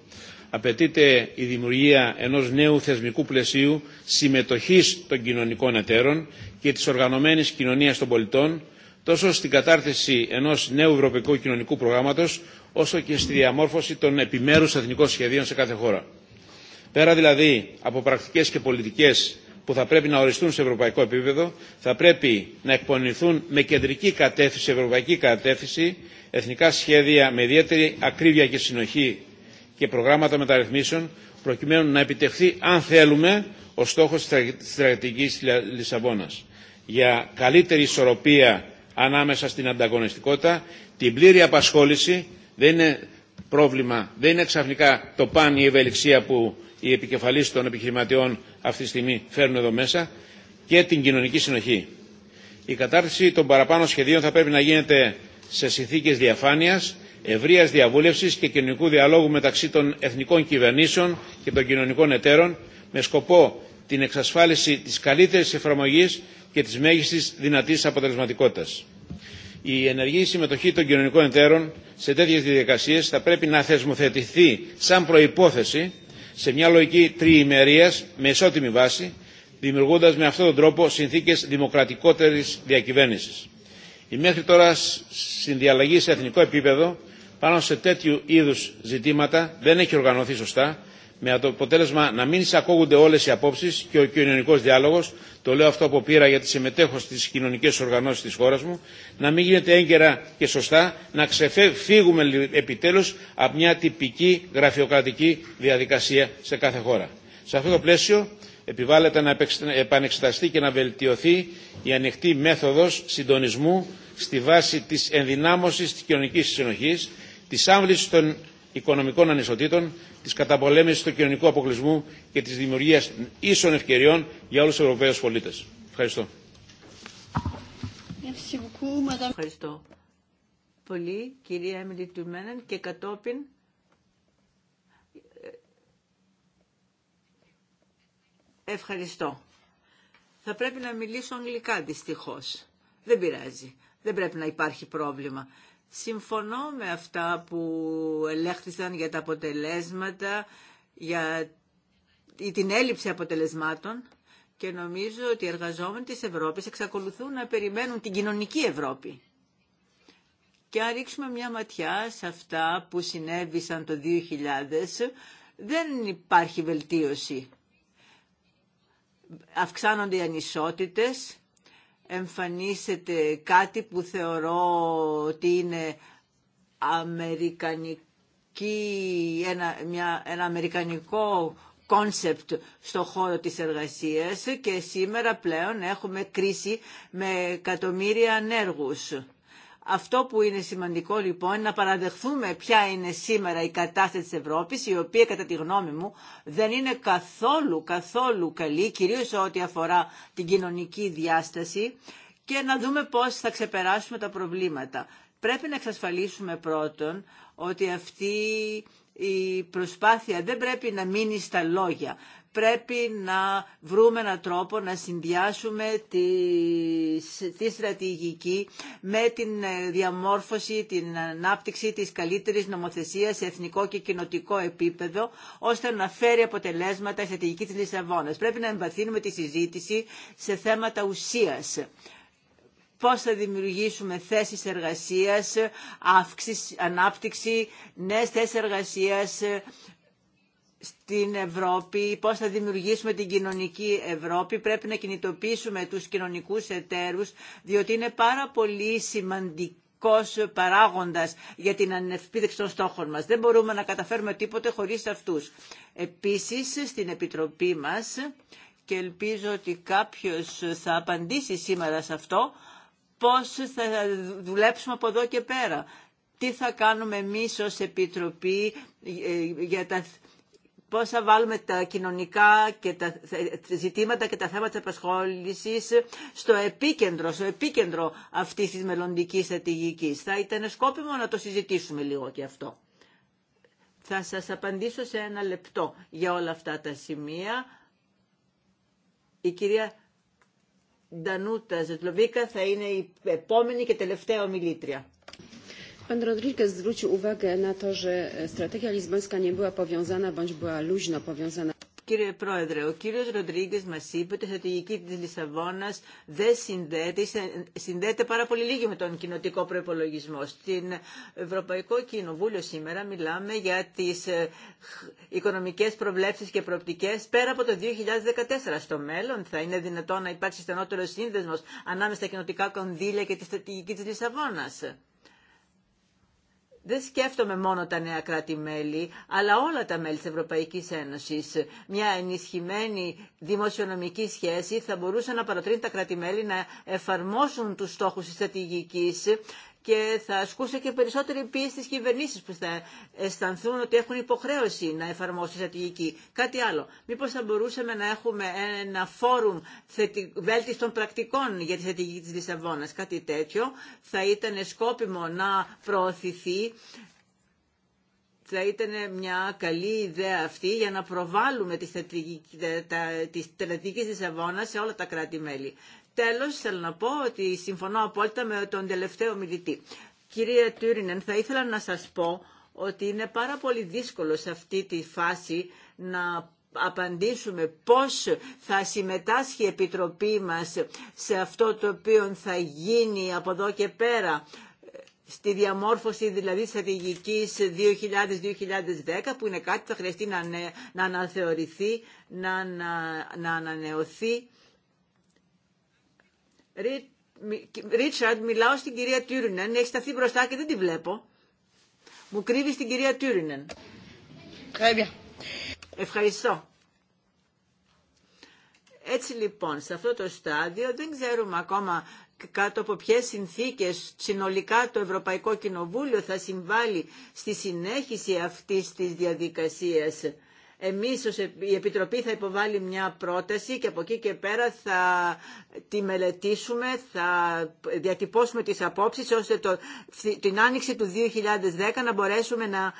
απαιτείται η δημιουργία ενός νέου θεσμικού πλαισίου συμμετοχής των κοινωνικών εταίρων και της οργανωμένης κοινωνίας των πολιτών τόσο στην κατάρτιση ενός νέου ευρωπαϊκού κοινωνικού προγράμματος όσο και στη διαμόρφωση των επιμέρους εθνικών σχεδίων σε κάθε χώρα. Πέρα δηλαδή από πρακτικές και πολιτικές που θα πρέπει να οριστούν σε ευρωπαϊκό επίπεδο, θα πρέπει να εκπονηθούν με κεντρική κατεύθυνση, ευρωπαϊκή κατεύθυνση, εθνικά σχέδια με ιδιαίτερη ακρίβεια και συνοχή και προγράμματα μεταρρυθμίσεων, προκειμένου να επιτευχθεί, αν θέλουμε, ο στόχο τη στρατηγική Λισαβόνα για καλύτερη ισορροπία ανάμεσα στην ανταγωνιστικότητα, την πλήρη απασχόληση, δεν είναι πρόβλημα, δεν είναι ξαφνικά το παν η ευελιξία που οι επικεφαλής των επιχειρηματιών αυτή τη στιγμή φέρνουν εδώ μέσα και την κοινωνική συνοχή. Η κατάρτιση των παραπάνω σχεδίων θα πρέπει να γίνεται σε συνθήκες διαφάνειας, ευρείας διαβούλευσης και κοινωνικού διαλόγου μεταξύ των εθνικών κυβερνήσεων και των κοινωνικών εταίρων με σκοπό την εξασφάλιση της καλύτερης εφαρμογής και της μέγιστης δυνατής αποτελεσματικότητας η ενεργή συμμετοχή των κοινωνικών εταίρων σε τέτοιες διαδικασίες θα πρέπει να θεσμοθετηθεί σαν προϋπόθεση σε μια λογική τριημερίας με ισότιμη βάση, δημιουργώντας με αυτόν τον τρόπο συνθήκες δημοκρατικότερης διακυβέρνησης. Η μέχρι τώρα συνδιαλλαγή σε εθνικό επίπεδο πάνω σε τέτοιου είδους ζητήματα δεν έχει οργανωθεί σωστά με το αποτέλεσμα να μην εισακόγονται όλες οι απόψεις και ο κοινωνικός διάλογος, το λέω αυτό από πείρα γιατί συμμετέχω στις κοινωνικές οργανώσεις της χώρας μου, να μην γίνεται έγκαιρα και σωστά, να ξεφύγουμε επιτέλους από μια τυπική γραφειοκρατική διαδικασία σε κάθε χώρα. Σε αυτό το πλαίσιο επιβάλλεται να επανεξεταστεί και να βελτιωθεί η ανοιχτή μέθοδος συντονισμού στη βάση της ενδυνάμωσης της κοινωνικής συνοχής, της άμβλησης των οικονομικών ανισοτήτων, τη καταπολέμηση του κοινωνικού αποκλεισμού και τη δημιουργία ίσων ευκαιριών για όλου του Ευρωπαίου πολίτε. Ευχαριστώ. Ευχαριστώ πολύ, κυρία Έμιλη Τουρμένεν, και κατόπιν. Ε, ευχαριστώ. Θα πρέπει να μιλήσω αγγλικά δυστυχώς. Δεν πειράζει. Δεν πρέπει να υπάρχει πρόβλημα. Συμφωνώ με αυτά που ελέγχθησαν για τα αποτελέσματα, για την έλλειψη αποτελεσμάτων και νομίζω ότι οι εργαζόμενοι της Ευρώπης εξακολουθούν να περιμένουν την κοινωνική Ευρώπη. Και αν ρίξουμε μια ματιά σε αυτά που συνέβησαν το 2000, δεν υπάρχει βελτίωση. Αυξάνονται οι ανισότητες, εμφανίσετε κάτι που θεωρώ ότι είναι αμερικανική, ένα, μια, ένα αμερικανικό κόνσεπτ στο χώρο της εργασίας και σήμερα πλέον έχουμε κρίση με εκατομμύρια ανέργους. Αυτό που είναι σημαντικό λοιπόν είναι να παραδεχθούμε ποια είναι σήμερα η κατάσταση της Ευρώπης, η οποία κατά τη γνώμη μου δεν είναι καθόλου, καθόλου καλή, κυρίως ό,τι αφορά την κοινωνική διάσταση και να δούμε πώς θα ξεπεράσουμε τα προβλήματα. Πρέπει να εξασφαλίσουμε πρώτον ότι αυτή η προσπάθεια δεν πρέπει να μείνει στα λόγια πρέπει να βρούμε έναν τρόπο να συνδυάσουμε τη, τη στρατηγική με την ε, διαμόρφωση, την ανάπτυξη της καλύτερης νομοθεσίας σε εθνικό και κοινοτικό επίπεδο, ώστε να φέρει αποτελέσματα η στρατηγική της Λισαβόνας. Πρέπει να εμβαθύνουμε τη συζήτηση σε θέματα ουσίας πώς θα δημιουργήσουμε θέσεις εργασίας, αύξηση, ανάπτυξη, νέες θέσεις εργασίας, στην Ευρώπη, πώς θα δημιουργήσουμε την κοινωνική Ευρώπη. Πρέπει να κινητοποιήσουμε τους κοινωνικούς εταίρους, διότι είναι πάρα πολύ σημαντικό παράγοντας για την ανεπίδεξη των στόχων μας. Δεν μπορούμε να καταφέρουμε τίποτε χωρίς αυτούς. Επίσης, στην Επιτροπή μας, και ελπίζω ότι κάποιος θα απαντήσει σήμερα σε αυτό, πώς θα δουλέψουμε από εδώ και πέρα. Τι θα κάνουμε εμείς ως Επιτροπή ε, για τα πώς θα βάλουμε τα κοινωνικά και τα ζητήματα και τα θέματα της στο επίκεντρο, στο επίκεντρο αυτής της μελλοντικής στρατηγική. Θα ήταν σκόπιμο να το συζητήσουμε λίγο και αυτό. Θα σας απαντήσω σε ένα λεπτό για όλα αυτά τα σημεία. Η κυρία Ντανούτα Ζετλοβίκα θα είναι η επόμενη και τελευταία ομιλήτρια. Pan Rodriguez zwrócił uwagę na to, że strategia lizbońska nie była powiązana Κύριε Πρόεδρε, ο κύριος Ροντρίγκες μας είπε ότι η στρατηγική της Λισαβόνας δεν συνδέεται, συνδέεται πάρα πολύ λίγο με τον κοινοτικό προπολογισμό. Στην Ευρωπαϊκό Κοινοβούλιο σήμερα μιλάμε για τις ε, οικονομικές προβλέψεις και προοπτικές πέρα από το 2014. Στο μέλλον θα είναι δυνατό να υπάρξει στενότερο σύνδεσμος ανάμεσα στα κοινοτικά κονδύλια και τη στρατηγική της Λισαβόνας δεν σκέφτομαι μόνο τα νέα κράτη-μέλη, αλλά όλα τα μέλη της Ευρωπαϊκής Ένωσης. Μια ενισχυμένη δημοσιονομική σχέση θα μπορούσε να παροτρύνει τα κράτη-μέλη να εφαρμόσουν τους στόχους της στρατηγικής και θα ασκούσε και περισσότερη πίεση στις κυβερνήσεις που θα αισθανθούν ότι έχουν υποχρέωση να εφαρμόσουν στρατηγική. Κάτι άλλο. Μήπως θα μπορούσαμε να έχουμε ένα φόρουμ βέλτιστων πρακτικών για τη στρατηγική της Λισαβόνας. Κάτι τέτοιο θα ήταν σκόπιμο να προωθηθεί θα ήταν μια καλή ιδέα αυτή για να προβάλλουμε τη στρατηγική, τη σε όλα τα κράτη-μέλη. Τέλος, θέλω να πω ότι συμφωνώ απόλυτα με τον τελευταίο μιλητή. Κυρία Τούρινεν, θα ήθελα να σας πω ότι είναι πάρα πολύ δύσκολο σε αυτή τη φάση να απαντήσουμε πώς θα συμμετάσχει η Επιτροπή μας σε αυτό το οποίο θα γίνει από εδώ και πέρα στη διαμόρφωση δηλαδή στρατηγικής 2000-2010 που είναι κάτι που θα χρειαστεί να, αναθεωρηθεί, να, να ανανεωθεί Ρίτσαρντ, μιλάω στην κυρία Τούρινεν, έχει σταθεί μπροστά και δεν τη βλέπω. Μου κρύβει την κυρία Τούρινεν. Ευχαριστώ. Έτσι λοιπόν, σε αυτό το στάδιο δεν ξέρουμε ακόμα κάτω από ποιες συνθήκες συνολικά το Ευρωπαϊκό Κοινοβούλιο θα συμβάλλει στη συνέχιση αυτής της διαδικασίας Εμεί η Επιτροπή θα υποβάλει μια πρόταση και από εκεί και πέρα θα τη μελετήσουμε, θα διατυπώσουμε τις απόψεις ώστε το, την άνοιξη του 2010 να μπορέσουμε να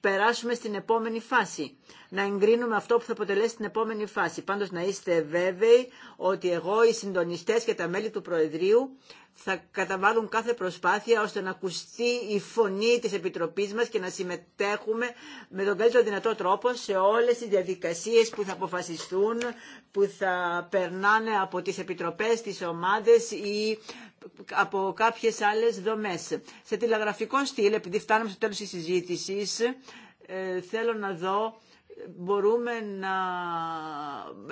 περάσουμε στην επόμενη φάση. Να εγκρίνουμε αυτό που θα αποτελέσει την επόμενη φάση. Πάντως να είστε βέβαιοι ότι εγώ, οι συντονιστές και τα μέλη του Προεδρείου θα καταβάλουν κάθε προσπάθεια ώστε να ακουστεί η φωνή της Επιτροπής μας και να συμμετέχουμε με τον καλύτερο δυνατό τρόπο σε όλες τις διαδικασίες που θα αποφασιστούν, που θα περνάνε από τις Επιτροπές, τις ομάδες ή από κάποιες άλλες δομές. Σε τηλεγραφικό στυλ, επειδή φτάνουμε στο τέλος της συζήτησης, ε, θέλω να δω μπορούμε να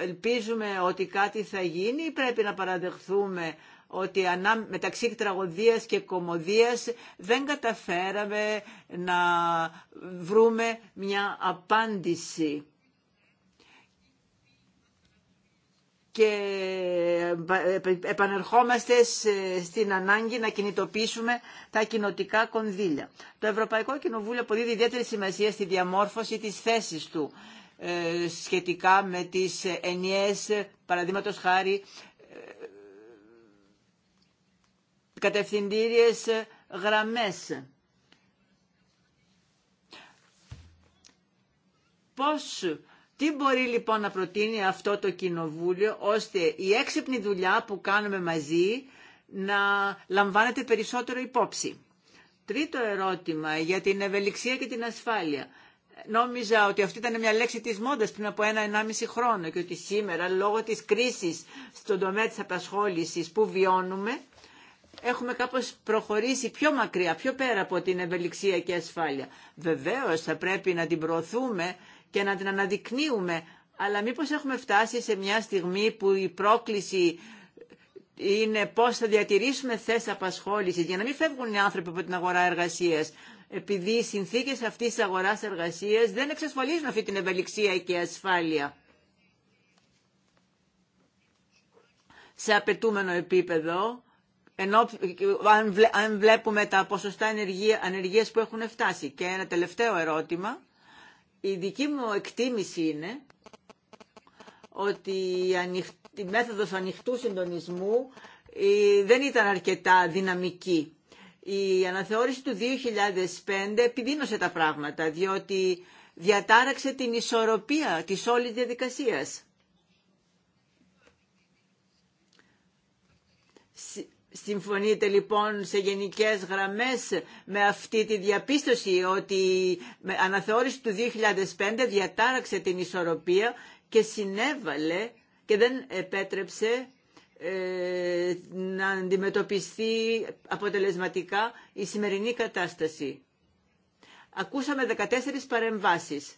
ελπίζουμε ότι κάτι θα γίνει ή πρέπει να παραδεχθούμε ότι μεταξύ τραγωδίας και κομμωδίας δεν καταφέραμε να βρούμε μια απάντηση. και ε, επανερχόμαστε στην ανάγκη να κινητοποιήσουμε τα κοινοτικά κονδύλια. Το Ευρωπαϊκό Κοινοβούλιο αποδίδει ιδιαίτερη σημασία στη διαμόρφωση της θέσης του ε, σχετικά με τις ενιαίες, παραδείγματος χάρη, ε, κατευθυντήριες γραμμές. Πώς τι μπορεί λοιπόν να προτείνει αυτό το κοινοβούλιο ώστε η έξυπνη δουλειά που κάνουμε μαζί να λαμβάνεται περισσότερο υπόψη. Τρίτο ερώτημα για την ευελιξία και την ασφάλεια. Νόμιζα ότι αυτή ήταν μια λέξη της μόδας πριν από ένα-ενάμιση χρόνο και ότι σήμερα λόγω της κρίσης στον τομέα της απασχόλησης που βιώνουμε έχουμε κάπως προχωρήσει πιο μακριά, πιο πέρα από την ευελιξία και ασφάλεια. Βεβαίως θα πρέπει να την προωθούμε και να την αναδεικνύουμε. Αλλά μήπως έχουμε φτάσει σε μια στιγμή που η πρόκληση είναι πώς θα διατηρήσουμε θέσεις απασχόλησης για να μην φεύγουν οι άνθρωποι από την αγορά εργασίας. Επειδή οι συνθήκες αυτής της αγοράς εργασίας δεν εξασφαλίζουν αυτή την ευελιξία και ασφάλεια. Σε απαιτούμενο επίπεδο, ενώ αν βλέπουμε τα ποσοστά ανεργίας που έχουν φτάσει. Και ένα τελευταίο ερώτημα η δική μου εκτίμηση είναι ότι η μέθοδος ανοιχτού συντονισμού ε, δεν ήταν αρκετά δυναμική. Η αναθεώρηση του 2005 επιδίνωσε τα πράγματα, διότι διατάραξε την ισορροπία της όλης διαδικασίας. Συμφωνείτε λοιπόν σε γενικές γραμμές με αυτή τη διαπίστωση ότι η αναθεώρηση του 2005 διατάραξε την ισορροπία και συνέβαλε και δεν επέτρεψε ε, να αντιμετωπιστεί αποτελεσματικά η σημερινή κατάσταση. Ακούσαμε 14 παρεμβάσεις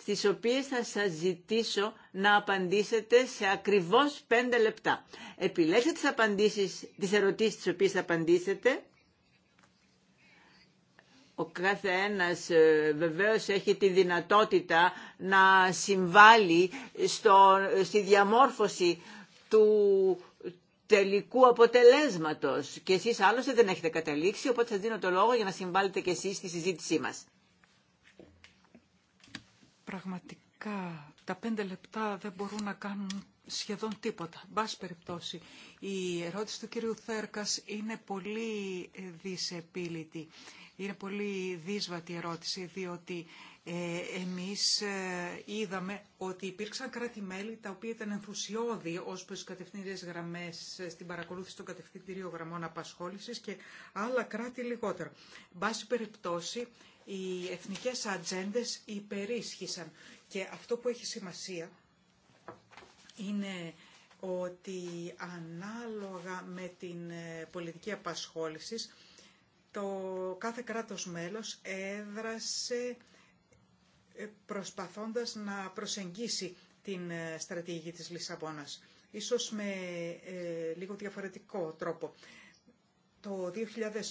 στις οποίες θα σας ζητήσω να απαντήσετε σε ακριβώς πέντε λεπτά. Επιλέξτε τις, απαντήσεις, τις ερωτήσεις τις οποίες θα απαντήσετε. Ο κάθε ένας ε, βεβαίως έχει τη δυνατότητα να συμβάλλει στο, στη διαμόρφωση του τελικού αποτελέσματος. Και εσείς άλλωστε δεν έχετε καταλήξει, οπότε σας δίνω το λόγο για να συμβάλλετε και εσείς στη συζήτησή μας. Πραγματικά τα πέντε λεπτά δεν μπορούν να κάνουν σχεδόν τίποτα. Μπάς περιπτώσει, η ερώτηση του κύριου Θέρκας είναι πολύ δυσεπίλητη. Είναι πολύ δύσβατη ερώτηση, διότι ε, εμείς ε, είδαμε ότι υπήρξαν κράτη-μέλη τα οποία ήταν ενθουσιώδη ως προς τις κατευθυντήριες γραμμές ε, στην παρακολούθηση των κατευθυντήριων γραμμών απασχόλησης και άλλα κράτη λιγότερο. Μπάση περιπτώσει, οι εθνικές ατζέντε υπερίσχυσαν. Και αυτό που έχει σημασία είναι ότι ανάλογα με την ε, πολιτική απασχόληση, το κάθε κράτος μέλος έδρασε ε, προσπαθώντας να προσεγγίσει την ε, στρατηγική της Λισαβόνας. Ίσως με λίγο διαφορετικό τρόπο. Το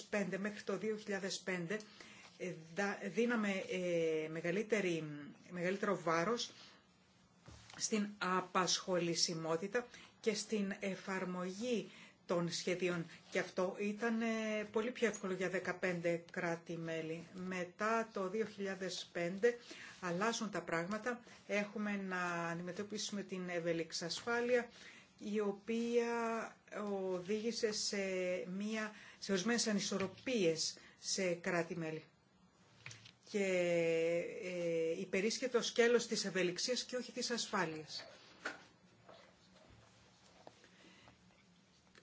2005 μέχρι το 2005 ε, δίναμε ε, μεγαλύτερη, μεγαλύτερο βάρος στην απασχολησιμότητα και στην εφαρμογή των σχεδίων. Και αυτό ήταν ε, πολύ πιο εύκολο για 15 κράτη-μέλη. Μετά το 2005 αλλάζουν τα πράγματα. Έχουμε να αντιμετωπίσουμε την ευελιξασφάλεια η οποία οδήγησε σε, μία, σε ορισμένες ανισορροπίες σε κράτη-μέλη και ε, υπερίσχεται ο σκέλος της ευελιξίας και όχι της ασφάλειας.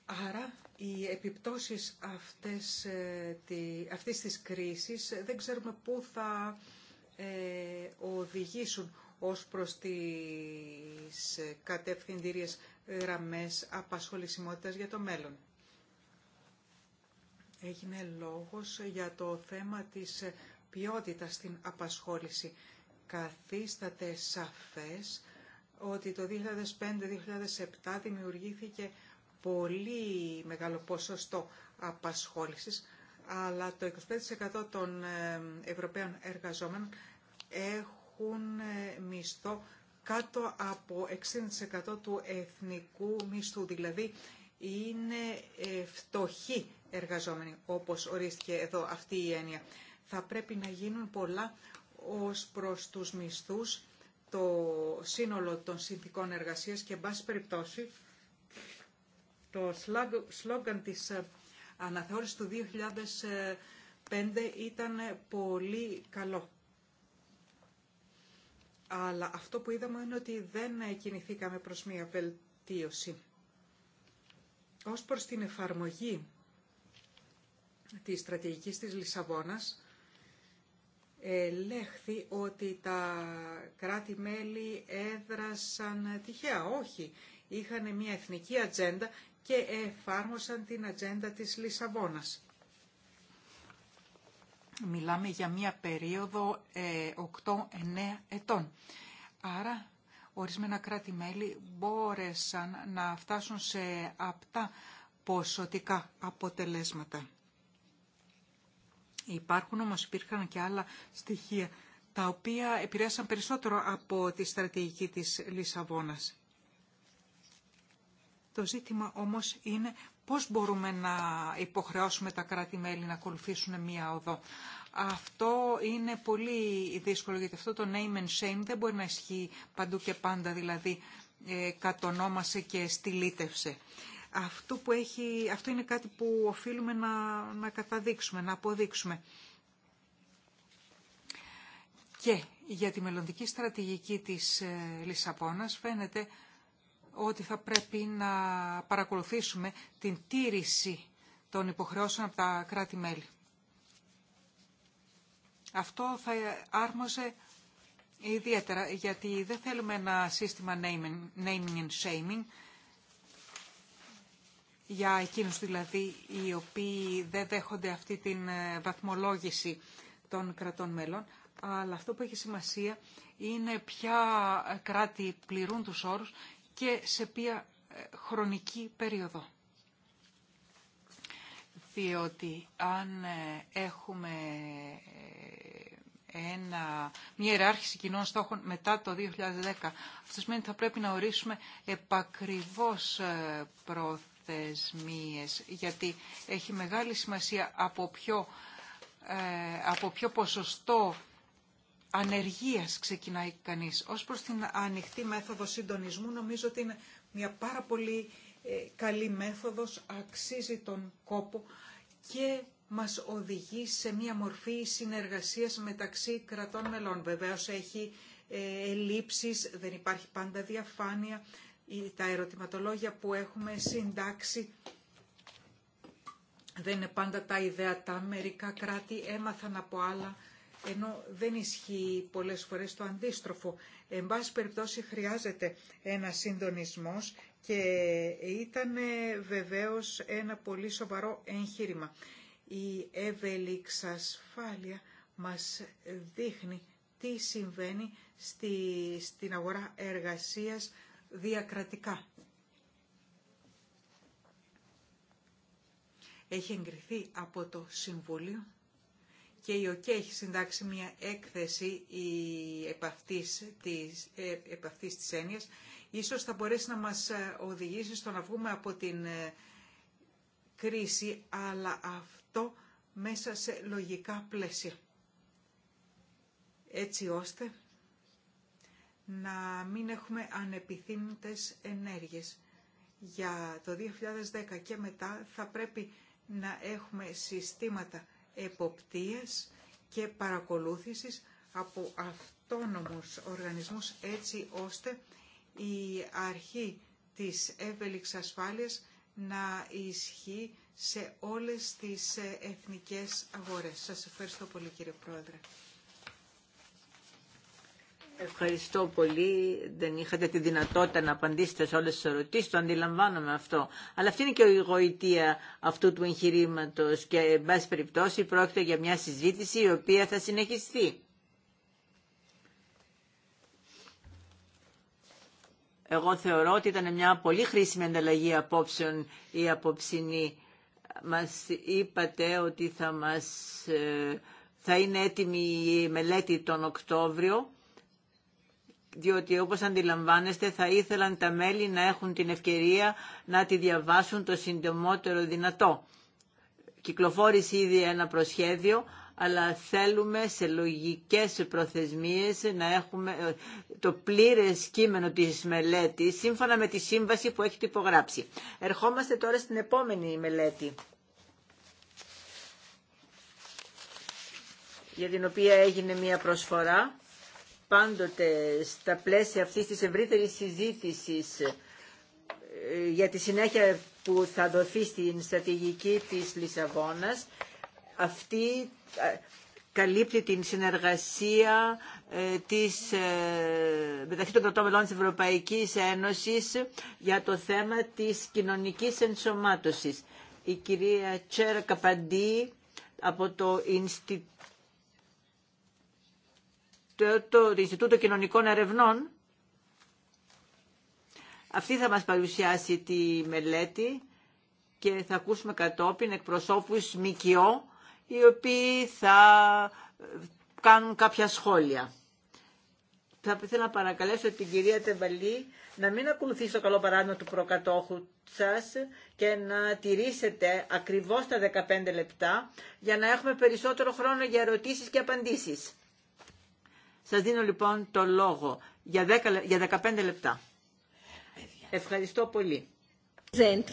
Άρα οι επιπτώσεις αυτές, ε, αυτής της κρίσης ε, δεν ξέρουμε πού θα οδηγήσουν ως προς τις κατευθυντήριες γραμμές απασχολησιμότητας για το μέλλον. Έγινε λόγος για το θέμα της ποιότητα στην απασχόληση. Καθίσταται σαφές ότι το 2005-2007 δημιουργήθηκε πολύ μεγάλο ποσοστό απασχόλησης, αλλά το 25% των ε, Ευρωπαίων εργαζόμενων έχουν ε, μισθό κάτω από 60% του εθνικού μισθού, δηλαδή είναι ε, φτωχοί εργαζόμενοι, όπως ορίστηκε εδώ αυτή η έννοια. Θα πρέπει να γίνουν πολλά ως προς τους μισθούς, το σύνολο των συνθήκων εργασίας και, εν πάση περιπτώσει, το σλόγγαν της ε, αναθεώρησης του 2005 ήταν πολύ καλό. Αλλά αυτό που είδαμε είναι ότι δεν κινηθήκαμε προς μία βελτίωση. Ως προς την εφαρμογή της στρατηγικής της Λισαβόνας, λέχθη ότι τα κράτη-μέλη έδρασαν τυχαία. Όχι, είχαν μια εθνική ατζέντα και εφάρμοσαν την ατζέντα της Λισαβόνας. Μιλάμε για μια περίοδο 8-9 ε, ετών. Άρα, ορισμένα κράτη-μέλη μπόρεσαν να φτάσουν σε απτά ποσοτικά αποτελέσματα. Υπάρχουν όμως υπήρχαν και άλλα στοιχεία τα οποία επηρέασαν περισσότερο από τη στρατηγική της Λισαβόνας. Το ζήτημα όμως είναι πώς μπορούμε να υποχρεώσουμε τα κράτη-μέλη να ακολουθήσουν μία οδό. Αυτό είναι πολύ δύσκολο, γιατί αυτό το name and shame δεν μπορεί να ισχύει παντού και πάντα, δηλαδή ε, κατονόμασε και στυλίτευσε. Αυτό, που έχει, αυτό είναι κάτι που οφείλουμε να, να καταδείξουμε, να αποδείξουμε. Και για τη μελλοντική στρατηγική της ε, Λισαπόνας φαίνεται ότι θα πρέπει να παρακολουθήσουμε την τήρηση των υποχρεώσεων από τα κράτη-μέλη. Αυτό θα άρμοζε ιδιαίτερα, γιατί δεν θέλουμε ένα σύστημα naming and shaming, για εκείνους δηλαδή οι οποίοι δεν δέχονται αυτή την ε, βαθμολόγηση των κρατών μέλων, αλλά αυτό που έχει σημασία είναι ποια ε, κράτη πληρούν τους όρους και σε ποια ε, χρονική περίοδο. Διότι αν έχουμε ένα, μια ιεράρχηση κοινών στόχων μετά το 2010. Αυτό σημαίνει ότι θα πρέπει να ορίσουμε επακριβώς προθέσεις γιατί έχει μεγάλη σημασία από ποιο, ε, από ποιο ποσοστό ανεργίας ξεκινάει κανείς. Ως προς την ανοιχτή μέθοδο συντονισμού, νομίζω ότι είναι μια πάρα πολύ ε, καλή μέθοδος, αξίζει τον κόπο και μας οδηγεί σε μια μορφή συνεργασίας μεταξύ κρατών μελών. Βεβαίως έχει ε, ελλείψεις, δεν υπάρχει πάντα διαφάνεια, τα ερωτηματολόγια που έχουμε συντάξει δεν είναι πάντα τα τα. Μερικά κράτη έμαθαν από άλλα, ενώ δεν ισχύει πολλές φορές το αντίστροφο. Εν πάση περιπτώσει χρειάζεται ένα συντονισμός και ήταν ε, βεβαίως ένα πολύ σοβαρό εγχείρημα. Η ευελίξ ασφάλεια μας δείχνει τι συμβαίνει στη, στην αγορά εργασίας διακρατικά. Έχει εγκριθεί από το Συμβούλιο και η ΟΚΕ έχει συντάξει μια έκθεση η, επ, της, ε, της έννοιας. Ίσως θα μπορέσει να μας ε, οδηγήσει στο να βγούμε από την ε, κρίση, αλλά αυτό μέσα σε λογικά πλαίσια. Έτσι ώστε να μην έχουμε ανεπιθύμητες ενέργειες. Για το 2010 και μετά θα πρέπει να έχουμε συστήματα εποπτείας και παρακολούθησης από αυτόνομους οργανισμούς έτσι ώστε η αρχή της εύελιξης ασφάλειας να ισχύει σε όλες τις εθνικές αγορές. Σας ευχαριστώ πολύ κύριε Πρόεδρε. Ευχαριστώ πολύ. Δεν είχατε τη δυνατότητα να απαντήσετε σε όλες τις ερωτήσεις, το αντιλαμβάνομαι αυτό. Αλλά αυτή είναι και η γοητεία αυτού του εγχειρήματο και, εν πάση περιπτώσει, πρόκειται για μια συζήτηση η οποία θα συνεχιστεί. Εγώ θεωρώ ότι ήταν μια πολύ χρήσιμη ανταλλαγή απόψεων η απόψινή. Μας είπατε ότι θα, μας, ε, θα είναι έτοιμη η μελέτη τον Οκτώβριο διότι όπως αντιλαμβάνεστε θα ήθελαν τα μέλη να έχουν την ευκαιρία να τη διαβάσουν το συντομότερο δυνατό. Κυκλοφόρησε ήδη ένα προσχέδιο, αλλά θέλουμε σε λογικές προθεσμίες να έχουμε ε, το πλήρες κείμενο της μελέτης σύμφωνα με τη σύμβαση που έχει υπογράψει. Ερχόμαστε τώρα στην επόμενη μελέτη. για την οποία έγινε μια προσφορά πάντοτε στα πλαίσια αυτής της ευρύτερης συζήτησης ε, για τη συνέχεια που θα δοθεί στην στρατηγική της Λισαβόνας, αυτή ε, καλύπτει την συνεργασία ε, της, μεταξύ των κρατών μελών της Ευρωπαϊκής Ένωσης για το θέμα της κοινωνικής ενσωμάτωσης. Η κυρία Τσέρα Καπαντή από το Ινστιτούτο το Ινστιτούτο Κοινωνικών Ερευνών. Αυτή θα μας παρουσιάσει τη μελέτη και θα ακούσουμε κατόπιν εκπροσώπους ΜΚΟ οι οποίοι θα ε, κάνουν κάποια σχόλια. Θα ήθελα να παρακαλέσω την κυρία Τεβαλή να μην ακολουθήσει το καλό παράδειγμα του προκατόχου σας και να τηρήσετε ακριβώς τα 15 λεπτά για να έχουμε περισσότερο χρόνο για ερωτήσεις και απαντήσεις. Σας δίνω λοιπόν το λόγο για 15 λεπτά. Ευχαριστώ πολύ. Θα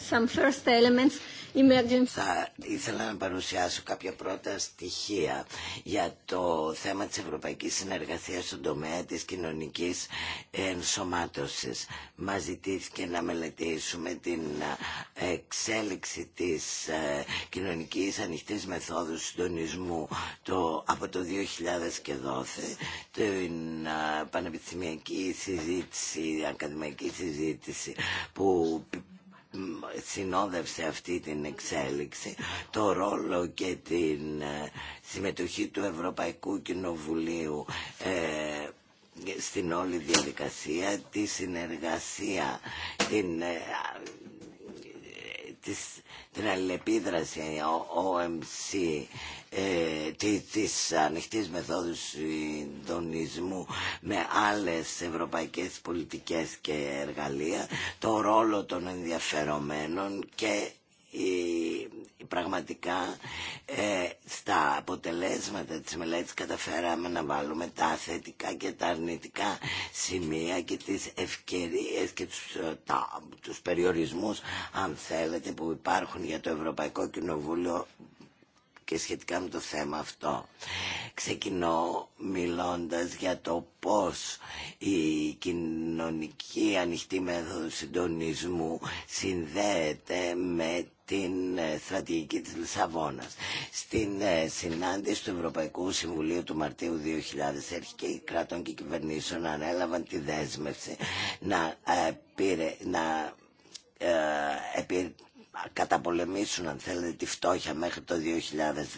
ήθελα να παρουσιάσω κάποια πρώτα στοιχεία για το θέμα της ευρωπαϊκής συνεργασίας στον τομέα της κοινωνικής ενσωμάτωσης. Μας ζητήθηκε να μελετήσουμε την εξέλιξη της ε, κοινωνικής ανοιχτής μεθόδου συντονισμού το, από το 2000 και δόθε, την ε, πανεπιστημιακή συζήτηση, ακαδημαϊκή συζήτηση που συνόδευσε αυτή την εξέλιξη το ρόλο και την ε, συμμετοχή του Ευρωπαϊκού Κοινοβουλίου ε, στην όλη διαδικασία, τη συνεργασία, την, ε, την αλληλεπίδραση OMC ε, της ανοιχτής μεθόδου συντονισμού με άλλες ευρωπαϊκές πολιτικές και εργαλεία, το ρόλο των ενδιαφερομένων και η ε, πραγματικά ε, στα αποτελέσματα της μελέτης καταφέραμε να βάλουμε τα θετικά και τα αρνητικά σημεία και τις ευκαιρίες και τους, ε, τα, τους περιορισμούς αν θέλετε που υπάρχουν για το Ευρωπαϊκό Κοινοβούλιο και σχετικά με το θέμα αυτό. Ξεκινώ μιλώντας για το πώς η κοινωνική ανοιχτή μέθοδος συντονισμού συνδέεται με την ε, στρατηγική της Λισαβόνας. Στην ε, συνάντηση του Ευρωπαϊκού Συμβουλίου του Μαρτίου 2000 έρχεται και οι κρατών και κυβερνήσεων ανέλαβαν τη δέσμευση να, ε, πήρε, να καταπολεμήσουν αν θέλετε τη φτώχεια μέχρι το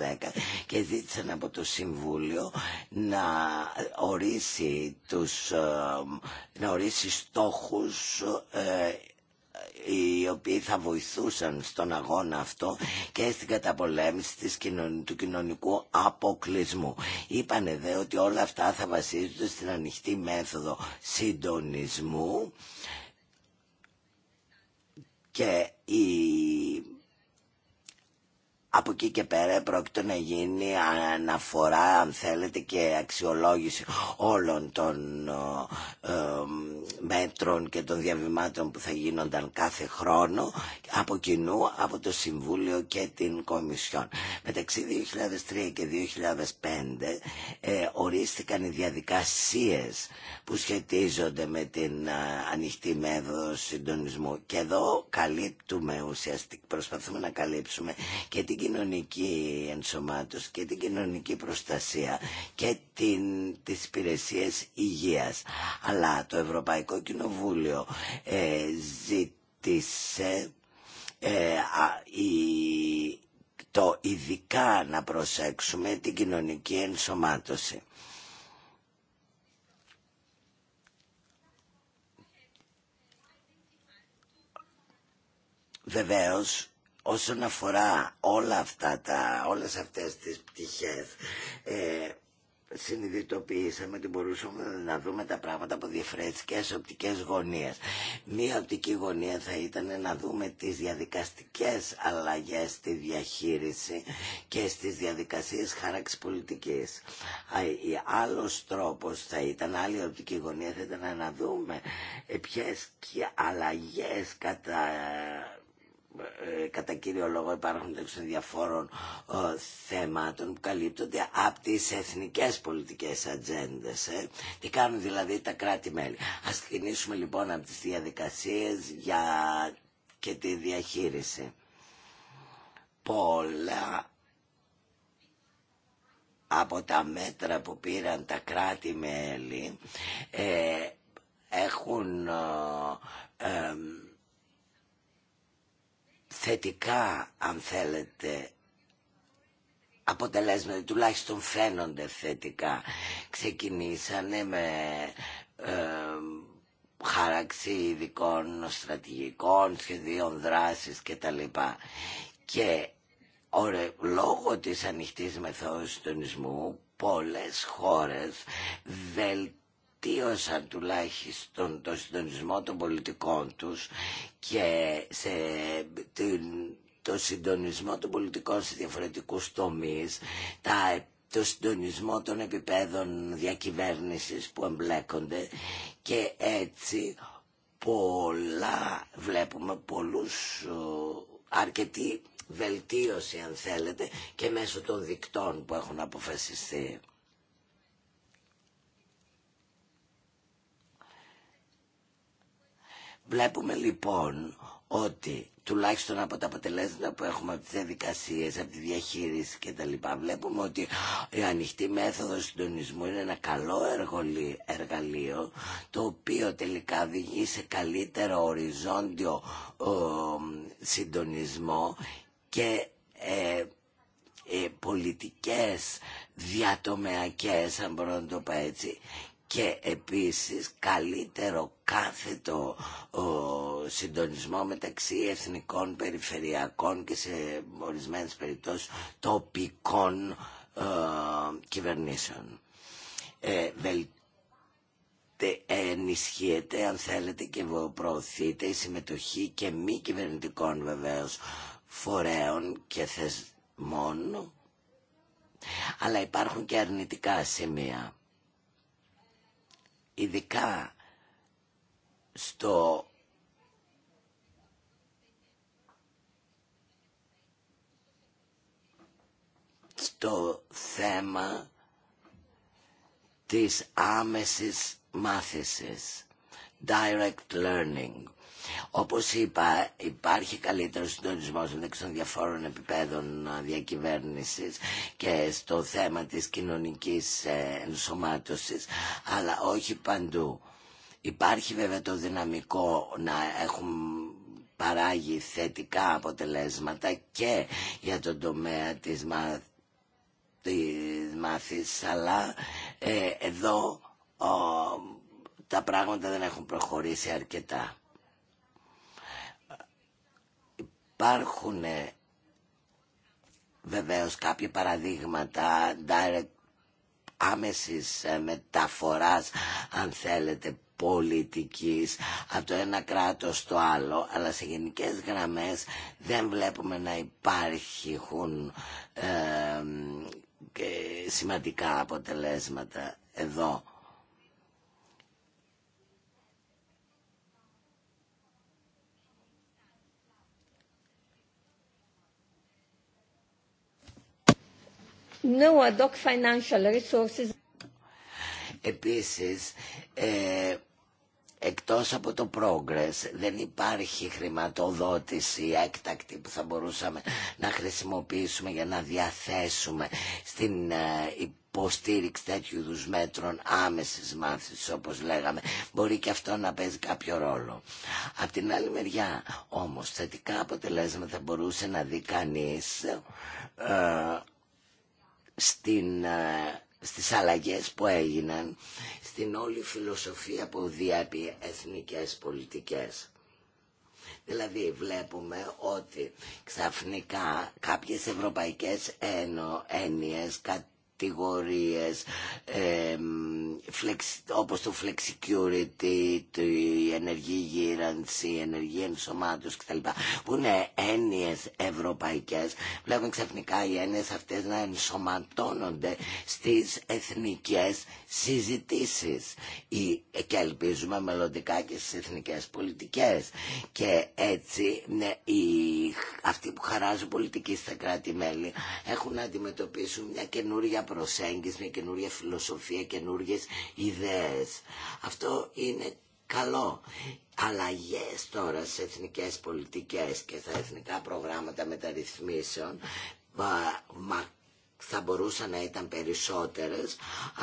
2010 και ζήτησαν από το Συμβούλιο να ορίσει, τους, ε, να ορίσει στόχους ε, οι οποίοι θα βοηθούσαν στον αγώνα αυτό και στην καταπολέμηση της του κοινωνικού αποκλεισμού. Είπανε δε ότι όλα αυτά θα βασίζονται στην ανοιχτή μέθοδο συντονισμού και η από εκεί και πέρα πρόκειται να γίνει αναφορά, αν θέλετε, και αξιολόγηση όλων των ε, μέτρων και των διαβημάτων που θα γίνονταν κάθε χρόνο από κοινού, από το Συμβούλιο και την Κομισιόν. Μεταξύ 2003 και 2005 ε, ορίστηκαν οι διαδικασίες που σχετίζονται με την ε, ανοιχτή μέθοδο συντονισμού και εδώ καλύπτουμε ουσιαστικά, προσπαθούμε να καλύψουμε και την κοινωνική ενσωμάτωση και την κοινωνική προστασία και την, τις υπηρεσίες υγείας. Αλλά το Ευρωπαϊκό Κοινοβούλιο ε, ζήτησε ε, το ειδικά να προσέξουμε την κοινωνική ενσωμάτωση. Βεβαίως, όσον αφορά όλα αυτά τα, όλες αυτές τις πτυχές ε, συνειδητοποιήσαμε ότι μπορούσαμε να δούμε τα πράγματα από διαφορετικές οπτικές γωνίες. Μία οπτική γωνία θα ήταν να δούμε τις διαδικαστικές αλλαγές στη διαχείριση και στις διαδικασίες χάραξη πολιτικής. Άλλος τρόπος θα ήταν, άλλη οπτική γωνία θα ήταν να δούμε ε, ποιες αλλαγές κατά ε, κατά κύριο λόγο υπάρχουν τέτοιες διαφόρων ε, θεμάτων που καλύπτονται από τις εθνικές πολιτικές ατζέντε. Ε, τι κάνουν δηλαδή τα κράτη-μέλη. Ας ξεκινήσουμε λοιπόν από τις διαδικασίες για... και τη διαχείριση. Πολλά από τα μέτρα που πήραν τα κράτη-μέλη ε, έχουν ε, θετικά αν θέλετε αποτελέσματα τουλάχιστον φαίνονται θετικά ξεκινήσανε με ε, χάραξη ειδικών στρατηγικών σχεδίων δράσης κτλ και λόγω της ανοιχτής μεθόδου συντονισμού πολλές χώρες βελτιώνουν βελτίωσαν τουλάχιστον το συντονισμό των πολιτικών τους και σε το συντονισμό των πολιτικών σε διαφορετικούς τομείς, τα, το συντονισμό των επιπέδων διακυβέρνησης που εμπλέκονται και έτσι πολλά, βλέπουμε πολλούς αρκετή βελτίωση αν θέλετε και μέσω των δικτών που έχουν αποφασιστεί. Βλέπουμε λοιπόν ότι τουλάχιστον από τα αποτελέσματα που έχουμε από τις διαδικασίες, από τη διαχείριση και τα λοιπά, βλέπουμε ότι η ανοιχτή μέθοδος συντονισμού είναι ένα καλό εργαλείο, το οποίο τελικά οδηγεί σε καλύτερο οριζόντιο συντονισμό και ε, ε, πολιτικές διατομεακές, αν μπορώ να το πω έτσι, και επίσης καλύτερο κάθετο ο, συντονισμό μεταξύ εθνικών, περιφερειακών και σε ορισμένες περιπτώσεις τοπικών ε, κυβερνήσεων. Ε, ε, ενισχύεται αν θέλετε και προωθείται η συμμετοχή και μη κυβερνητικών βεβαίως φορέων και θεσμών αλλά υπάρχουν και αρνητικά σημεία ειδικά στο θέμα της άμεσης μάθησης, direct learning. Όπως είπα υπάρχει καλύτερο συντονισμό μεταξύ των διαφόρων επιπέδων ε, διακυβέρνησης και στο θέμα της κοινωνικής ε, ενσωμάτωσης αλλά όχι παντού. Υπάρχει βέβαια το δυναμικό να έχουν παράγει θετικά αποτελέσματα και για τον τομέα της, μα... αλλά ε, εδώ τα πράγματα δεν έχουν προχωρήσει αρκετά. Υπάρχουν βεβαίως κάποια παραδείγματα direct άμεσης ε, μεταφοράς αν θέλετε πολιτικής από το ένα κράτος στο άλλο αλλά σε γενικές γραμμές δεν βλέπουμε να υπάρχουν ε, σημαντικά αποτελέσματα εδώ no ad Επίσης, ε, εκτός από το Progress δεν υπάρχει χρηματοδότηση έκτακτη που θα μπορούσαμε να χρησιμοποιήσουμε για να διαθέσουμε στην ε, υποστήριξη τέτοιου είδου μέτρων άμεσης μάθηση, όπω λέγαμε. Μπορεί και αυτό να παίζει κάποιο ρόλο. Απ' την άλλη μεριά, όμως, θετικά αποτελέσματα μπορούσε να δει κανεί ε, στην, ε, στις αλλαγές που έγιναν στην όλη φιλοσοφία που διέπει εθνικές πολιτικές. Δηλαδή βλέπουμε ότι ξαφνικά κάποιες ευρωπαϊκές έννοιες κατηγορίες ε, όπως το flexicurity, η ενεργή γύρανση, η ενεργή ενσωμάτωση κτλ. που είναι έννοιες ευρωπαϊκές, βλέπουμε ξαφνικά οι έννοιες αυτές να ενσωματώνονται στις εθνικές συζητήσεις ή, και ελπίζουμε μελλοντικά και στις εθνικές πολιτικές και έτσι ναι, οι, αυτοί που χαράζουν πολιτική στα κράτη-μέλη έχουν να αντιμετωπίσουν μια καινούργια προσέγγιση, μια καινούρια φιλοσοφία, καινούριε ιδέες. Αυτό είναι καλό. Αλλαγέ τώρα σε εθνικές πολιτικέ και στα εθνικά προγράμματα μεταρρυθμίσεων μα, θα μπορούσαν να ήταν περισσότερες,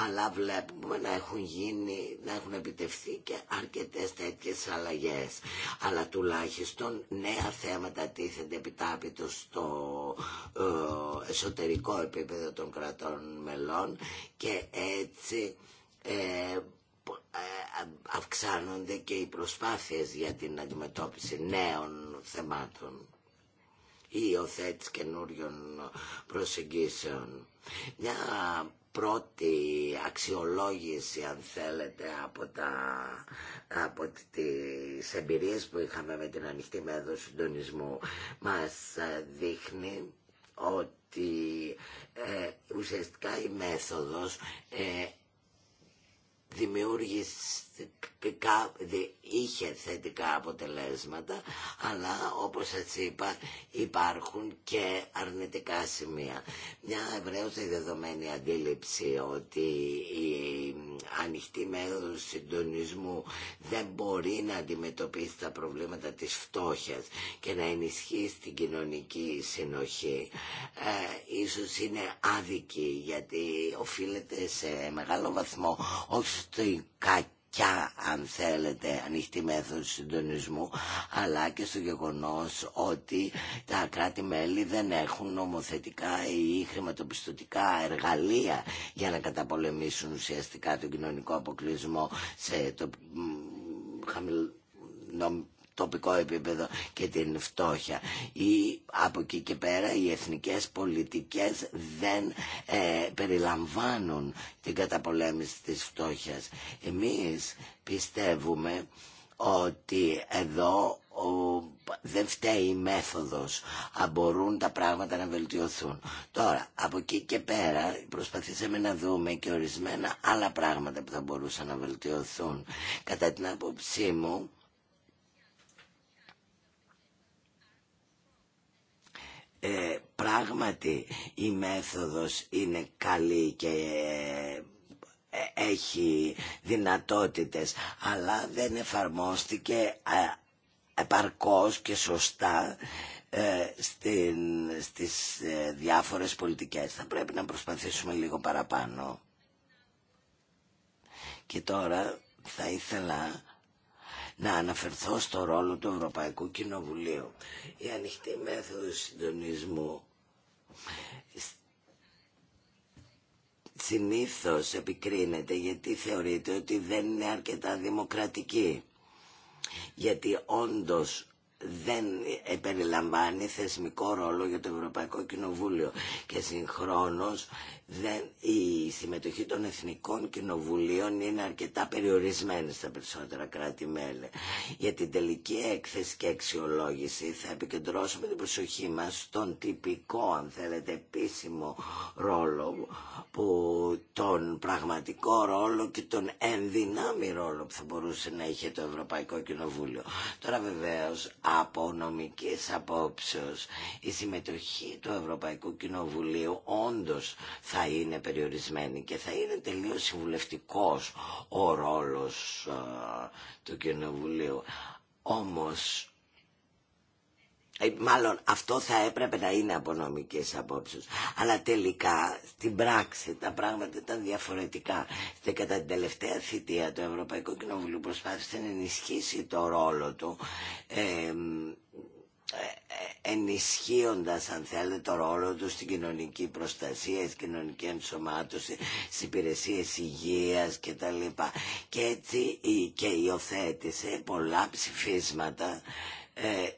αλλά βλέπουμε να έχουν γίνει, να έχουν επιτευχθεί και αρκετές τέτοιες αλλαγές. Αλλά τουλάχιστον νέα θέματα τίθενται επιτάπητο στο ε, εσωτερικό επίπεδο των κρατών μελών και έτσι ε, ε, αυξάνονται και οι προσπάθειες για την αντιμετώπιση νέων θεμάτων υιοθέτηση καινούριων προσεγγίσεων. Μια πρώτη αξιολόγηση αν θέλετε από, τα, από τις εμπειρίες που είχαμε με την ανοιχτή μέθοδο συντονισμού μας δείχνει ότι ε, ουσιαστικά η μέθοδος ε, δημιούργησε είχε θετικά αποτελέσματα, αλλά όπως σας είπα υπάρχουν και αρνητικά σημεία. Μια ευρέως δεδομένη αντίληψη ότι η ανοιχτή μέθοδος συντονισμού δεν μπορεί να αντιμετωπίσει τα προβλήματα της φτώχειας και να ενισχύσει την κοινωνική συνοχή ε, ίσως είναι άδικη γιατί οφείλεται σε μεγάλο βαθμό όχι στην κακή πια αν θέλετε ανοιχτή μέθοδος συντονισμού αλλά και στο γεγονός ότι τα κράτη-μέλη δεν έχουν νομοθετικά ή χρηματοπιστωτικά εργαλεία για να καταπολεμήσουν ουσιαστικά τον κοινωνικό αποκλεισμό σε το χαμηλό τοπικό επίπεδο και την φτώχεια. Η, από εκεί και πέρα οι εθνικές πολιτικές δεν ε, περιλαμβάνουν την καταπολέμηση της φτώχειας. Εμείς πιστεύουμε ότι εδώ ο, δεν φταίει η μέθοδος αν μπορούν τα πράγματα να βελτιωθούν τώρα από εκεί και πέρα προσπαθήσαμε να δούμε και ορισμένα άλλα πράγματα που θα μπορούσαν να βελτιωθούν κατά την άποψή μου Ε, πράγματι η μέθοδος είναι καλή και ε, έχει δυνατότητες αλλά δεν εφαρμόστηκε ε, επαρκώς και σωστά στην, στις διάφορες πολιτικές. Θα πρέπει να προσπαθήσουμε λίγο παραπάνω. Και τώρα θα ήθελα να αναφερθώ στο ρόλο του Ευρωπαϊκού Κοινοβουλίου. Η ανοιχτή μέθοδος συντονισμού συνήθως επικρίνεται γιατί θεωρείται ότι δεν είναι αρκετά δημοκρατική. Γιατί όντως δεν περιλαμβάνει θεσμικό ρόλο για το Ευρωπαϊκό Κοινοβούλιο και συγχρόνως δεν, η συμμετοχή των εθνικών κοινοβουλίων είναι αρκετά περιορισμένη στα περισσότερα κράτη-μέλη. Για την τελική έκθεση και αξιολόγηση θα επικεντρώσουμε την προσοχή μας στον τυπικό, αν θέλετε, επίσημο ρόλο, που, τον πραγματικό ρόλο και τον ενδυνάμει ρόλο που θα μπορούσε να είχε το Ευρωπαϊκό Κοινοβούλιο. Τώρα βεβαίως, από νομικής απόψεως, η συμμετοχή του Ευρωπαϊκού Κοινοβουλίου όντως θα είναι περιορισμένη και θα είναι τελείως συμβουλευτικός ο ρόλος ε, του Κοινοβουλίου. Όμως, ε, μάλλον αυτό θα έπρεπε να είναι από νομικές απόψεις. Αλλά τελικά στην πράξη τα πράγματα ήταν διαφορετικά. Και κατά την τελευταία θητεία το Ευρωπαϊκό Κοινοβουλίο προσπάθησε να ενισχύσει το ρόλο του ε, ε, ε, ενισχύοντας αν θέλετε το ρόλο του στην κοινωνική προστασία, στην κοινωνική ενσωμάτωση, στις υπηρεσίες υγείας και Και έτσι και υιοθέτησε πολλά ψηφίσματα ε,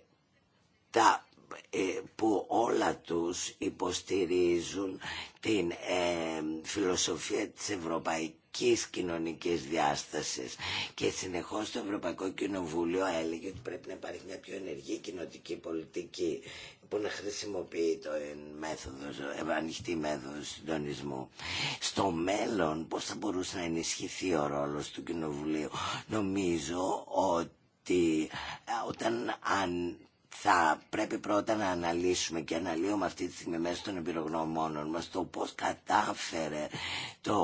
τα ε, που όλα τους υποστηρίζουν την ε, φιλοσοφία της ευρωπαϊκής κοινωνικής διάστασης και συνεχώς το Ευρωπαϊκό Κοινοβούλιο έλεγε ότι πρέπει να υπάρχει μια πιο ενεργή κοινοτική πολιτική που να χρησιμοποιεί το μέθοδος, ε, ανοιχτή μέθοδος συντονισμού. Στο μέλλον πώς θα μπορούσε να ενισχυθεί ο ρόλος του Κοινοβουλίου. Νομίζω ότι όταν αν θα πρέπει πρώτα να αναλύσουμε και αναλύουμε αυτή τη στιγμή μέσα των εμπειρογνωμόνων μας το πώς κατάφερε το,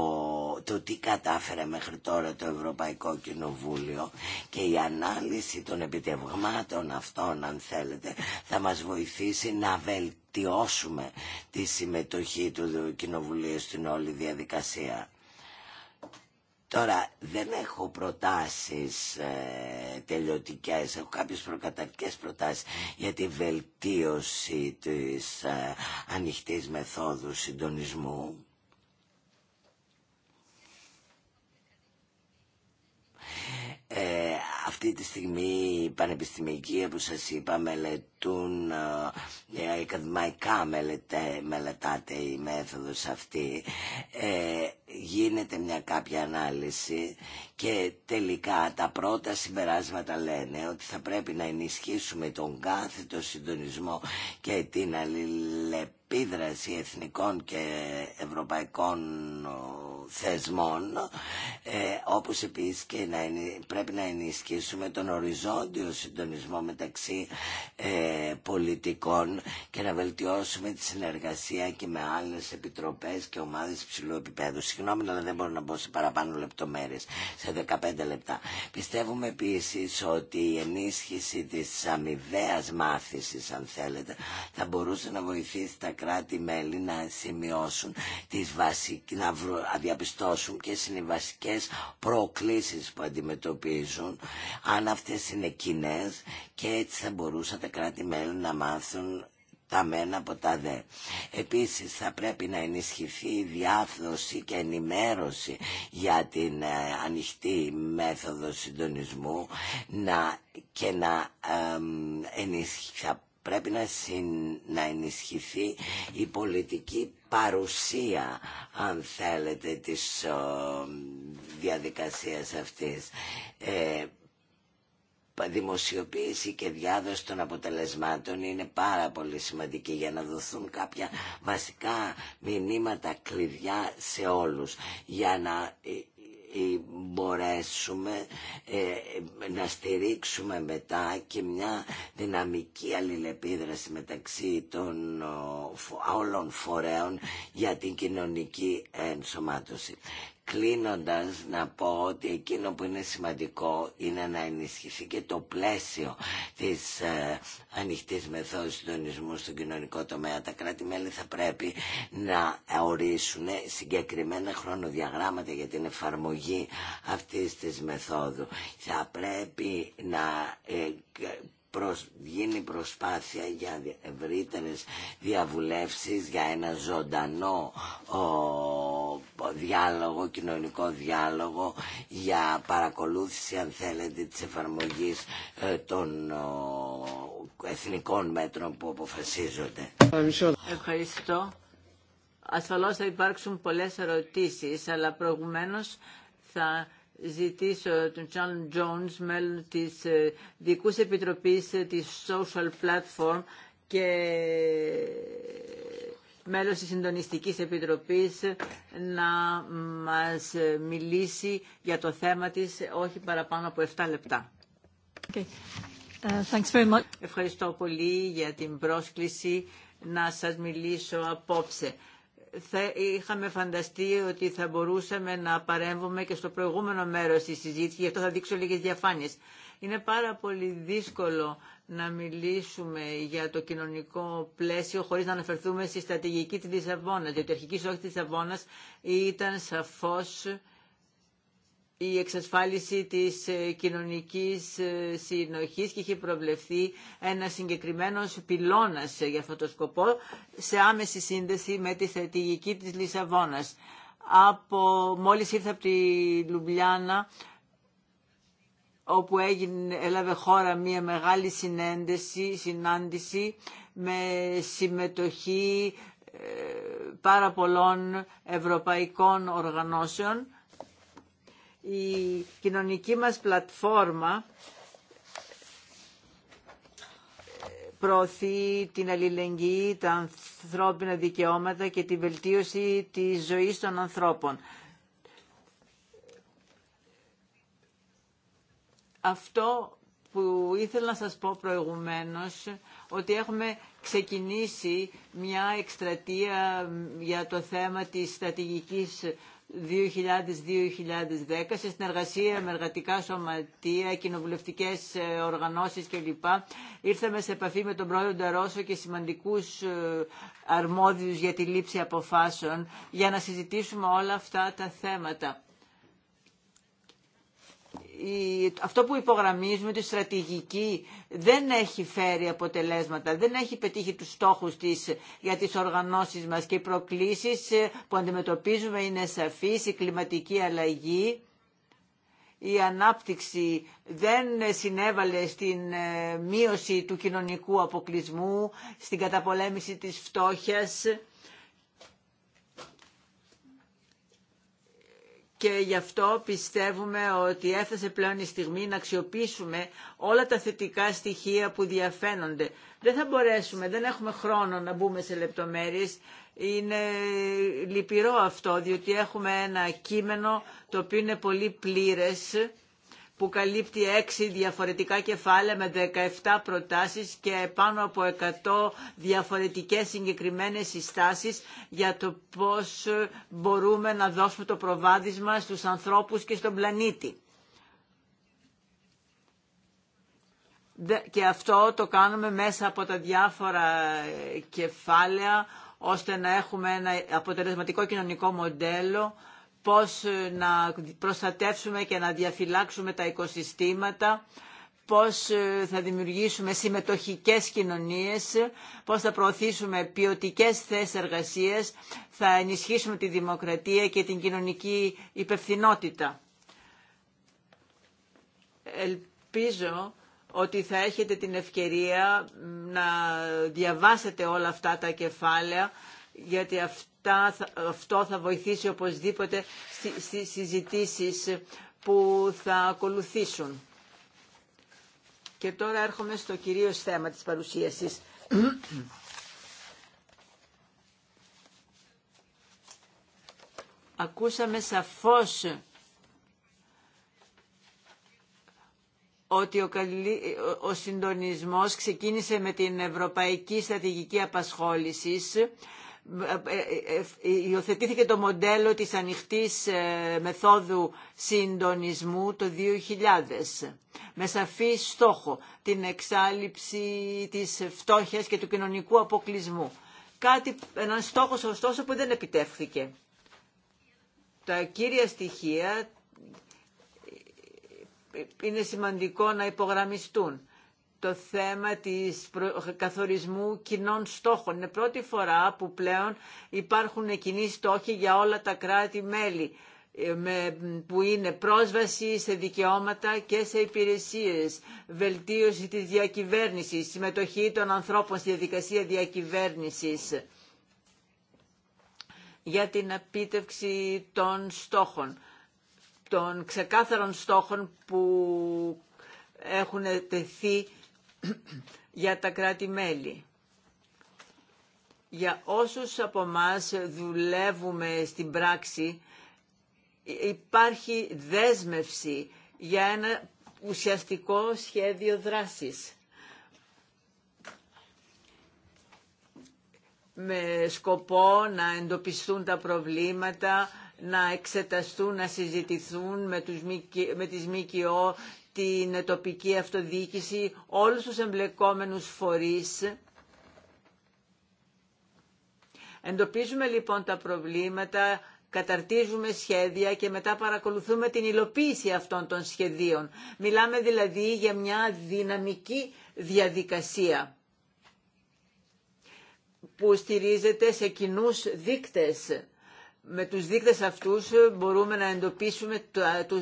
το τι κατάφερε μέχρι τώρα το Ευρωπαϊκό Κοινοβούλιο και η ανάλυση των επιτευγμάτων αυτών αν θέλετε θα μας βοηθήσει να βελτιώσουμε τη συμμετοχή του Κοινοβουλίου στην όλη διαδικασία. Τώρα δεν έχω προτάσεις ε, τελειωτικές, έχω κάποιες προκαταρκτικές προτάσεις για τη βελτίωση της ε, ανοιχτής μεθόδου συντονισμού Ε, αυτή τη στιγμή οι πανεπιστημιακοί όπω σας είπα μελετούν, ε, ε ακαδημαϊκά μελετέ, μελετάτε η μέθοδος αυτή, ε, γίνεται μια κάποια ανάλυση και τελικά τα πρώτα συμπεράσματα λένε ότι θα πρέπει να ενισχύσουμε τον κάθετο συντονισμό και την αλληλεπίδραση επίδραση εθνικών και ευρωπαϊκών θεσμών ε, όπως επίσης και να πρέπει να ενισχύσουμε τον οριζόντιο συντονισμό μεταξύ ε, πολιτικών και να βελτιώσουμε τη συνεργασία και με άλλες επιτροπές και ομάδες υψηλού επίπεδου. Συγγνώμη, αλλά δεν μπορώ να μπω σε παραπάνω λεπτομέρειες, σε 15 λεπτά. Πιστεύουμε επίσης ότι η ενίσχυση της αμοιβαία μάθησης, αν θέλετε, θα μπορούσε να βοηθήσει τα κράτη-μέλη να σημειώσουν τις βασικές, να διαπιστώσουν ποιες είναι οι βασικές προκλήσεις που αντιμετωπίζουν, αν αυτές είναι κοινέ και έτσι θα μπορούσαν τα κράτη-μέλη να μάθουν τα μένα από τα δε. Επίσης θα πρέπει να ενισχυθεί η διάθεση και ενημέρωση για την ε, ανοιχτή μέθοδο συντονισμού να, και να ε, ενισχυθεί πρέπει να, να ενισχυθεί η πολιτική παρουσία, αν θέλετε, της ο, διαδικασίας αυτής. Ε, δημοσιοποίηση και διάδοση των αποτελεσμάτων είναι πάρα πολύ σημαντική για να δοθούν κάποια βασικά μηνύματα κλειδιά σε όλους για να ε, μπορέσουμε ε, να στηρίξουμε μετά και μια δυναμική αλληλεπίδραση μεταξύ των όλων φορέων για την κοινωνική ενσωμάτωση. Κλείνοντας να πω ότι εκείνο που είναι σημαντικό είναι να ενισχυθεί και το πλαίσιο της ε, ανοιχτής μεθόδου συντονισμού στον κοινωνικό τομέα. Τα κράτη-μέλη θα πρέπει να ορίσουν συγκεκριμένα χρονοδιαγράμματα για την εφαρμογή αυτής της μεθόδου. Θα πρέπει να ε, προς, γίνει προσπάθεια για ευρύτερες διαβουλεύσεις για ένα ζωντανό διάλογο, κοινωνικό διάλογο για παρακολούθηση αν θέλετε της εφαρμογής ε, των εθνικών μέτρων που αποφασίζονται. Ευχαριστώ. Ασφαλώς θα υπάρξουν πολλές ερωτήσεις, αλλά προηγουμένως θα ζητήσω τον Τζαν Τζονς, μέλλον της ε, Δικούς Επιτροπής ε, της Social Platform και ε, μέλος της Συντονιστικής Επιτροπής να μας μιλήσει για το θέμα της όχι παραπάνω από 7 λεπτά. Okay. Uh, very much. Ευχαριστώ πολύ για την πρόσκληση να σας μιλήσω απόψε θα είχαμε φανταστεί ότι θα μπορούσαμε να παρέμβουμε και στο προηγούμενο μέρος της συζήτησης, γι' αυτό θα δείξω λίγες διαφάνειες. Είναι πάρα πολύ δύσκολο να μιλήσουμε για το κοινωνικό πλαίσιο χωρίς να αναφερθούμε στη στρατηγική της Λισαβόνας, διότι η αρχική στόχη της Λισαβόνας ήταν σαφώς η εξασφάλιση της ε, κοινωνικής ε, συνοχής και είχε προβλεφθεί ένα συγκεκριμένος πυλώνας για αυτό το σκοπό σε άμεση σύνδεση με τη στρατηγική της Λισαβόνας. Από, μόλις ήρθα από τη Λουμπλιάνα όπου έγινε, έλαβε χώρα μια μεγάλη συνέντεση, συνάντηση με συμμετοχή ε, πάρα πολλών ευρωπαϊκών οργανώσεων η κοινωνική μας πλατφόρμα προωθεί την αλληλεγγύη, τα ανθρώπινα δικαιώματα και τη βελτίωση της ζωής των ανθρώπων. Αυτό που ήθελα να σας πω προηγουμένως, ότι έχουμε ξεκινήσει μια εκστρατεία για το θέμα της στρατηγικής 2000-2010 σε συνεργασία με εργατικά σωματεία, κοινοβουλευτικέ ε, οργανώσει, κλπ. Ήρθαμε σε επαφή με τον πρόεδρο Νταρόσο και σημαντικού ε, αρμόδιου για τη λήψη αποφάσεων για να συζητήσουμε όλα αυτά τα θέματα αυτό που υπογραμμίζουμε, τη στρατηγική, δεν έχει φέρει αποτελέσματα, δεν έχει πετύχει τους στόχους της για τις οργανώσεις μας και οι προκλήσεις ε, που αντιμετωπίζουμε είναι σαφείς, η κλιματική αλλαγή, η ανάπτυξη δεν συνέβαλε στην ε, μείωση του κοινωνικού αποκλεισμού, στην καταπολέμηση της φτώχειας και γι' αυτό πιστεύουμε ότι έφτασε πλέον η στιγμή να αξιοποιήσουμε όλα τα θετικά στοιχεία που διαφαίνονται. Δεν θα μπορέσουμε, δεν έχουμε χρόνο να μπούμε σε λεπτομέρειες. Είναι λυπηρό αυτό, διότι έχουμε ένα κείμενο το οποίο είναι πολύ πλήρες που καλύπτει έξι διαφορετικά κεφάλαια με 17 προτάσεις και πάνω από 100 διαφορετικές συγκεκριμένες συστάσεις για το πώς μπορούμε να δώσουμε το προβάδισμα στους ανθρώπους και στον πλανήτη. Και αυτό το κάνουμε μέσα από τα διάφορα ε, κεφάλαια ώστε να έχουμε ένα αποτελεσματικό κοινωνικό μοντέλο πώς ε, να προστατεύσουμε και να διαφυλάξουμε τα οικοσυστήματα, πώς ε, θα δημιουργήσουμε συμμετοχικές κοινωνίες, πώς θα προωθήσουμε ποιοτικέ θέσεις εργασίας, θα ενισχύσουμε τη δημοκρατία και την κοινωνική υπευθυνότητα. Ελπίζω ότι θα έχετε την ευκαιρία να διαβάσετε όλα αυτά τα κεφάλαια γιατί αυτό θα βοηθήσει οπωσδήποτε στις συζητήσεις που θα ακολουθήσουν. Και τώρα έρχομαι στο κυρίως θέμα της παρουσίασης. Ακούσαμε σαφώς ότι ο συντονισμός ξεκίνησε με την Ευρωπαϊκή Στρατηγική Απασχόλησης Υιοθετήθηκε το μοντέλο της ανοιχτής μεθόδου συντονισμού το 2000 με σαφή στόχο την εξάλληψη της φτώχειας και του κοινωνικού αποκλεισμού. Κάτι, ένας στόχος ωστόσο που δεν επιτεύχθηκε. Τα κύρια στοιχεία είναι σημαντικό να υπογραμμιστούν το θέμα της καθορισμού κοινών στόχων. Είναι πρώτη φορά που πλέον υπάρχουν κοινοί στόχοι για όλα τα κράτη-μέλη ε, που είναι πρόσβαση σε δικαιώματα και σε υπηρεσίες, βελτίωση της διακυβέρνησης, συμμετοχή των ανθρώπων στη διαδικασία διακυβέρνησης για την απίτευξη των στόχων, των ξεκάθαρων στόχων που έχουν τεθεί για τα κράτη-μέλη. Για όσους από μας δουλεύουμε στην πράξη, υπάρχει δέσμευση για ένα ουσιαστικό σχέδιο δράσης. με σκοπό να εντοπιστούν τα προβλήματα, να εξεταστούν, να συζητηθούν με, τους, με τις ΜΚΟ την τοπική αυτοδιοίκηση, όλους τους εμπλεκόμενους φορείς. Εντοπίζουμε λοιπόν τα προβλήματα, καταρτίζουμε σχέδια και μετά παρακολουθούμε την υλοποίηση αυτών των σχεδίων. Μιλάμε δηλαδή για μια δυναμική διαδικασία που στηρίζεται σε κοινούς δείκτες με τους δείκτες αυτούς ε, μπορούμε να εντοπίσουμε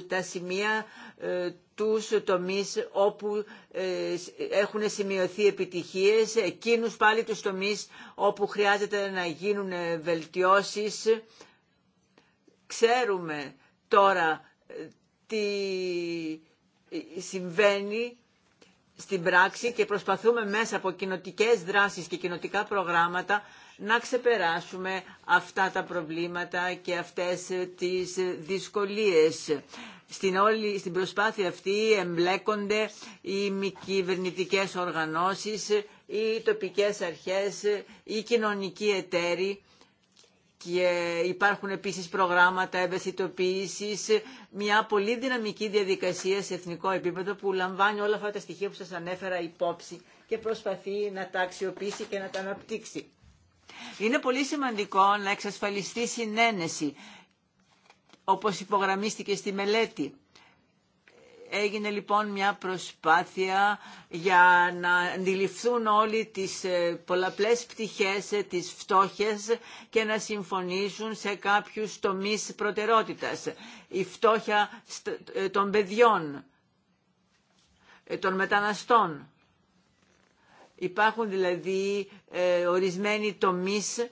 τα σημεία ε, τους τομείς όπου ε, έχουν σημειωθεί επιτυχίες, εκείνους πάλι τους τομείς όπου χρειάζεται να γίνουν βελτιώσεις. Ξέρουμε τώρα τι συμβαίνει στην πράξη και προσπαθούμε μέσα από κοινοτικές δράσεις και κοινοτικά προγράμματα να ξεπεράσουμε αυτά τα προβλήματα και αυτές τις δυσκολίες. Στην, όλη, στην προσπάθεια αυτή εμπλέκονται οι μη κυβερνητικέ οργανώσεις, οι τοπικές αρχές, οι κοινωνικοί εταίροι και υπάρχουν επίσης προγράμματα ευαισθητοποίησης, μια πολύ δυναμική διαδικασία σε εθνικό επίπεδο που λαμβάνει όλα αυτά τα στοιχεία που σας ανέφερα υπόψη και προσπαθεί να τα αξιοποιήσει και να τα αναπτύξει. Είναι πολύ σημαντικό να εξασφαλιστεί συνένεση, όπως υπογραμμίστηκε στη μελέτη. Έγινε λοιπόν μια προσπάθεια για να αντιληφθούν όλοι τις ε, πολλαπλές πτυχές, ε, τις φτώχες και να συμφωνήσουν σε κάποιους τομείς προτερότητας. Η φτώχεια ε, των παιδιών, των μεταναστών, Υπάρχουν δηλαδή ε, ορισμένοι τομείς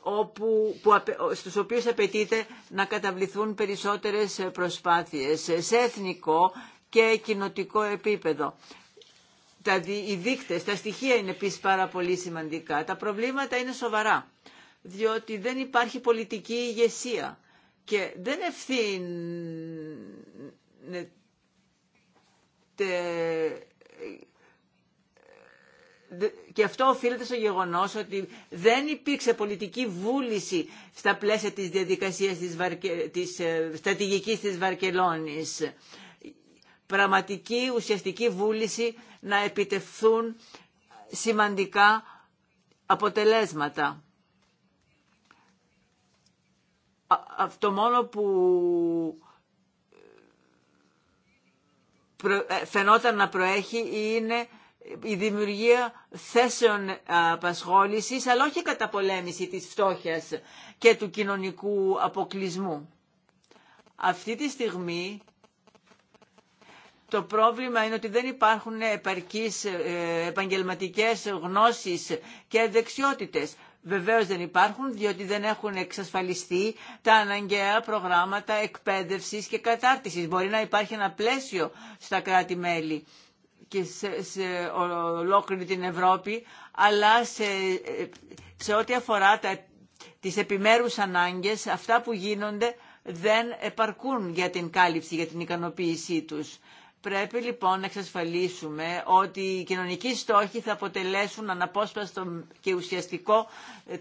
όπου, που, στους οποίους απαιτείται να καταβληθούν περισσότερες προσπάθειες σε εθνικό και κοινοτικό επίπεδο. Τα, οι δείκτες, τα στοιχεία είναι επίσης πάρα πολύ σημαντικά. Τα προβλήματα είναι σοβαρά, διότι δεν υπάρχει πολιτική ηγεσία και δεν ευθύνεται και αυτό οφείλεται στο γεγονός ότι δεν υπήρξε πολιτική βούληση στα πλαίσια της διαδικασίας της, Βαρκε... της ε, στρατηγικής της Πραγματική ουσιαστική βούληση να επιτευχθούν σημαντικά αποτελέσματα. Αυτό μόνο που ε, φαινόταν να προέχει είναι η δημιουργία θέσεων ε, απασχόλησης, αλλά όχι καταπολέμηση της φτώχειας και του κοινωνικού αποκλεισμού. Αυτή τη στιγμή το πρόβλημα είναι ότι δεν υπάρχουν επαρκείς ε, επαγγελματικές γνώσεις και δεξιότητες. Βεβαίως δεν υπάρχουν, διότι δεν έχουν εξασφαλιστεί τα αναγκαία προγράμματα εκπαίδευσης και κατάρτισης. Μπορεί να υπάρχει ένα πλαίσιο στα κράτη-μέλη και σε, ολόκληρη την Ευρώπη, αλλά σε, ό,τι αφορά τα, τις επιμέρους ανάγκες, αυτά που γίνονται δεν επαρκούν για την κάλυψη, για την ικανοποίησή τους. Πρέπει λοιπόν να εξασφαλίσουμε ότι οι κοινωνικοί στόχοι θα αποτελέσουν αναπόσπαστο και ουσιαστικό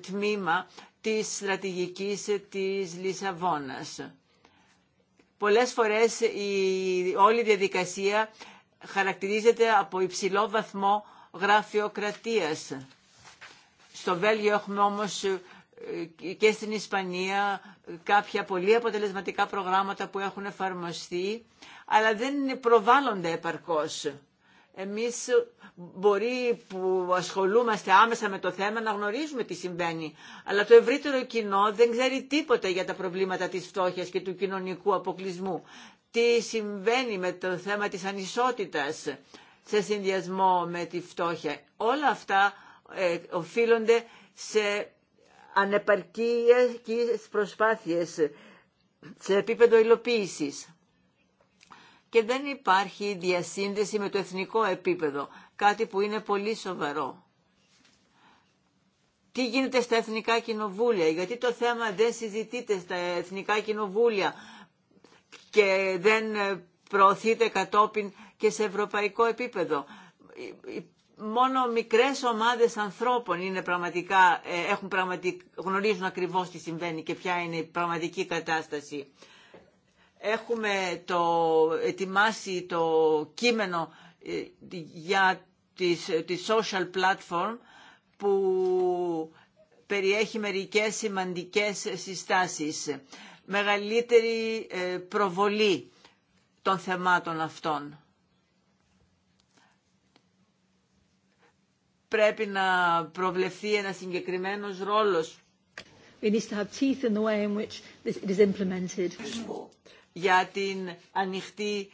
τμήμα της στρατηγικής της Λισαβόνας. Πολλές φορές η, όλη η διαδικασία χαρακτηρίζεται από υψηλό βαθμό γραφειοκρατίας. Στο Βέλγιο έχουμε όμως ε, και στην Ισπανία κάποια πολύ αποτελεσματικά προγράμματα που έχουν εφαρμοστεί, αλλά δεν προβάλλονται επαρκώς. Εμείς ε, μπορεί που ασχολούμαστε άμεσα με το θέμα να γνωρίζουμε τι συμβαίνει, αλλά το ευρύτερο κοινό δεν ξέρει τίποτα για τα προβλήματα της φτώχειας και του κοινωνικού αποκλεισμού τι συμβαίνει με το θέμα της ανισότητας σε συνδυασμό με τη φτώχεια. Όλα αυτά ε, οφείλονται σε και προσπάθειες σε επίπεδο υλοποίησης. Και δεν υπάρχει διασύνδεση με το εθνικό επίπεδο, κάτι που είναι πολύ σοβαρό. Τι γίνεται στα εθνικά κοινοβούλια, γιατί το θέμα δεν συζητείται στα εθνικά κοινοβούλια και δεν προωθείται κατόπιν και σε ευρωπαϊκό επίπεδο. Μόνο μικρές ομάδες ανθρώπων είναι πραγματικά, ε, έχουν γνωρίζουν ακριβώς τι συμβαίνει και ποια είναι η πραγματική κατάσταση. Έχουμε το, ετοιμάσει το κείμενο ε, για τη social platform που περιέχει μερικές σημαντικές συστάσεις μεγαλύτερη ε, προβολή των θεμάτων αυτών. Πρέπει να προβλεφθεί ένα συγκεκριμένος ρόλος για την ανοιχτή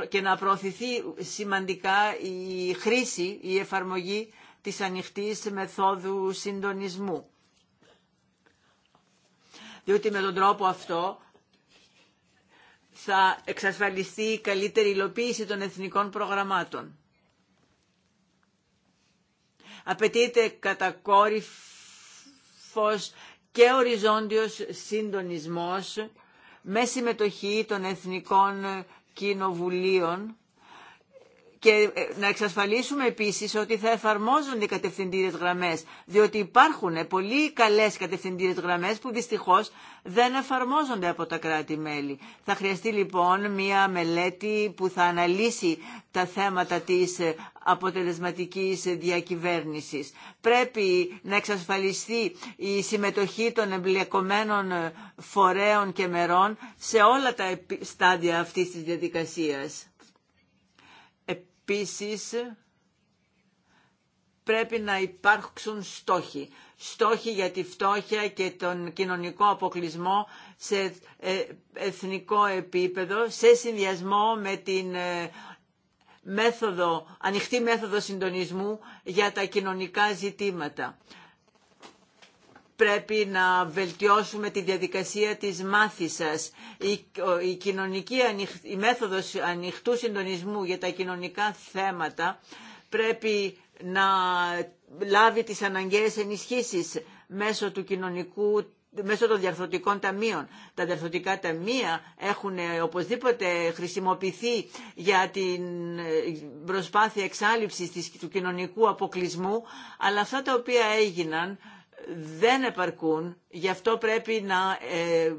ε, και να προωθηθεί σημαντικά η χρήση, η εφαρμογή της ανοιχτής μεθόδου συντονισμού διότι με τον τρόπο αυτό θα εξασφαλιστεί η καλύτερη υλοποίηση των εθνικών προγραμμάτων. Απαιτείται κατακόρυφος και οριζόντιος συντονισμός με συμμετοχή των εθνικών κοινοβουλίων και ε, να εξασφαλίσουμε επίσης ότι θα εφαρμόζονται οι κατευθυντήρες γραμμές, διότι υπάρχουν ε, πολύ καλές κατευθυντήρες γραμμές που δυστυχώς δεν εφαρμόζονται από τα κράτη-μέλη. Θα χρειαστεί λοιπόν μια μελέτη που θα αναλύσει τα θέματα της ε, αποτελεσματικής διακυβέρνησης. Πρέπει να εξασφαλιστεί η συμμετοχή των εμπλεκομένων φορέων και μερών σε όλα τα στάδια αυτής της διαδικασίας. Επίσης, πρέπει να υπάρξουν στόχοι. Στόχοι για τη φτώχεια και τον κοινωνικό αποκλεισμό σε ε, εθνικό επίπεδο, σε συνδυασμό με την ε, μέθοδο, ανοιχτή μέθοδο συντονισμού για τα κοινωνικά ζητήματα πρέπει να βελτιώσουμε τη διαδικασία της μάθησας. Η, κοινωνική, η μέθοδος ανοιχτού συντονισμού για τα κοινωνικά θέματα πρέπει να λάβει τις αναγκαίες ενισχύσεις μέσω του κοινωνικού μέσω των διαρθρωτικών ταμείων. Τα διαρθρωτικά ταμεία έχουν οπωσδήποτε χρησιμοποιηθεί για την προσπάθεια εξάλληψης του κοινωνικού αποκλεισμού, αλλά αυτά τα οποία έγιναν δεν επαρκούν, γι' αυτό πρέπει να ε,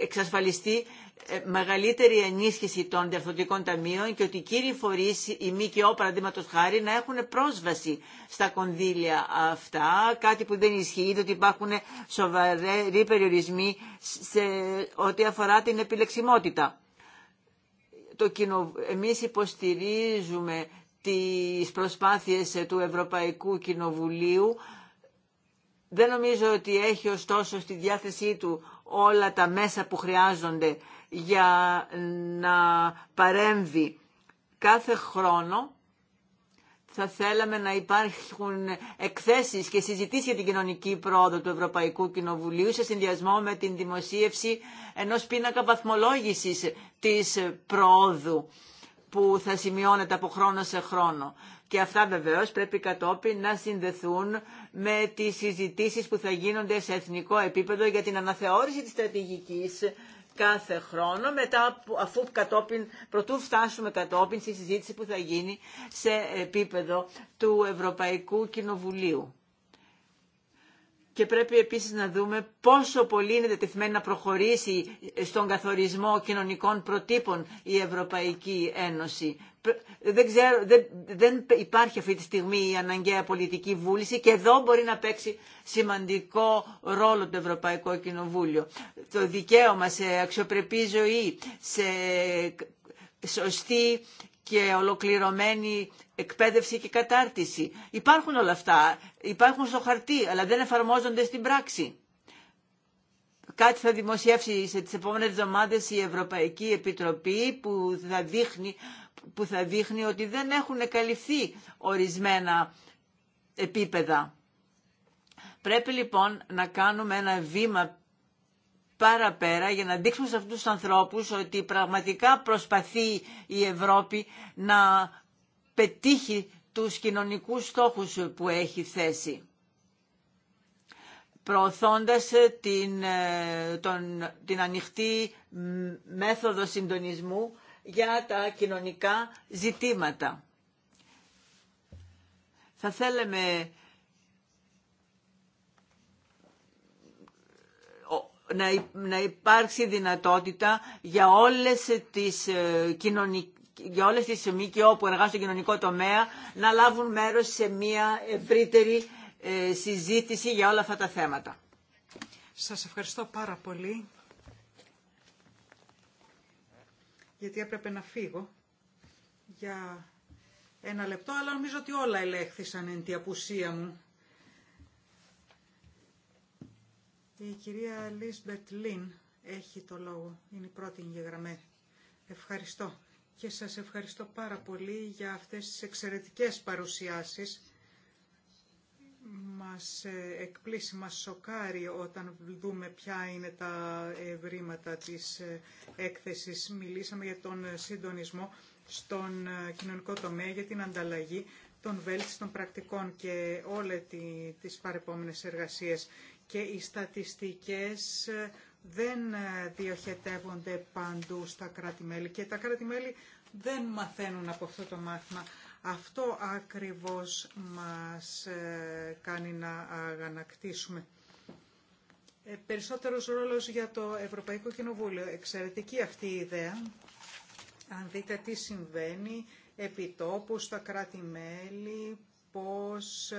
εξασφαλιστεί ε, μεγαλύτερη ενίσχυση των διαφορετικών ταμείων και ότι οι κύριοι φορείς, η ΜΚΟ παραδείγματος χάρη, να έχουν πρόσβαση στα κονδύλια αυτά, κάτι που δεν ισχύει, ότι υπάρχουν σοβαροί περιορισμοί σε ό,τι αφορά την επιλεξιμότητα. Το Εμείς υποστηρίζουμε τις προσπάθειες του Ευρωπαϊκού Κοινοβουλίου δεν νομίζω ότι έχει ωστόσο στη διάθεσή του όλα τα μέσα που χρειάζονται για να παρέμβει κάθε χρόνο. Θα θέλαμε να υπάρχουν εκθέσεις και συζητήσεις για την κοινωνική πρόοδο του Ευρωπαϊκού Κοινοβουλίου σε συνδυασμό με την δημοσίευση ενός πίνακα βαθμολόγησης της πρόοδου που θα σημειώνεται από χρόνο σε χρόνο. Και αυτά βεβαίως πρέπει κατόπιν να συνδεθούν με τις συζητήσεις που θα γίνονται σε εθνικό επίπεδο για την αναθεώρηση της στρατηγικής κάθε χρόνο, μετά αφού κατόπιν, προτού φτάσουμε κατόπιν στη συζήτηση που θα γίνει σε επίπεδο του Ευρωπαϊκού Κοινοβουλίου και πρέπει επίσης να δούμε πόσο πολύ είναι δεδεθμένη να προχωρήσει στον καθορισμό κοινωνικών προτύπων η Ευρωπαϊκή Ένωση. Δεν, δεν, δεν υπάρχει αυτή τη στιγμή η αναγκαία πολιτική βούληση και εδώ μπορεί να παίξει σημαντικό ρόλο το Ευρωπαϊκό Κοινοβούλιο. Το δικαίωμα σε αξιοπρεπή ζωή, σε σωστή και ολοκληρωμένη εκπαίδευση και κατάρτιση. Υπάρχουν όλα αυτά, υπάρχουν στο χαρτί, αλλά δεν εφαρμόζονται στην πράξη. Κάτι θα δημοσιεύσει σε τις επόμενες εβδομάδες η Ευρωπαϊκή Επιτροπή που θα δείχνει, που θα δείχνει ότι δεν έχουν καλυφθεί ορισμένα επίπεδα. Πρέπει λοιπόν να κάνουμε ένα βήμα παραπέρα για να δείξουμε σε αυτούς τους ανθρώπους ότι πραγματικά προσπαθεί η Ευρώπη να πετύχει τους κοινωνικούς στόχους που έχει θέσει προωθώντας ε, την, ε, τον, την ανοιχτή μέθοδο συντονισμού για τα κοινωνικά ζητήματα. Θα θέλαμε να υπάρξει δυνατότητα για όλες τις ε, κοινωνικές για όλες τις ΜΚΟ που εργάζονται στον κοινωνικό τομέα να λάβουν μέρος σε μια ευρύτερη ε, συζήτηση για όλα αυτά τα θέματα. Σας ευχαριστώ πάρα πολύ γιατί έπρεπε να φύγω για ένα λεπτό αλλά νομίζω ότι όλα ελέγχθησαν εν τη απουσία μου. Η κυρία Λίσμπετ Λίν έχει το λόγο. Είναι η πρώτη γεγραμμένη. Ευχαριστώ. Και σας ευχαριστώ πάρα πολύ για αυτές τις εξαιρετικές παρουσιάσεις. Μας ε, εκπλήσει, μας σοκάρει όταν δούμε ποια είναι τα ευρήματα της ε, έκθεσης. Μιλήσαμε για τον συντονισμό στον ε, κοινωνικό τομέα, για την ανταλλαγή των βέλτιστων πρακτικών και όλες τις παρεπόμενες εργασίες και οι στατιστικές δεν ε, διοχετεύονται παντού στα κράτη-μέλη και τα κράτη-μέλη δεν μαθαίνουν από αυτό το μάθημα. Αυτό ακριβώς μας ε, κάνει να αγανακτήσουμε. Ε, περισσότερος ρόλος για το Ευρωπαϊκό Κοινοβούλιο. Εξαιρετική αυτή η ιδέα. Αν δείτε τι συμβαίνει επί τόπου στα κράτη-μέλη, πώς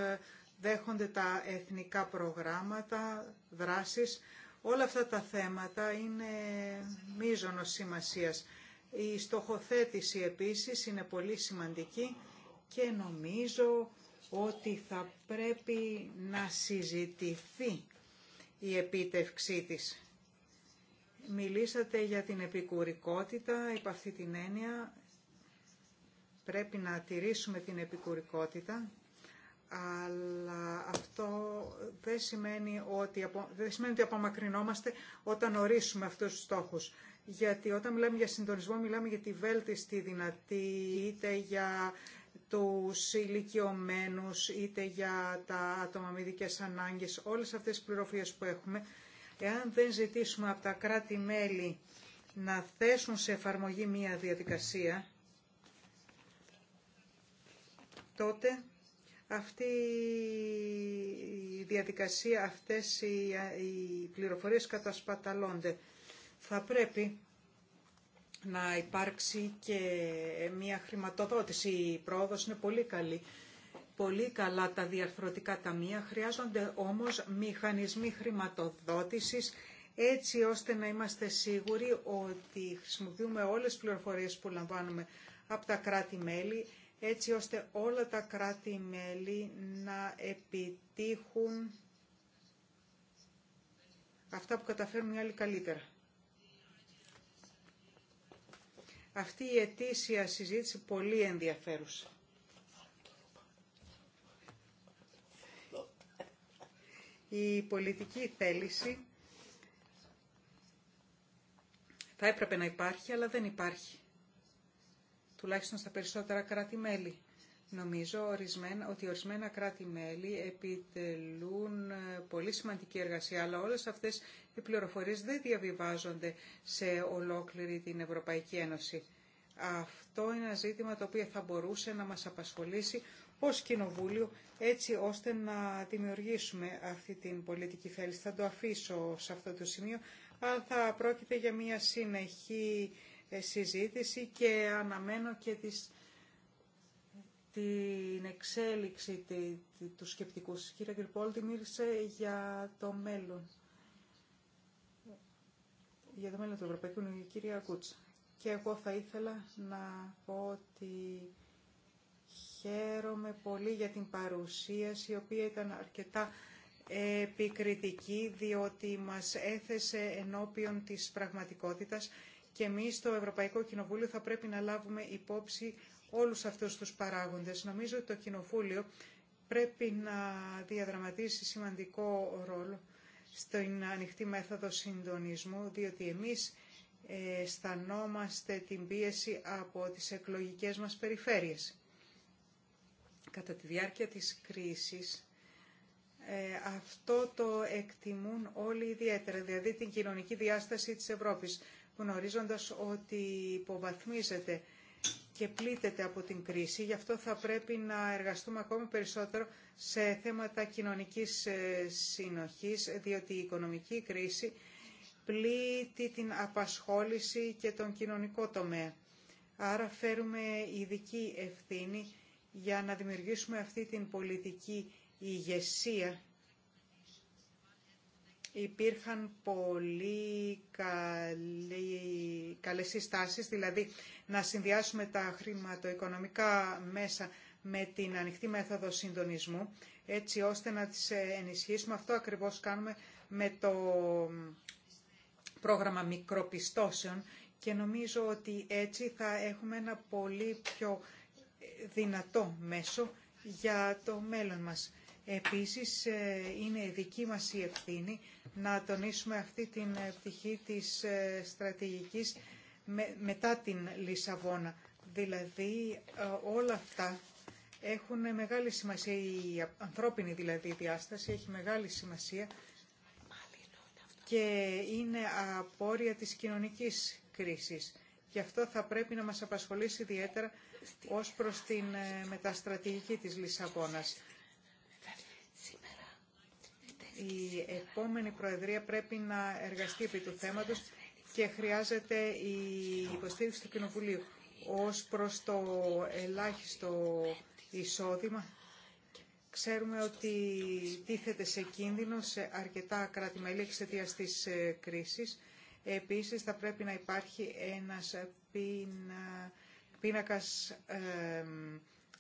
δέχονται τα εθνικά προγράμματα, δράσεις. Όλα αυτά τα θέματα είναι μείζονος σημασίας. Η στοχοθέτηση επίσης είναι πολύ σημαντική και νομίζω ότι θα πρέπει να συζητηθεί η επίτευξή της. Μιλήσατε για την επικουρικότητα, υπ' αυτή την έννοια πρέπει να τηρήσουμε την επικουρικότητα αλλά αυτό δεν σημαίνει ότι, δεν σημαίνει ότι απομακρυνόμαστε όταν ορίσουμε αυτούς τους στόχους. Γιατί όταν μιλάμε για συντονισμό, μιλάμε για τη βέλτιστη δυνατή, είτε για τους ηλικιωμένου, είτε για τα άτομα με ανάγκες, όλες αυτές τις πληροφορίες που έχουμε, εάν δεν ζητήσουμε από τα κράτη-μέλη να θέσουν σε εφαρμογή μία διαδικασία, τότε αυτή η διαδικασία, αυτές οι πληροφορίες κατασπαταλώνται. Θα πρέπει να υπάρξει και μια χρηματοδότηση. Η πρόοδος είναι πολύ καλή. Πολύ καλά τα διαρθρωτικά ταμεία χρειάζονται όμως μηχανισμοί χρηματοδότησης έτσι ώστε να είμαστε σίγουροι ότι χρησιμοποιούμε όλες τις πληροφορίες που λαμβάνουμε από τα κράτη-μέλη έτσι ώστε όλα τα κράτη-μέλη να επιτύχουν αυτά που καταφέρνουν οι άλλοι καλύτερα. Αυτή η ετήσια συζήτηση πολύ ενδιαφέρουσα. Η πολιτική θέληση θα έπρεπε να υπάρχει, αλλά δεν υπάρχει τουλάχιστον στα περισσότερα κράτη-μέλη. Νομίζω ότι ορισμένα κράτη-μέλη επιτελούν ε, πολύ σημαντική εργασία, αλλά όλες αυτές οι πληροφορίες δεν διαβιβάζονται σε ολόκληρη την Ευρωπαϊκή Ένωση. Αυτό είναι ένα ζήτημα το οποίο θα μπορούσε να μας απασχολήσει ως Κοινοβούλιο, έτσι ώστε να δημιουργήσουμε αυτή την πολιτική θέληση. Θα το αφήσω σε αυτό το σημείο, αλλά θα πρόκειται για μια συνεχή ε, συζήτηση και αναμένω και τις, την εξέλιξη τη, τη, του σκεπτικού. Κύριε Κρυπόλτη, μίλησε για το μέλλον. Για το μέλλον του Ευρωπαϊκού νομιού, κύριε Ακούτσα. Και εγώ θα ήθελα να πω ότι χαίρομαι πολύ για την παρουσίαση, η οποία ήταν αρκετά επικριτική, διότι μας έθεσε ενώπιον της πραγματικότητας και εμείς στο Ευρωπαϊκό Κοινοβούλιο θα πρέπει να λάβουμε υπόψη όλους αυτούς τους παράγοντες. Νομίζω ότι το Κοινοβούλιο πρέπει να διαδραματίσει σημαντικό ρόλο στην ανοιχτή μέθοδο συντονισμού, διότι εμείς ε, αισθανόμαστε την πίεση από τις εκλογικές μας περιφέρειες. Κατά τη διάρκεια της κρίσης, ε, αυτό το εκτιμούν όλοι ιδιαίτερα, δηλαδή την κοινωνική διάσταση της Ευρώπης γνωρίζοντας ότι υποβαθμίζεται και πλήττεται από την κρίση. Γι' αυτό θα πρέπει να εργαστούμε ακόμη περισσότερο σε θέματα κοινωνικής ε, συνοχής, διότι η οικονομική κρίση πλήττει την απασχόληση και τον κοινωνικό τομέα. Άρα φέρουμε ειδική ευθύνη για να δημιουργήσουμε αυτή την πολιτική ηγεσία υπήρχαν πολύ καλή, καλές συστάσεις, δηλαδή να συνδυάσουμε τα χρηματοοικονομικά μέσα με την ανοιχτή μέθοδο συντονισμού, έτσι ώστε να τις ενισχύσουμε. Αυτό ακριβώς κάνουμε με το πρόγραμμα μικροπιστώσεων και νομίζω ότι έτσι θα έχουμε ένα πολύ πιο δυνατό μέσο για το μέλλον μας. Επίσης ε, είναι δική μας η ευθύνη να τονίσουμε αυτή την ε, πτυχή της ε, στρατηγικής μετά την Λισαβόνα. Δηλαδή όλα αυτά έχουν μεγάλη σημασία, η ανθρώπινη δηλαδή διάσταση έχει μεγάλη σημασία και είναι απόρρια της κοινωνικής κρίσης. Γι' αυτό θα πρέπει να μας απασχολήσει ιδιαίτερα ως προς την μεταστρατηγική της Λισαβόνας η επόμενη Προεδρία πρέπει να εργαστεί επί του θέματος και χρειάζεται η υποστήριξη του Κοινοβουλίου ως προς το ελάχιστο εισόδημα. Ξέρουμε ότι τίθεται σε κίνδυνο σε αρκετά κράτη-μέλη εξαιτία της ε, κρίσης. Επίσης θα πρέπει να υπάρχει ένας πίνα, πίνακας ε,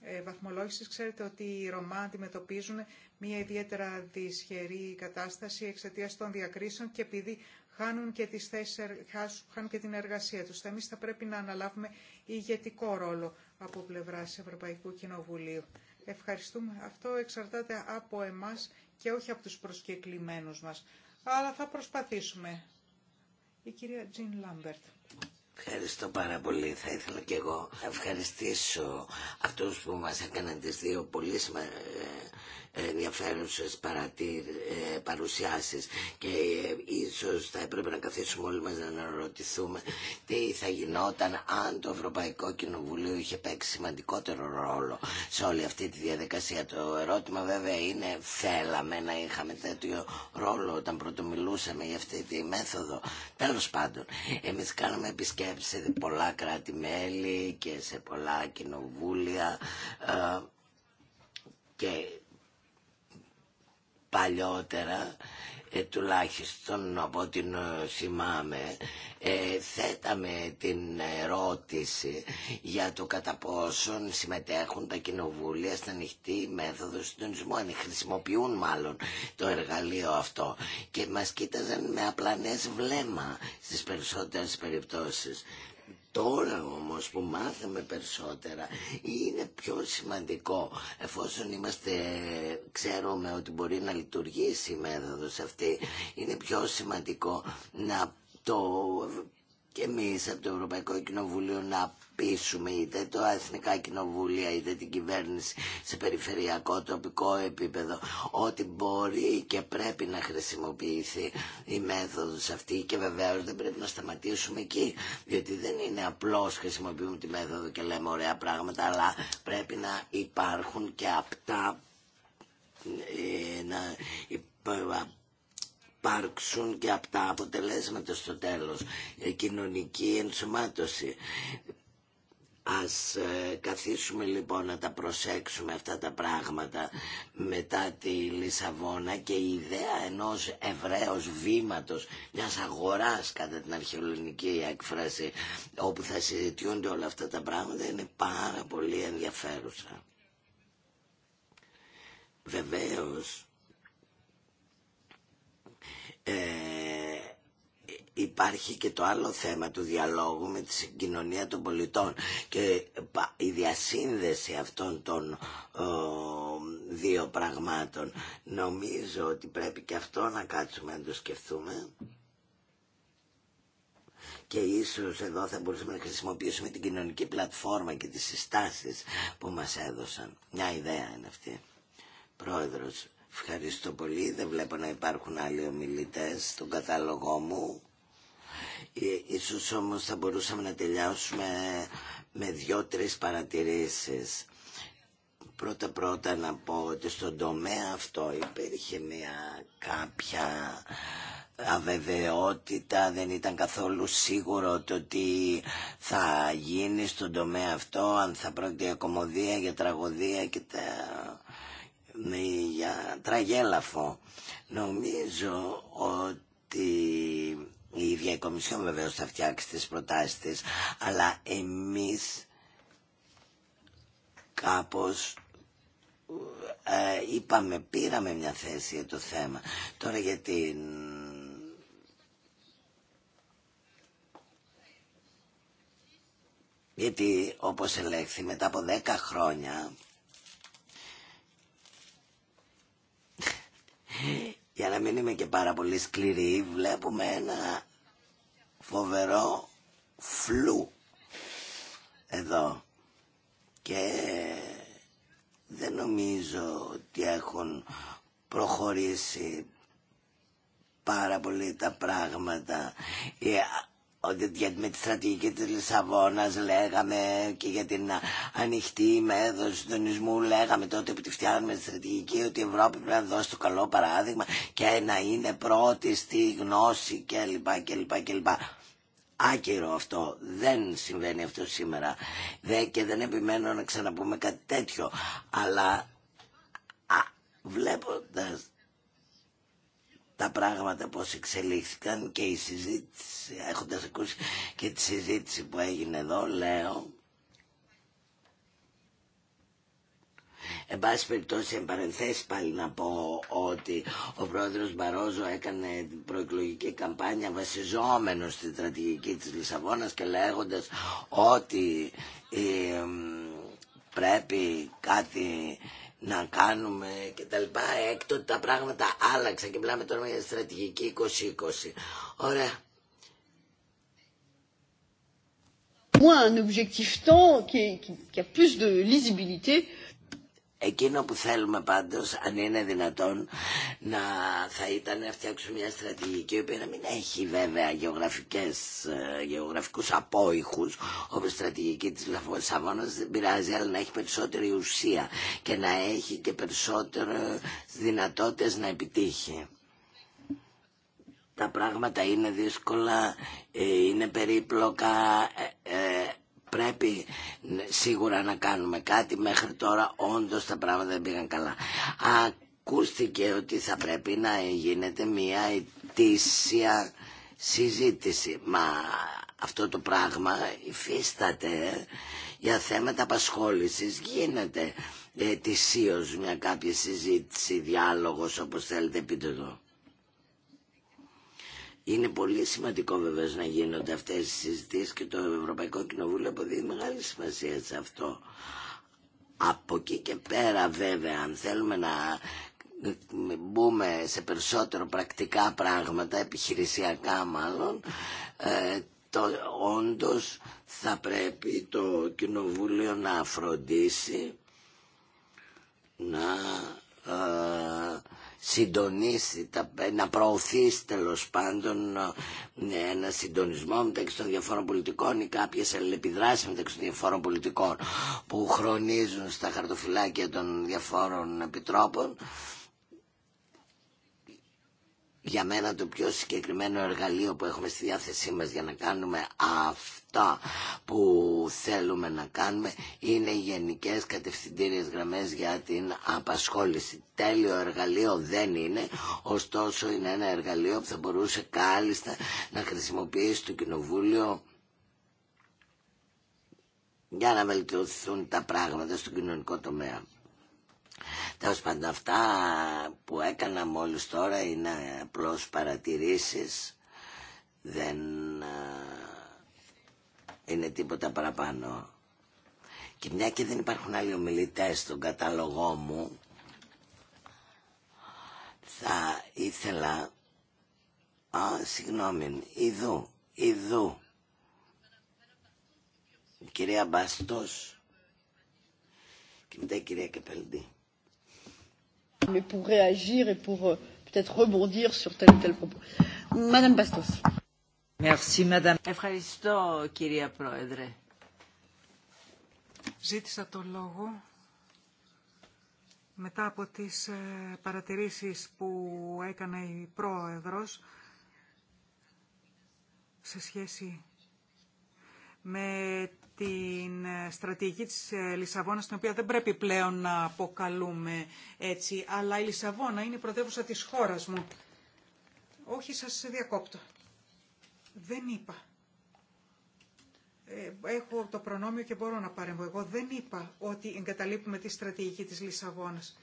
ε, βαθμολόγησης. Ξέρετε ότι οι Ρωμά αντιμετωπίζουν μια ιδιαίτερα δυσχερή κατάσταση εξαιτία των διακρίσεων και επειδή χάνουν και, τις θέσεις, χάνουν και την εργασία τους. Εμεί θα πρέπει να αναλάβουμε ηγετικό ρόλο από πλευράς Ευρωπαϊκού Κοινοβουλίου. Ευχαριστούμε. Αυτό εξαρτάται από εμάς και όχι από τους προσκεκλημένους μας. Αλλά θα προσπαθήσουμε. Η κυρία Τζιν Λάμπερτ. Ευχαριστώ πάρα πολύ. Θα ήθελα και εγώ να ευχαριστήσω αυτούς που μας έκαναν τις δύο πολύ σημα... Ε, ενδιαφέρουσες ε, παρουσιάσει και ίσω ε, ίσως θα έπρεπε να καθίσουμε όλοι μας να αναρωτηθούμε τι θα γινόταν αν το Ευρωπαϊκό Κοινοβουλίο είχε παίξει σημαντικότερο ρόλο σε όλη αυτή τη διαδικασία. Το ερώτημα βέβαια είναι θέλαμε να είχαμε τέτοιο ρόλο όταν πρωτομιλούσαμε για αυτή τη μέθοδο. Τέλος πάντων, εμείς κάναμε επισκέψεις σε πολλά κράτη-μέλη και σε πολλά κοινοβούλια ε, και παλιότερα ε, τουλάχιστον από ό,τι θυμάμαι ε, θέταμε την ερώτηση για το κατά πόσον συμμετέχουν τα κοινοβούλια στα ανοιχτή μέθοδο συντονισμού αν χρησιμοποιούν μάλλον το εργαλείο αυτό και μας κοίταζαν με απλανές βλέμμα στις περισσότερες περιπτώσεις Τώρα όμως που μάθαμε περισσότερα είναι πιο σημαντικό εφόσον είμαστε, ξέρουμε ότι μπορεί να λειτουργήσει η μέθοδος αυτή, είναι πιο σημαντικό να το και εμεί από το Ευρωπαϊκό Κοινοβούλιο να πείσουμε είτε το Εθνικά Κοινοβούλια είτε την κυβέρνηση σε περιφερειακό τοπικό επίπεδο ότι μπορεί και πρέπει να χρησιμοποιηθεί η μέθοδος αυτή και βεβαίω δεν πρέπει να σταματήσουμε εκεί διότι δεν είναι απλώς χρησιμοποιούμε τη μέθοδο και λέμε ωραία πράγματα αλλά πρέπει να υπάρχουν και απτά ε, να υπάρξουν και αυτά αποτελέσματα στο τέλος. Η ε, κοινωνική ενσωμάτωση. Ας ε, καθίσουμε λοιπόν να τα προσέξουμε αυτά τα πράγματα μετά τη Λισαβόνα και η ιδέα ενός ευραίος βήματος, μιας αγοράς κατά την αρχαιολογική έκφραση όπου θα συζητιούνται όλα αυτά τα πράγματα είναι πάρα πολύ ενδιαφέρουσα. Βεβαίως ε, υπάρχει και το άλλο θέμα του διαλόγου με τη συγκοινωνία των πολιτών και η διασύνδεση αυτών των δύο πραγμάτων. Νομίζω ότι πρέπει και αυτό να κάτσουμε να το σκεφτούμε και ίσως εδώ θα μπορούσαμε να χρησιμοποιήσουμε την κοινωνική πλατφόρμα και τις συστάσεις που μας έδωσαν. Μια ιδέα είναι αυτή. Πρόεδρος, Ευχαριστώ πολύ. Δεν βλέπω να υπάρχουν άλλοι ομιλητές στον κατάλογό μου. Ε, ίσως όμως θα μπορούσαμε να τελειώσουμε με δυο-τρεις παρατηρήσεις. Πρώτα-πρώτα να πω ότι στον τομέα αυτό υπήρχε μια κάποια αβεβαιότητα, δεν ήταν καθόλου σίγουρο το τι θα γίνει στον τομέα αυτό, αν θα πρόκειται για κομμωδία, για τραγωδία και τα για τραγέλαφο. Νομίζω ότι η ίδια η Κομισιόν βεβαίω θα φτιάξει τις προτάσεις της, αλλά εμείς κάπως ε, είπαμε, πήραμε μια θέση για το θέμα. Τώρα γιατί Γιατί όπως ελέγχθη μετά από 10 χρόνια Για να μην είμαι και πάρα πολύ σκληρή, βλέπουμε ένα φοβερό φλού εδώ. Και δεν νομίζω ότι έχουν προχωρήσει πάρα πολύ τα πράγματα με τη στρατηγική της Λισαβόνας λέγαμε και για την ανοιχτή μέθοδο συντονισμού λέγαμε τότε που τη φτιάχνουμε τη στρατηγική ότι η Ευρώπη πρέπει να δώσει το καλό παράδειγμα και να είναι πρώτη στη γνώση κλπ. κλπ, κλπ. Άκυρο αυτό. Δεν συμβαίνει αυτό σήμερα. Δε και δεν επιμένω να ξαναπούμε κάτι τέτοιο. Αλλά βλέποντα τα πράγματα πώς εξελίχθηκαν και η συζήτηση, έχοντας ακούσει και τη συζήτηση που έγινε εδώ, λέω Εν πάση περιπτώσει, εν πάλι να πω ότι ο πρόεδρος Μπαρόζο έκανε την προεκλογική καμπάνια βασιζόμενο στη στρατηγική της Λισαβόνας και λέγοντας ότι ε, πρέπει κάτι να κάνουμε και τα λοιπά. Έκτοτε τα πράγματα άλλαξαν και μιλάμε τώρα για στρατηγική 2020. Ωραία. Moi, un objectif temps qui, a plus de lisibilité Εκείνο που θέλουμε πάντως, αν είναι δυνατόν, να θα ήταν να φτιάξουμε μια στρατηγική, η οποία να μην έχει βέβαια γεωγραφικές, ε, γεωγραφικούς απόϊχους, η στρατηγική της Λαφωσαβώνας δεν πειράζει, αλλά να έχει περισσότερη ουσία και να έχει και περισσότερες δυνατότητες να επιτύχει. Τα πράγματα είναι δύσκολα, ε, είναι περίπλοκα, ε, πρέπει ναι, σίγουρα να κάνουμε κάτι. Μέχρι τώρα όντως τα πράγματα δεν πήγαν καλά. Ακούστηκε ότι θα πρέπει να γίνεται μια ετήσια συζήτηση. Μα αυτό το πράγμα υφίσταται ε. για θέματα απασχόλησης. Γίνεται ετησίως μια κάποια συζήτηση, διάλογος όπως θέλετε πείτε είναι πολύ σημαντικό βεβαίω να γίνονται αυτέ οι συζητήσει και το Ευρωπαϊκό Κοινοβούλιο αποδίδει μεγάλη σημασία σε αυτό. Από εκεί και πέρα βέβαια αν θέλουμε να μπούμε σε περισσότερο πρακτικά πράγματα, επιχειρησιακά μάλλον, ε, το, όντως θα πρέπει το Κοινοβούλιο να φροντίσει να ε, συντονίσει, να προωθήσει τέλο πάντων ένα συντονισμό μεταξύ των διαφόρων πολιτικών ή κάποιε αλληλεπιδράσει μεταξύ των διαφόρων πολιτικών που χρονίζουν στα χαρτοφυλάκια των διαφόρων επιτρόπων. Για μένα το πιο συγκεκριμένο εργαλείο που έχουμε στη διάθεσή μας για να κάνουμε αυτό αυτά που θέλουμε να κάνουμε είναι γενικές κατευθυντήριες γραμμές για την απασχόληση. Τέλειο εργαλείο δεν είναι, ωστόσο είναι ένα εργαλείο που θα μπορούσε κάλλιστα να χρησιμοποιήσει το Κοινοβούλιο για να βελτιωθούν τα πράγματα στον κοινωνικό τομέα. Τέλο πάντων, αυτά που έκανα μόλις τώρα είναι απλώ παρατηρήσεις. Δεν είναι τίποτα παραπάνω. Και μια και δεν υπάρχουν άλλοι ομιλητές στον κατάλογό μου, θα ήθελα... Α, συγγνώμη, ειδού, ειδού. Η κυρία Μπαστός και μετά η κυρία Κεπελντή. Mais pour réagir et pour euh, peut-être rebondir sur tel ou tel propos. Madame Bastos. Ευχαριστώ κυρία Πρόεδρε. Ζήτησα το λόγο μετά από τις ε, παρατηρήσεις που έκανε η Πρόεδρος σε σχέση με την ε, στρατηγική της ε, Λισαβόνας, την οποία δεν πρέπει πλέον να αποκαλούμε έτσι, αλλά η Λισαβόνα είναι η πρωτεύουσα της χώρας μου. Όχι, σας διακόπτω δεν είπα. Ε, έχω το προνόμιο και μπορώ να παρεμβώ. Εγώ δεν είπα ότι εγκαταλείπουμε τη στρατηγική της Λισαβόνας.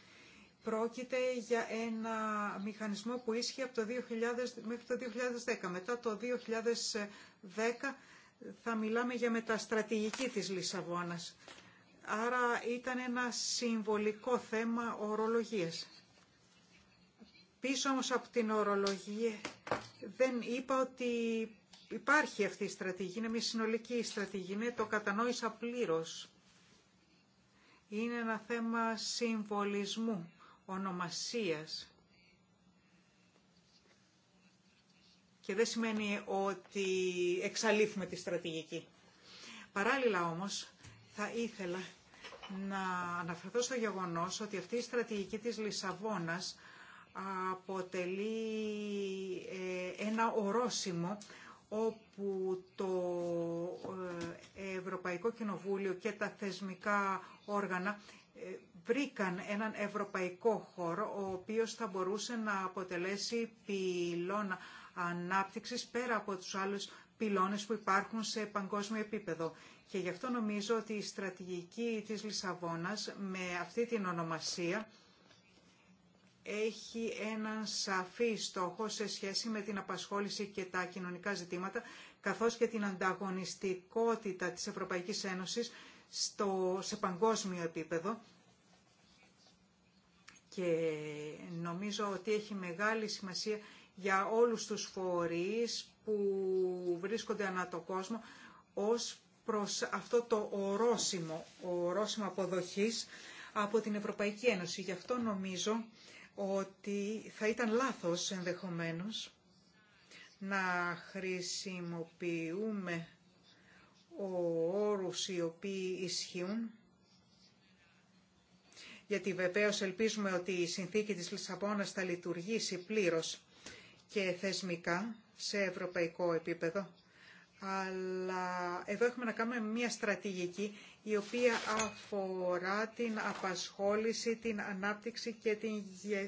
Πρόκειται για ένα μηχανισμό που ίσχυε από το 2000 μέχρι το 2010. Μετά το 2010 θα μιλάμε για μεταστρατηγική της Λισαβόνας. Άρα ήταν ένα συμβολικό θέμα ορολογίας. Πίσω όμως από την ορολογία δεν είπα ότι υπάρχει αυτή η στρατηγική, είναι μια συνολική στρατηγική, είναι το κατανόησα πλήρως. Είναι ένα θέμα συμβολισμού, ονομασίας. Και δεν σημαίνει ότι εξαλείφουμε τη στρατηγική. Παράλληλα όμως, θα ήθελα να αναφερθώ στο γεγονός ότι αυτή η στρατηγική της Λισαβόνας αποτελεί ε, ένα ορόσημο όπου το ε, Ευρωπαϊκό Κοινοβούλιο και τα θεσμικά όργανα ε, βρήκαν έναν ευρωπαϊκό χώρο ο οποίος θα μπορούσε να αποτελέσει πυλώνα ανάπτυξης πέρα από τους άλλους πυλώνες που υπάρχουν σε παγκόσμιο επίπεδο. Και γι' αυτό νομίζω ότι η στρατηγική της Λισαβόνας με αυτή την ονομασία έχει έναν σαφή στόχο σε σχέση με την απασχόληση και τα κοινωνικά ζητήματα, καθώς και την ανταγωνιστικότητα της Ευρωπαϊκής Ένωσης στο, σε παγκόσμιο επίπεδο. Και νομίζω ότι έχει μεγάλη σημασία για όλους τους φορείς που βρίσκονται ανά το κόσμο ως προς αυτό το ορόσημο, ορόσημο αποδοχής από την Ευρωπαϊκή Ένωση. Γι' αυτό νομίζω ότι θα ήταν λάθος ενδεχομένως να χρησιμοποιούμε όρους οι οποίοι ισχύουν γιατί βεβαίως ελπίζουμε ότι η συνθήκη της Λισαβόνας θα λειτουργήσει πλήρως και θεσμικά σε ευρωπαϊκό επίπεδο. Αλλά εδώ έχουμε να κάνουμε μια στρατηγική η οποία αφορά την απασχόληση, την ανάπτυξη και την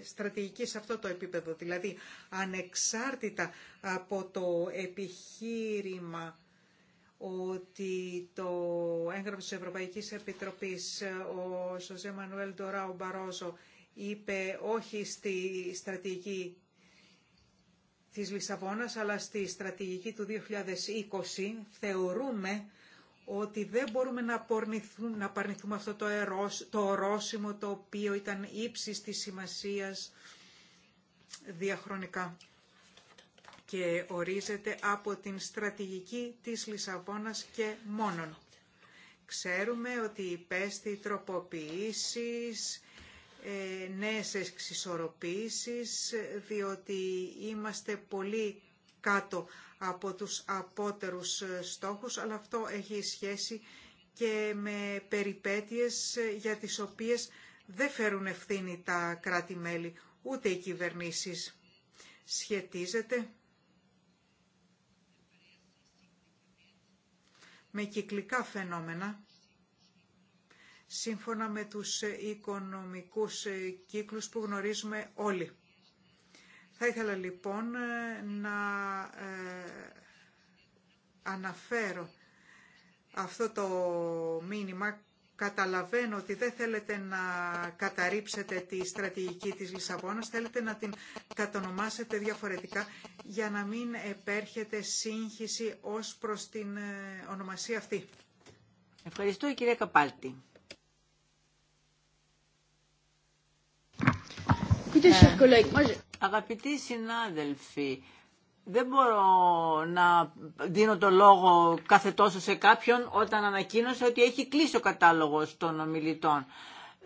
στρατηγική σε αυτό το επίπεδο. Δηλαδή, ανεξάρτητα από το επιχείρημα ότι το έγγραφο της Ευρωπαϊκής Επιτροπής, ο Σοζέ Μανουέλ Ντοράου Μπαρόζο, είπε όχι στη στρατηγική της Λισαβόνας, αλλά στη στρατηγική του 2020, θεωρούμε ότι δεν μπορούμε να, να παρνηθούμε αυτό το, το ορόσημο το οποίο ήταν ύψης της σημασίας διαχρονικά και ορίζεται από την στρατηγική της Λισαβόνας και μόνον. Ξέρουμε ότι υπέστη τροποποιήσεις, ε, νέες εξισορροπήσεις, διότι είμαστε πολύ κάτω από τους απότερους στόχους, αλλά αυτό έχει σχέση και με περιπέτειες για τις οποίες δεν φέρουν ευθύνη τα κράτη-μέλη, ούτε οι κυβερνήσεις. Σχετίζεται με κυκλικά φαινόμενα, σύμφωνα με τους οικονομικούς κύκλους που γνωρίζουμε όλοι. Θα ήθελα λοιπόν ε, να ε, αναφέρω αυτό το μήνυμα. Καταλαβαίνω ότι δεν θέλετε να καταρρίψετε τη στρατηγική της Λισαβόνας, θέλετε να την κατονομάσετε διαφορετικά για να μην επέρχεται σύγχυση ως προς την ε, ονομασία αυτή. Ευχαριστώ η κυρία Καπάλτη. Αγαπητοί συνάδελφοι, δεν μπορώ να δίνω το λόγο κάθε τόσο σε κάποιον όταν ανακοίνωσε ότι έχει κλείσει ο κατάλογος των ομιλητών.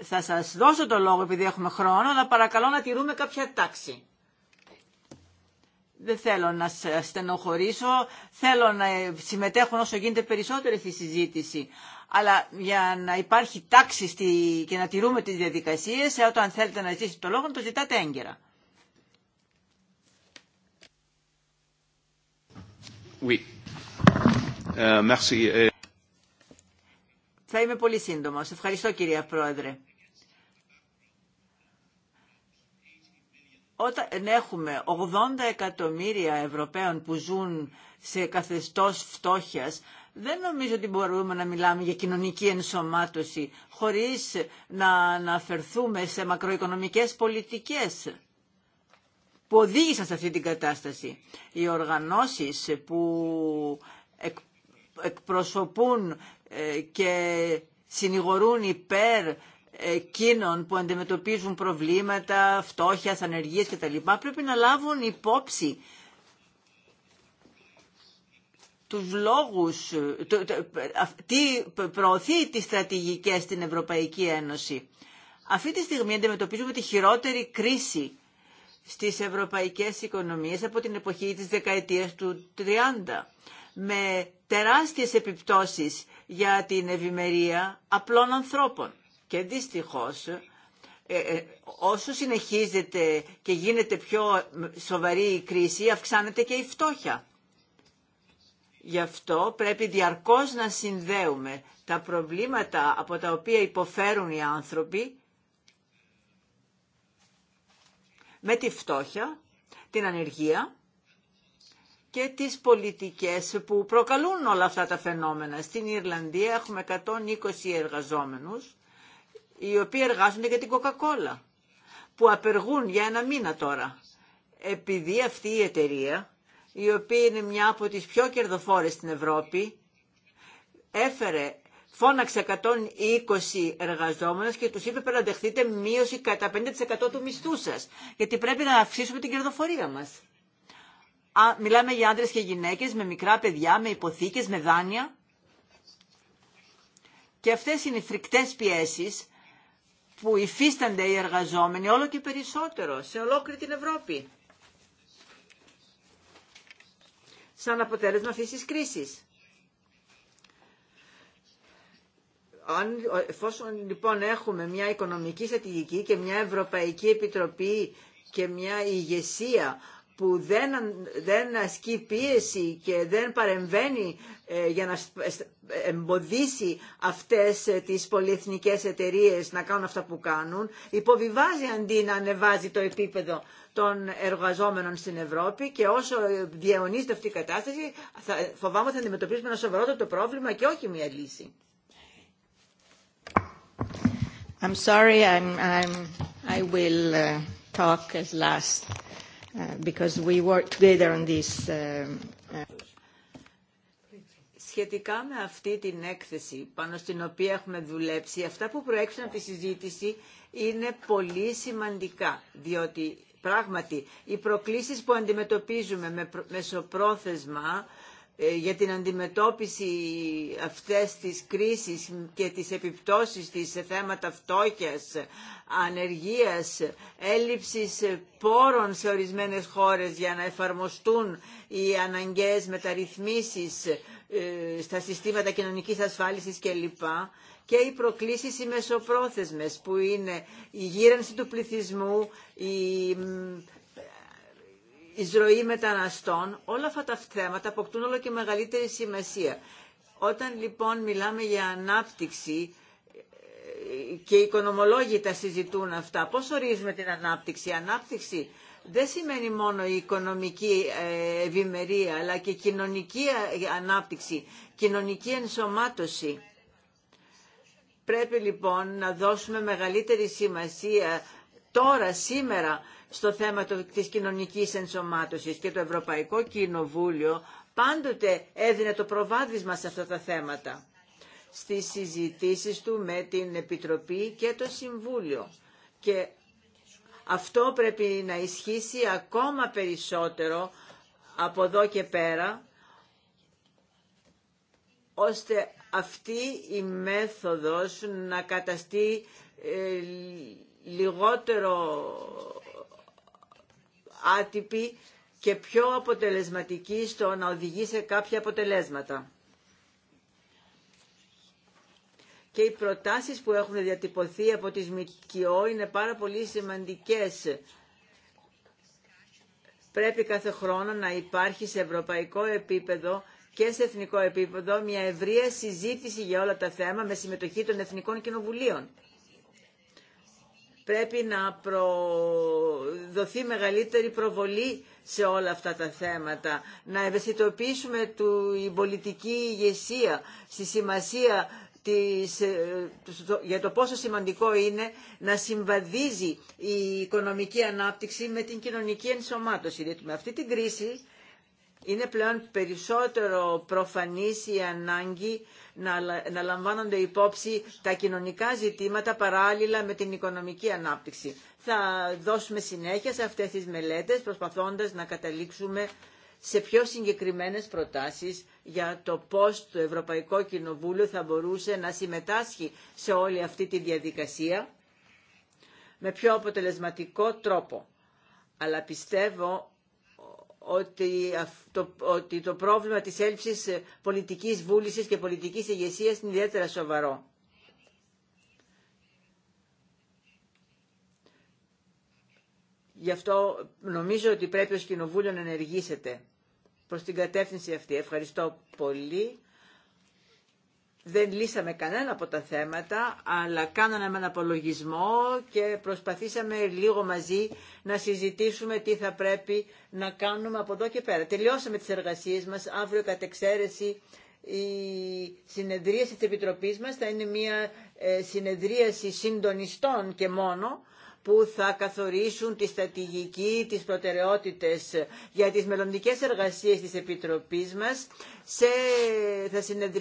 Θα σας δώσω το λόγο επειδή έχουμε χρόνο, αλλά παρακαλώ να τηρούμε κάποια τάξη. Δεν θέλω να στενοχωρήσω, θέλω να συμμετέχουν όσο γίνεται περισσότερο στη συζήτηση. Αλλά για να υπάρχει τάξη στη... και να τηρούμε τις διαδικασίες, ε, όταν θέλετε να ζητήσετε το λόγο, το ζητάτε έγκαιρα. Euh, Θα είμαι πολύ Σε Ευχαριστώ κυρία Πρόεδρε. Όταν ναι, έχουμε 80 εκατομμύρια Ευρωπαίων που ζουν σε καθεστώς φτώχειας, δεν νομίζω ότι μπορούμε να μιλάμε για κοινωνική ενσωμάτωση χωρίς να αναφερθούμε σε μακροοικονομικές πολιτικές που οδήγησαν σε αυτή την κατάσταση. Οι οργανώσεις που εκπροσωπούν ε, και συνηγορούν υπέρ εκείνων που αντιμετωπίζουν προβλήματα φτώχεια, ανεργίας κτλ. πρέπει να λάβουν υπόψη τους λόγους, τι προωθεί τις στρατηγικές στην Ευρωπαϊκή Ένωση. Αυτή τη στιγμή αντιμετωπίζουμε τη χειρότερη κρίση στις ευρωπαϊκές οικονομίες από την εποχή της δεκαετίας του 30 με τεράστιες επιπτώσεις για την ευημερία απλών ανθρώπων. Και δυστυχώς ε, ε, όσο συνεχίζεται και γίνεται πιο σοβαρή η κρίση αυξάνεται και η φτώχεια. Γι' αυτό πρέπει διαρκώς να συνδέουμε τα προβλήματα από τα οποία υποφέρουν οι άνθρωποι με τη φτώχεια, την ανεργία και τις πολιτικές που προκαλούν όλα αυτά τα φαινόμενα. Στην Ιρλανδία έχουμε 120 εργαζόμενους οι οποίοι εργάζονται για την κοκακόλα, που απεργούν για ένα μήνα τώρα επειδή αυτή η εταιρεία η οποία είναι μια από τις πιο κερδοφόρες στην Ευρώπη έφερε φώναξε 120 εργαζόμενους και τους είπε πρέπει να δεχτείτε μείωση κατά 50% του μισθού σας, γιατί πρέπει να αυξήσουμε την κερδοφορία μας. Α, μιλάμε για άντρες και γυναίκες, με μικρά παιδιά, με υποθήκες, με δάνεια. Και αυτές είναι οι φρικτές πιέσεις που υφίστανται οι εργαζόμενοι όλο και περισσότερο σε ολόκληρη την Ευρώπη. Σαν αποτέλεσμα αυτής της κρίσης. εφόσον λοιπόν έχουμε μια οικονομική στρατηγική και μια Ευρωπαϊκή Επιτροπή και μια ηγεσία που δεν, δεν ασκεί πίεση και δεν παρεμβαίνει ε, για να εμποδίσει αυτές ε, τις πολυεθνικές εταιρείες να κάνουν αυτά που κάνουν, υποβιβάζει αντί να ανεβάζει το επίπεδο των εργαζόμενων στην Ευρώπη και όσο διαιωνίζεται αυτή η κατάσταση θα, φοβάμαι ότι θα αντιμετωπίσουμε ένα το πρόβλημα και όχι μια λύση. I'm sorry, I will uh, talk uh, we work um, uh, Σχετικά με αυτή την έκθεση πάνω στην οποία έχουμε δουλέψει, αυτά που προέκυψαν από τη συζήτηση είναι πολύ σημαντικά, διότι πράγματι οι προκλήσεις που αντιμετωπίζουμε με μεσοπρόθεσμα ε, για την αντιμετώπιση αυτές της κρίσης και της επιπτώσεις της σε θέματα φτώχειας, ανεργίας, έλλειψης πόρων σε ορισμένες χώρες για να εφαρμοστούν οι αναγκαίες μεταρρυθμίσεις ε, στα συστήματα κοινωνικής ασφάλισης κλπ. Και οι προκλήσεις οι μεσοπρόθεσμες που είναι η γύρανση του πληθυσμού, η εισρωή μεταναστών, όλα αυτά τα θέματα αποκτούν όλο και μεγαλύτερη σημασία. Όταν λοιπόν μιλάμε για ανάπτυξη ε, και οι οικονομολόγοι τα συζητούν αυτά, πώς ορίζουμε την ανάπτυξη. Η ανάπτυξη δεν σημαίνει μόνο η οικονομική ε, ευημερία, αλλά και κοινωνική ε, ανάπτυξη, κοινωνική ενσωμάτωση. Πρέπει λοιπόν να δώσουμε μεγαλύτερη σημασία τώρα, σήμερα, στο θέμα της κοινωνικής ενσωμάτωσης και το Ευρωπαϊκό Κοινοβούλιο πάντοτε έδινε το προβάδισμα σε αυτά τα θέματα στις συζητήσεις του με την Επιτροπή και το Συμβούλιο. Και αυτό πρέπει να ισχύσει ακόμα περισσότερο από εδώ και πέρα, ώστε αυτή η μέθοδος να καταστεί ε, λιγότερο άτυπη και πιο αποτελεσματική στο να οδηγεί σε κάποια αποτελέσματα. Και οι προτάσεις που έχουν διατυπωθεί από τις ΜΚΟ είναι πάρα πολύ σημαντικές. Πρέπει κάθε χρόνο να υπάρχει σε ευρωπαϊκό επίπεδο και σε εθνικό επίπεδο μια ευρεία συζήτηση για όλα τα θέματα με συμμετοχή των Εθνικών Κοινοβουλίων πρέπει να δοθεί μεγαλύτερη προβολή σε όλα αυτά τα θέματα, να ευαισθητοποιήσουμε του, η πολιτική ηγεσία στη σημασία της, ε, για το πόσο σημαντικό είναι να συμβαδίζει η οικονομική ανάπτυξη με την κοινωνική ενσωμάτωση. δηλαδή με αυτή την κρίση είναι πλέον περισσότερο προφανής η ανάγκη να λαμβάνονται υπόψη τα κοινωνικά ζητήματα παράλληλα με την οικονομική ανάπτυξη. Θα δώσουμε συνέχεια σε αυτές τις μελέτες προσπαθώντας να καταλήξουμε σε πιο συγκεκριμένες προτάσεις για το πώς το Ευρωπαϊκό Κοινοβούλιο θα μπορούσε να συμμετάσχει σε όλη αυτή τη διαδικασία με πιο αποτελεσματικό τρόπο. Αλλά πιστεύω ότι, το πρόβλημα της έλλειψης ε, πολιτικής βούλησης και πολιτικής ηγεσία είναι ιδιαίτερα σοβαρό. Γι' αυτό νομίζω ότι πρέπει ως Κοινοβούλιο να ενεργήσετε προς την κατεύθυνση αυτή. Ευχαριστώ πολύ δεν λύσαμε κανένα από τα θέματα, αλλά κάναμε έναν απολογισμό και προσπαθήσαμε λίγο μαζί να συζητήσουμε τι θα πρέπει να κάνουμε από εδώ και πέρα. Τελειώσαμε τις εργασίες μας, αύριο κατ' εξαίρεση η συνεδρίαση της Επιτροπής μας θα είναι μια ε, συνεδρίαση συντονιστών και μόνο, που θα καθορίσουν τη στατηγική τις προτεραιότητες για τις μελλοντικές εργασίες της Επιτροπής μας. Σε, θα